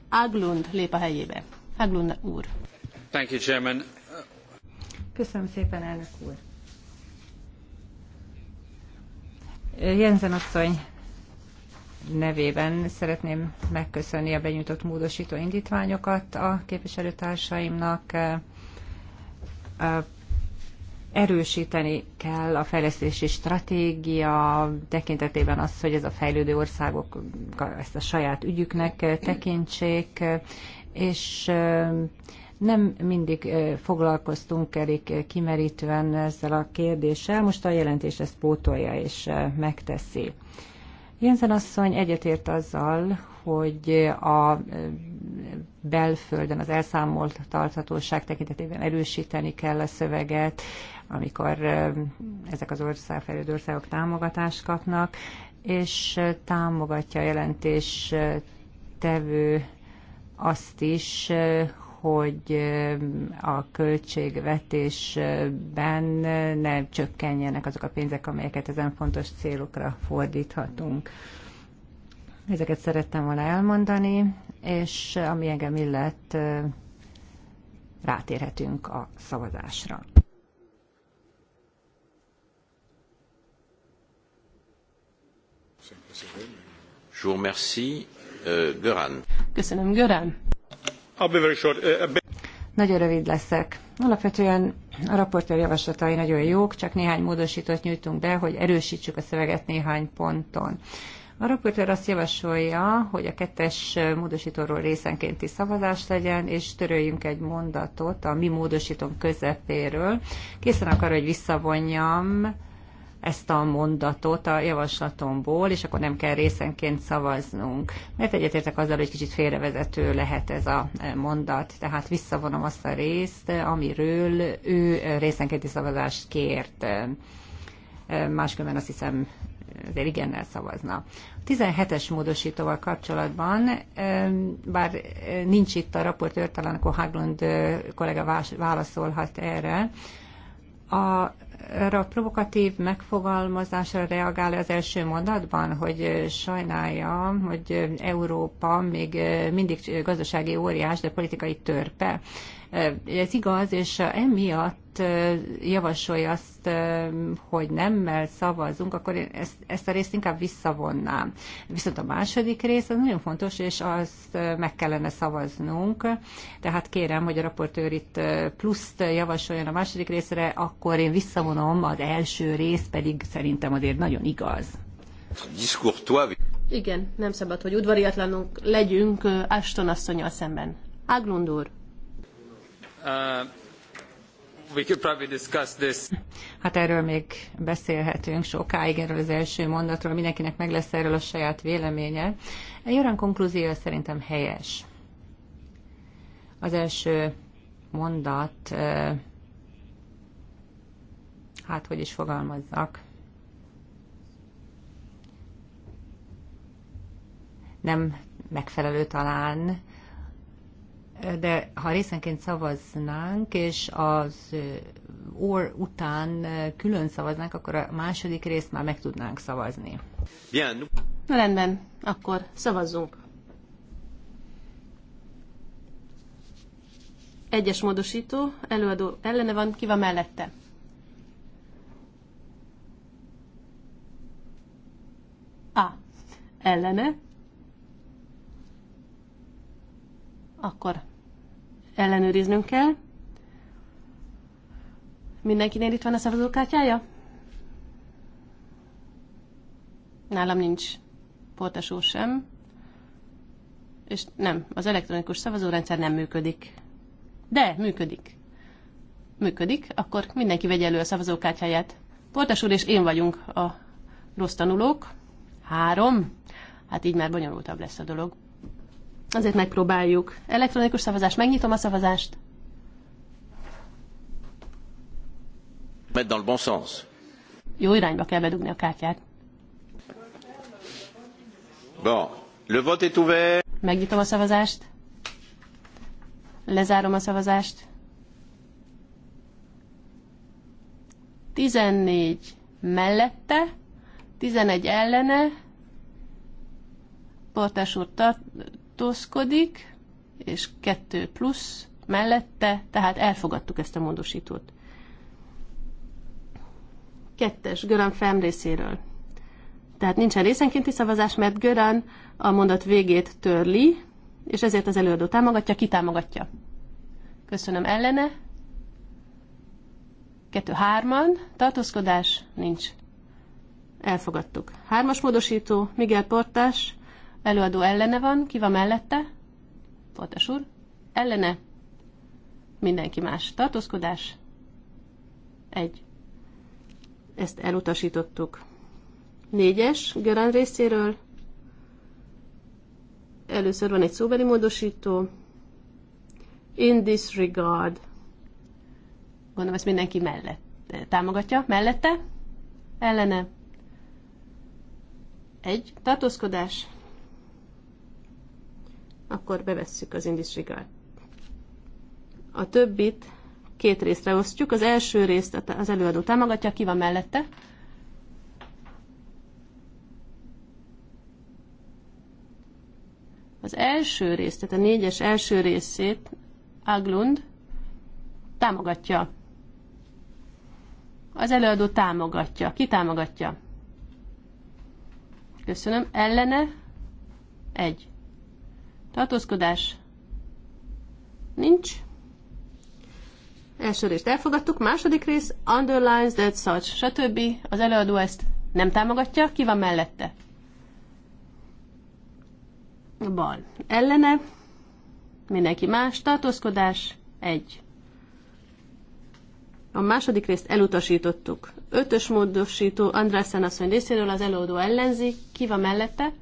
Aglund lép a helyébe. Aglund úr. Thank you, Chairman. Köszönöm szépen, elnök úr. Jensen asszony nevében szeretném megköszönni a benyújtott módosító indítványokat a képviselőtársaimnak. Erősíteni kell a fejlesztési stratégia tekintetében az, hogy ez a fejlődő országok ezt a saját ügyüknek tekintsék, és nem mindig foglalkoztunk elég kimerítően ezzel a kérdéssel, most a jelentés ezt pótolja és megteszi. Jensen asszony egyetért azzal, hogy a e, belföldön az elszámolt tarthatóság tekintetében erősíteni kell a szöveget, amikor e, ezek az ország, országok támogatást kapnak, és támogatja a jelentés e, tevő azt is, hogy a költségvetésben ne csökkenjenek azok a pénzek, amelyeket ezen fontos célokra fordíthatunk. Ezeket szerettem volna elmondani, és ami engem illet, rátérhetünk a szavazásra. Euh, Köszönöm, Göran. Uh, nagyon rövid leszek. Alapvetően a raportőr javaslatai nagyon jók, csak néhány módosítót nyújtunk be, hogy erősítsük a szöveget néhány ponton. A raportőr azt javasolja, hogy a kettes módosítóról részenkénti szavazás legyen, és töröljünk egy mondatot a mi módosítónk közepéről. Készen akar, hogy visszavonjam ezt a mondatot a javaslatomból, és akkor nem kell részenként szavaznunk. Mert egyetértek azzal, hogy kicsit félrevezető lehet ez a mondat, tehát visszavonom azt a részt, amiről ő részenkénti szavazást kért. Máskülönben azt hiszem azért igennel szavazna. A 17-es módosítóval kapcsolatban, bár nincs itt a raportőr, talán akkor Haglund kollega válaszolhat erre, a a provokatív megfogalmazásra reagál az első mondatban, hogy sajnálja, hogy Európa még mindig gazdasági óriás, de politikai törpe. Ez igaz, és emiatt javasolja azt, hogy nemmel szavazunk, akkor én ezt, ezt a részt inkább visszavonnám. Viszont a második rész az nagyon fontos, és azt meg kellene szavaznunk. Tehát kérem, hogy a raportőr itt pluszt javasoljon a második részre, akkor én visszavonom, az első rész pedig szerintem azért nagyon igaz. Igen, nem szabad, hogy udvariatlanunk legyünk Ashton asszonyal szemben. Áglund Uh, we could probably discuss this. Hát erről még beszélhetünk sokáig, erről az első mondatról, mindenkinek meg lesz erről a saját véleménye. A olyan konklúzió szerintem helyes. Az első mondat, uh, hát hogy is fogalmazzak, nem megfelelő talán, de ha részenként szavaznánk, és az or után külön szavaznánk, akkor a második részt már meg tudnánk szavazni. Bien. Na rendben, akkor szavazzunk. Egyes módosító, előadó ellene van, ki van mellette? A. Ellene. Akkor ellenőriznünk kell. Mindenkinél itt van a szavazókártyája? Nálam nincs portasó sem. És nem, az elektronikus szavazórendszer nem működik. De, működik. Működik, akkor mindenki vegye elő a szavazókártyáját. Portas úr és én vagyunk a rossz tanulók. Három. Hát így már bonyolultabb lesz a dolog. Azért megpróbáljuk. Elektronikus szavazás. Megnyitom a szavazást. dans le bon sens. Jó irányba kell bedugni a kártyát. Bon. Le vote est ouvert. Megnyitom a szavazást. Lezárom a szavazást. 14 mellette, 11 ellene, Portás úr tart, tartózkodik, és 2 plusz mellette, tehát elfogadtuk ezt a módosítót. Kettes, Görön Fem részéről. Tehát nincsen részenkénti szavazás, mert Görön a mondat végét törli, és ezért az előadó támogatja, ki támogatja. Köszönöm ellene. Kettő, hárman, tartózkodás, nincs. Elfogadtuk. Hármas módosító, Miguel Portás, Előadó ellene van, ki van mellette? Foltas úr. Ellene. Mindenki más. Tartózkodás. Egy. Ezt elutasítottuk. Négyes, Görán részéről. Először van egy szóbeli módosító. In this regard. Gondolom, ezt mindenki mellett eh, támogatja. Mellette? Ellene? Egy. Tartózkodás akkor bevesszük az indisrigal. A többit két részre osztjuk. Az első részt az előadó támogatja, ki van mellette. Az első részt, tehát a négyes első részét Aglund támogatja. Az előadó támogatja. Ki támogatja? Köszönöm. Ellene? Egy tartózkodás nincs. Első részt elfogadtuk, második rész, underlines, that such, stb. Az előadó ezt nem támogatja, ki van mellette? Bal. Ellene, mindenki más, tartózkodás, egy. A második részt elutasítottuk. Ötös módosító András asszony részéről az előadó ellenzi, ki van mellette?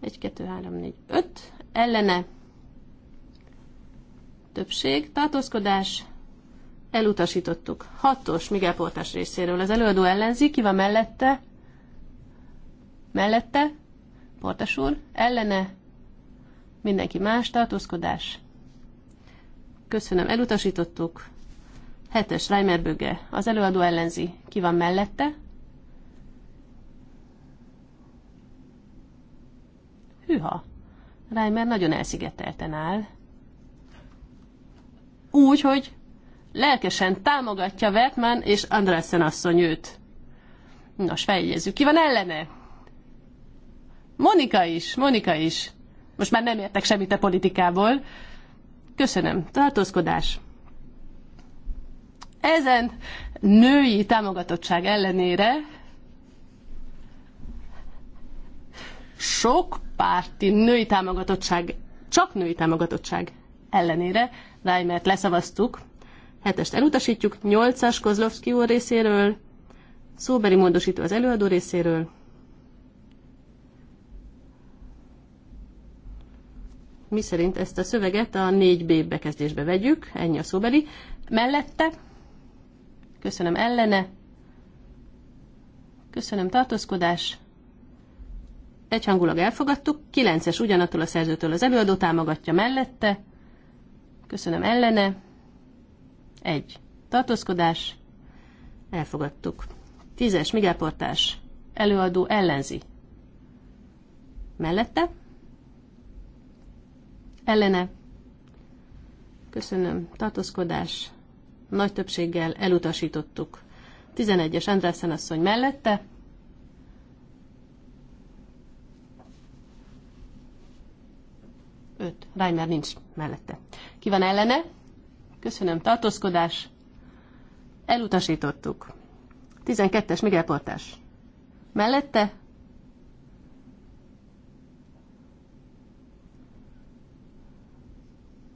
1, 2, 3, 4, 5, ellene többség, tartózkodás, elutasítottuk. Hatos Miguel Portás részéről. Az előadó ellenzi, ki van mellette? Mellette? Portás úr? Ellene? Mindenki más, tartózkodás. Köszönöm, elutasítottuk. Hetes Böge. Az előadó ellenzi, ki van mellette? Hűha! Reimer nagyon elszigetelten áll. Úgy, hogy lelkesen támogatja Wertmann és Andressen asszony őt. Nos, feljegyezzük. Ki van ellene? Monika is, Monika is. Most már nem értek semmit a politikából. Köszönöm. Tartózkodás. Ezen női támogatottság ellenére sok párti női támogatottság, csak női támogatottság ellenére Reimert leszavaztuk, hetest elutasítjuk, nyolcas as Kozlovszki úr részéről, szóbeli módosító az előadó részéről, mi szerint ezt a szöveget a 4B bekezdésbe vegyük, ennyi a szóbeli. Mellette, köszönöm ellene, köszönöm tartózkodás, egyhangulag elfogadtuk, kilences ugyanattól a szerzőtől az előadó támogatja mellette, köszönöm ellene, egy tartózkodás, elfogadtuk. Tízes migáportás, előadó ellenzi, mellette, ellene, köszönöm, tartózkodás, nagy többséggel elutasítottuk. 11-es Andrászen asszony mellette, 5. Reiner nincs mellette. Ki van ellene? Köszönöm, tartózkodás. Elutasítottuk. 12-es Miguel Portás. Mellette?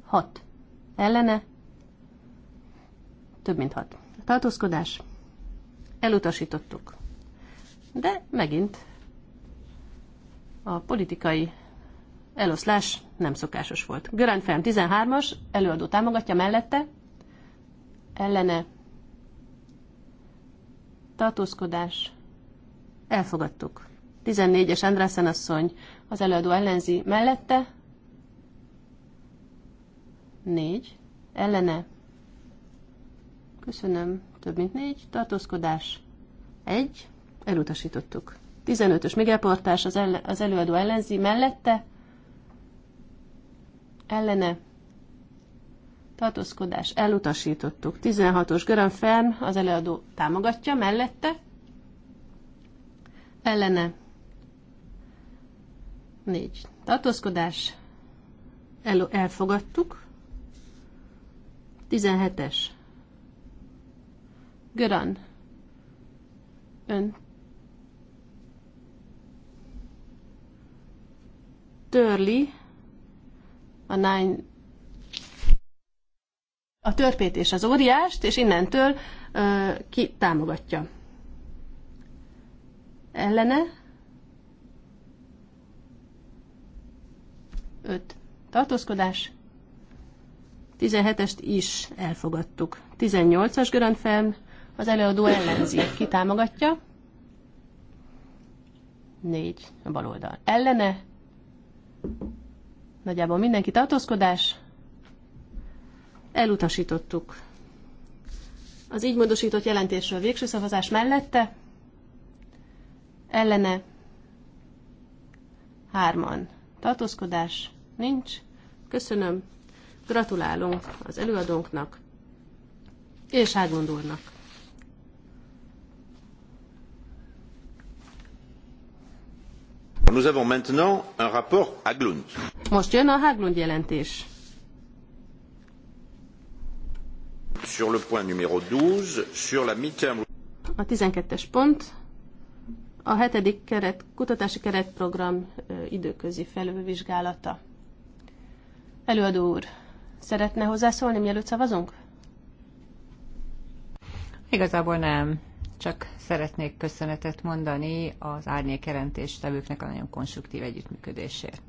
Hat. Ellene? Több mint hat. Tartózkodás? Elutasítottuk. De megint a politikai eloszlás nem szokásos volt. Görán Ferm 13-as, előadó támogatja mellette, ellene tartózkodás, elfogadtuk. 14-es Andrászen asszony az előadó ellenzi mellette, 4, ellene, köszönöm, több mint 4, tartózkodás, 1, elutasítottuk. 15-ös Miguel Portás az, el, az előadó ellenzi mellette, ellene tartózkodás elutasítottuk. 16-os Görön Ferm az előadó támogatja mellette, ellene 4 tartózkodás el, elfogadtuk. 17-es Göran ön törli a Nine a törpét és az óriást, és innentől ö, ki támogatja. Ellene 5 tartózkodás, 17-est is elfogadtuk. 18-as Görönfelm az előadó ellenzi, ki támogatja, 4 a bal oldal. Ellene Nagyjából mindenki tartózkodás. Elutasítottuk. Az így módosított jelentésről végső szavazás mellette ellene hárman. Tartózkodás nincs. Köszönöm. Gratulálunk az előadónknak és Ágmond úrnak. Nous avons maintenant un rapport Haglund. Most jön a Haglund jelentés. Sur le point numéro 12, sur la midterm... A 12-es pont, a hetedik keret, kutatási keretprogram időközi felülvizsgálata. Előadó úr, szeretne hozzászólni, mielőtt szavazunk? Igazából nem. Csak szeretnék köszönetet mondani az árnyék jelentéstevőknek a nagyon konstruktív együttműködésért.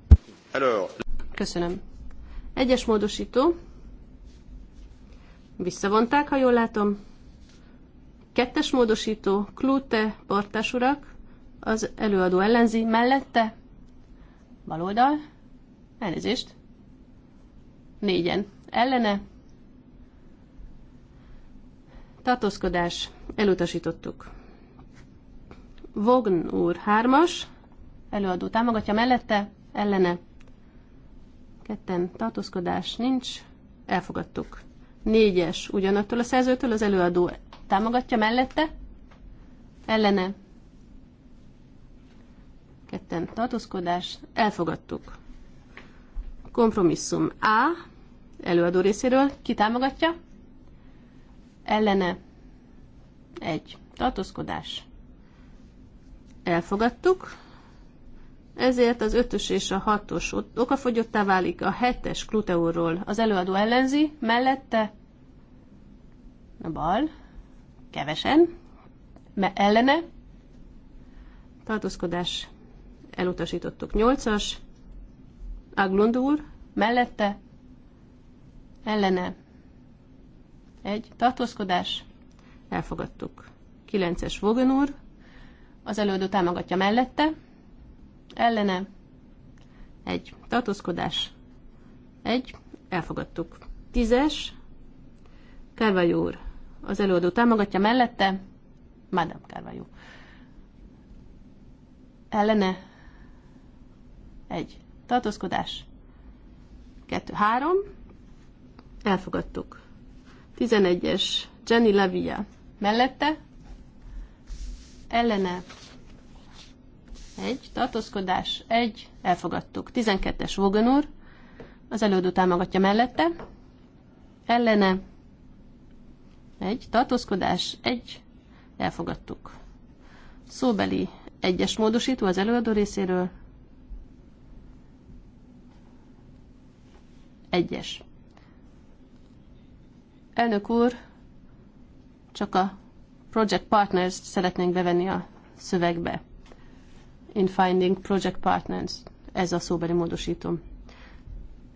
Köszönöm. Egyes módosító. Visszavonták, ha jól látom. Kettes módosító, Klute, Partás urak, az előadó ellenzi, mellette, baloldal, elnézést, négyen, ellene, tartózkodás, elutasítottuk. Vogn úr hármas, előadó támogatja mellette, ellene, ketten tartózkodás nincs, elfogadtuk. Négyes, ugyanattól a szerzőtől az előadó támogatja mellette, ellene, ketten tartózkodás, elfogadtuk. Kompromisszum A, előadó részéről, ki támogatja? Ellene, egy. Tartózkodás. Elfogadtuk. Ezért az ötös és a hatos okafogyottá válik a hetes Kluteurról. Az előadó ellenzi, mellette a bal, kevesen, me ellene, tartózkodás, elutasítottuk. Nyolcas, Aglund mellette, ellene, egy, tartózkodás, elfogadtuk. 9-es Vogan úr, az előadó támogatja mellette, ellene, egy tartózkodás, egy, elfogadtuk. 10-es Kárvajó úr, az előadó támogatja mellette, Madame Kárvajó, ellene, egy, tartózkodás, kettő, három, elfogadtuk. 11-es Jenny Lavia mellette, ellene, egy, tartózkodás, egy, elfogadtuk. 12-es Vogan úr, az előadó támogatja mellette, ellene, egy, tartózkodás, egy, elfogadtuk. Szóbeli egyes módosító az előadó részéről, egyes. Elnök úr, csak a Project Partners szeretnénk bevenni a szövegbe. In finding project partners. Ez a szóbeli módosítom.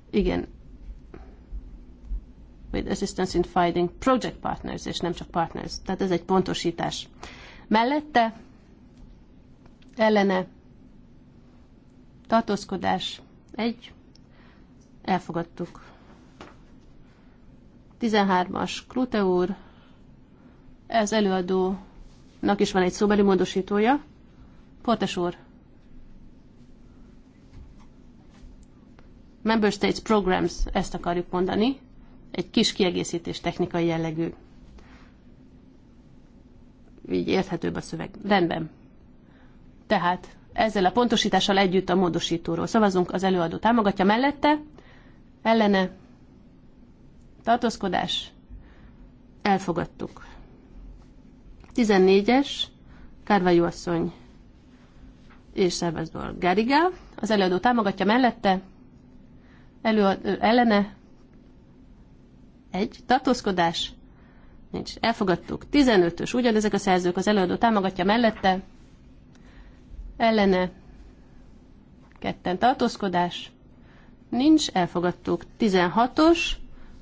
Igen. With assistance in finding project partners, és nem csak partners. Tehát ez egy pontosítás. Mellette, ellene, tartózkodás, egy, elfogadtuk. 13-as Krute úr, ez előadónak is van egy szóbeli módosítója. Portes úr. Member States Programs, ezt akarjuk mondani. Egy kis kiegészítés technikai jellegű. Így érthetőbb a szöveg. Rendben. Tehát ezzel a pontosítással együtt a módosítóról szavazunk, az előadó támogatja mellette, ellene, tartózkodás, elfogadtuk. 14-es, Kárvai asszony és Szervezdor Geriga. Az előadó támogatja mellette, elő, ellene, egy, tartózkodás, nincs, elfogadtuk. 15-ös, ugyanezek a szerzők, az előadó támogatja mellette, ellene, ketten tartózkodás, nincs, elfogadtuk. 16-os,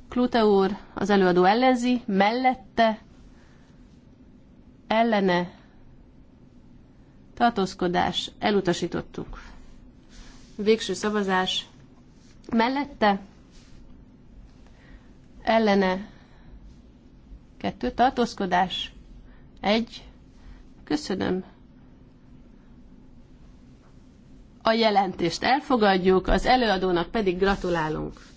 Klute úr, az előadó ellenzi, mellette, ellene tartózkodás elutasítottuk. Végső szavazás mellette ellene kettő tartózkodás egy köszönöm a jelentést elfogadjuk, az előadónak pedig gratulálunk.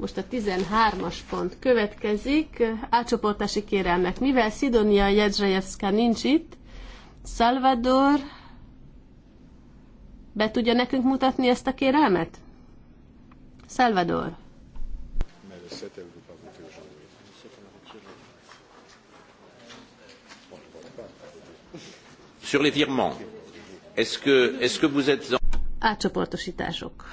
Most a 13-as pont következik. Átcsoportási kérelmek. Mivel Szidonia Jedzsajewska nincs itt, Salvador be tudja nekünk mutatni ezt a kérelmet? Salvador. Sur les virements, est-ce que, est-ce que vous êtes en... Átcsoportosítások.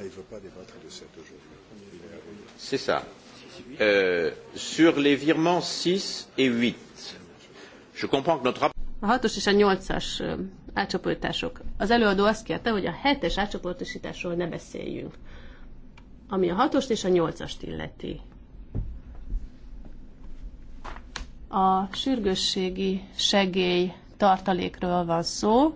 Ah, il ne veut pas débattre de 7 aujourd'hui. C'est ça. Euh, sur les virements 6 et 8, je comprends que notre a 6 és a 8-as átcsoportosítások. Az előadó azt kérte, hogy a 7-es átcsoportosításról ne beszéljünk, ami a 6 és a 8-ast illeti. A sürgősségi segély tartalékről van szó,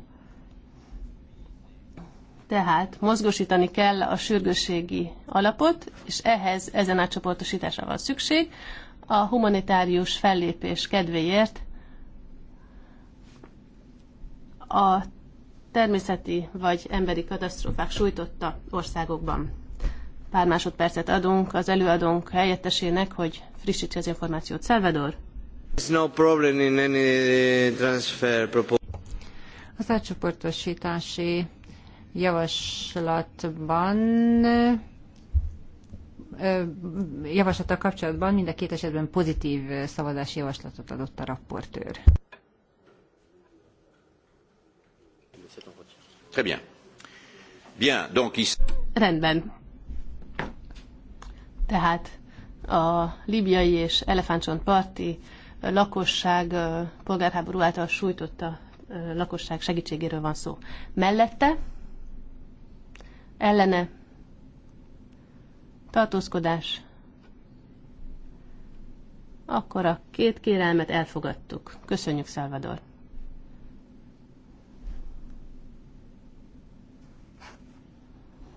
tehát mozgosítani kell a sürgősségi alapot, és ehhez ezen átcsoportosításra van szükség. A humanitárius fellépés kedvéért a természeti vagy emberi katasztrófák sújtotta országokban. Pár másodpercet adunk az előadónk helyettesének, hogy frissítse az információt. Salvador? Az átcsoportosítási javaslatban javaslattal kapcsolatban mind a két esetben pozitív szavazási javaslatot adott a rapportőr. Très bien. Bien, donc is... Rendben. Tehát a libiai és parti lakosság polgárháború által sújtotta lakosság segítségéről van szó. Mellette ellene tartózkodás. Akkor a két kérelmet elfogadtuk. Köszönjük, Salvador.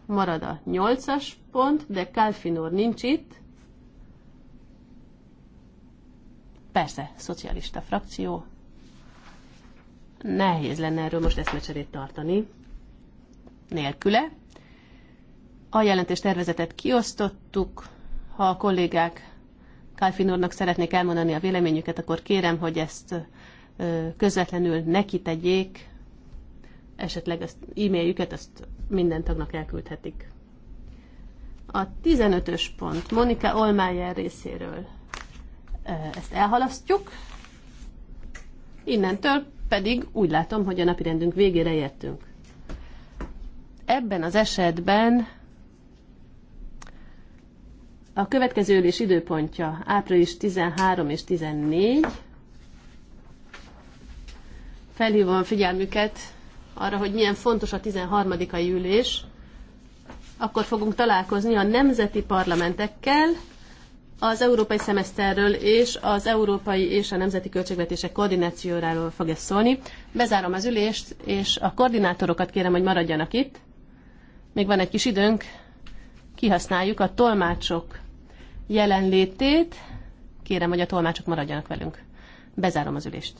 Marad a nyolcas pont, de Kalfinor nincs itt. Persze, szocialista frakció. Nehéz lenne erről most eszmecserét tartani. Nélküle. A jelentés tervezetet kiosztottuk. Ha a kollégák Kálfin úrnak szeretnék elmondani a véleményüket, akkor kérem, hogy ezt közvetlenül neki tegyék, esetleg ezt e-mailjüket, ezt minden tagnak elküldhetik. A 15-ös pont Monika Olmájer részéről ezt elhalasztjuk, innentől pedig úgy látom, hogy a napirendünk végére értünk. Ebben az esetben a következő ülés időpontja április 13 és 14. Felhívom a figyelmüket arra, hogy milyen fontos a 13. ülés. Akkor fogunk találkozni a nemzeti parlamentekkel, az európai szemeszterről és az európai és a nemzeti költségvetések koordinációjáról fog ez szólni. Bezárom az ülést, és a koordinátorokat kérem, hogy maradjanak itt. Még van egy kis időnk, kihasználjuk a tolmácsok jelenlétét. Kérem, hogy a tolmácsok maradjanak velünk. Bezárom az ülést.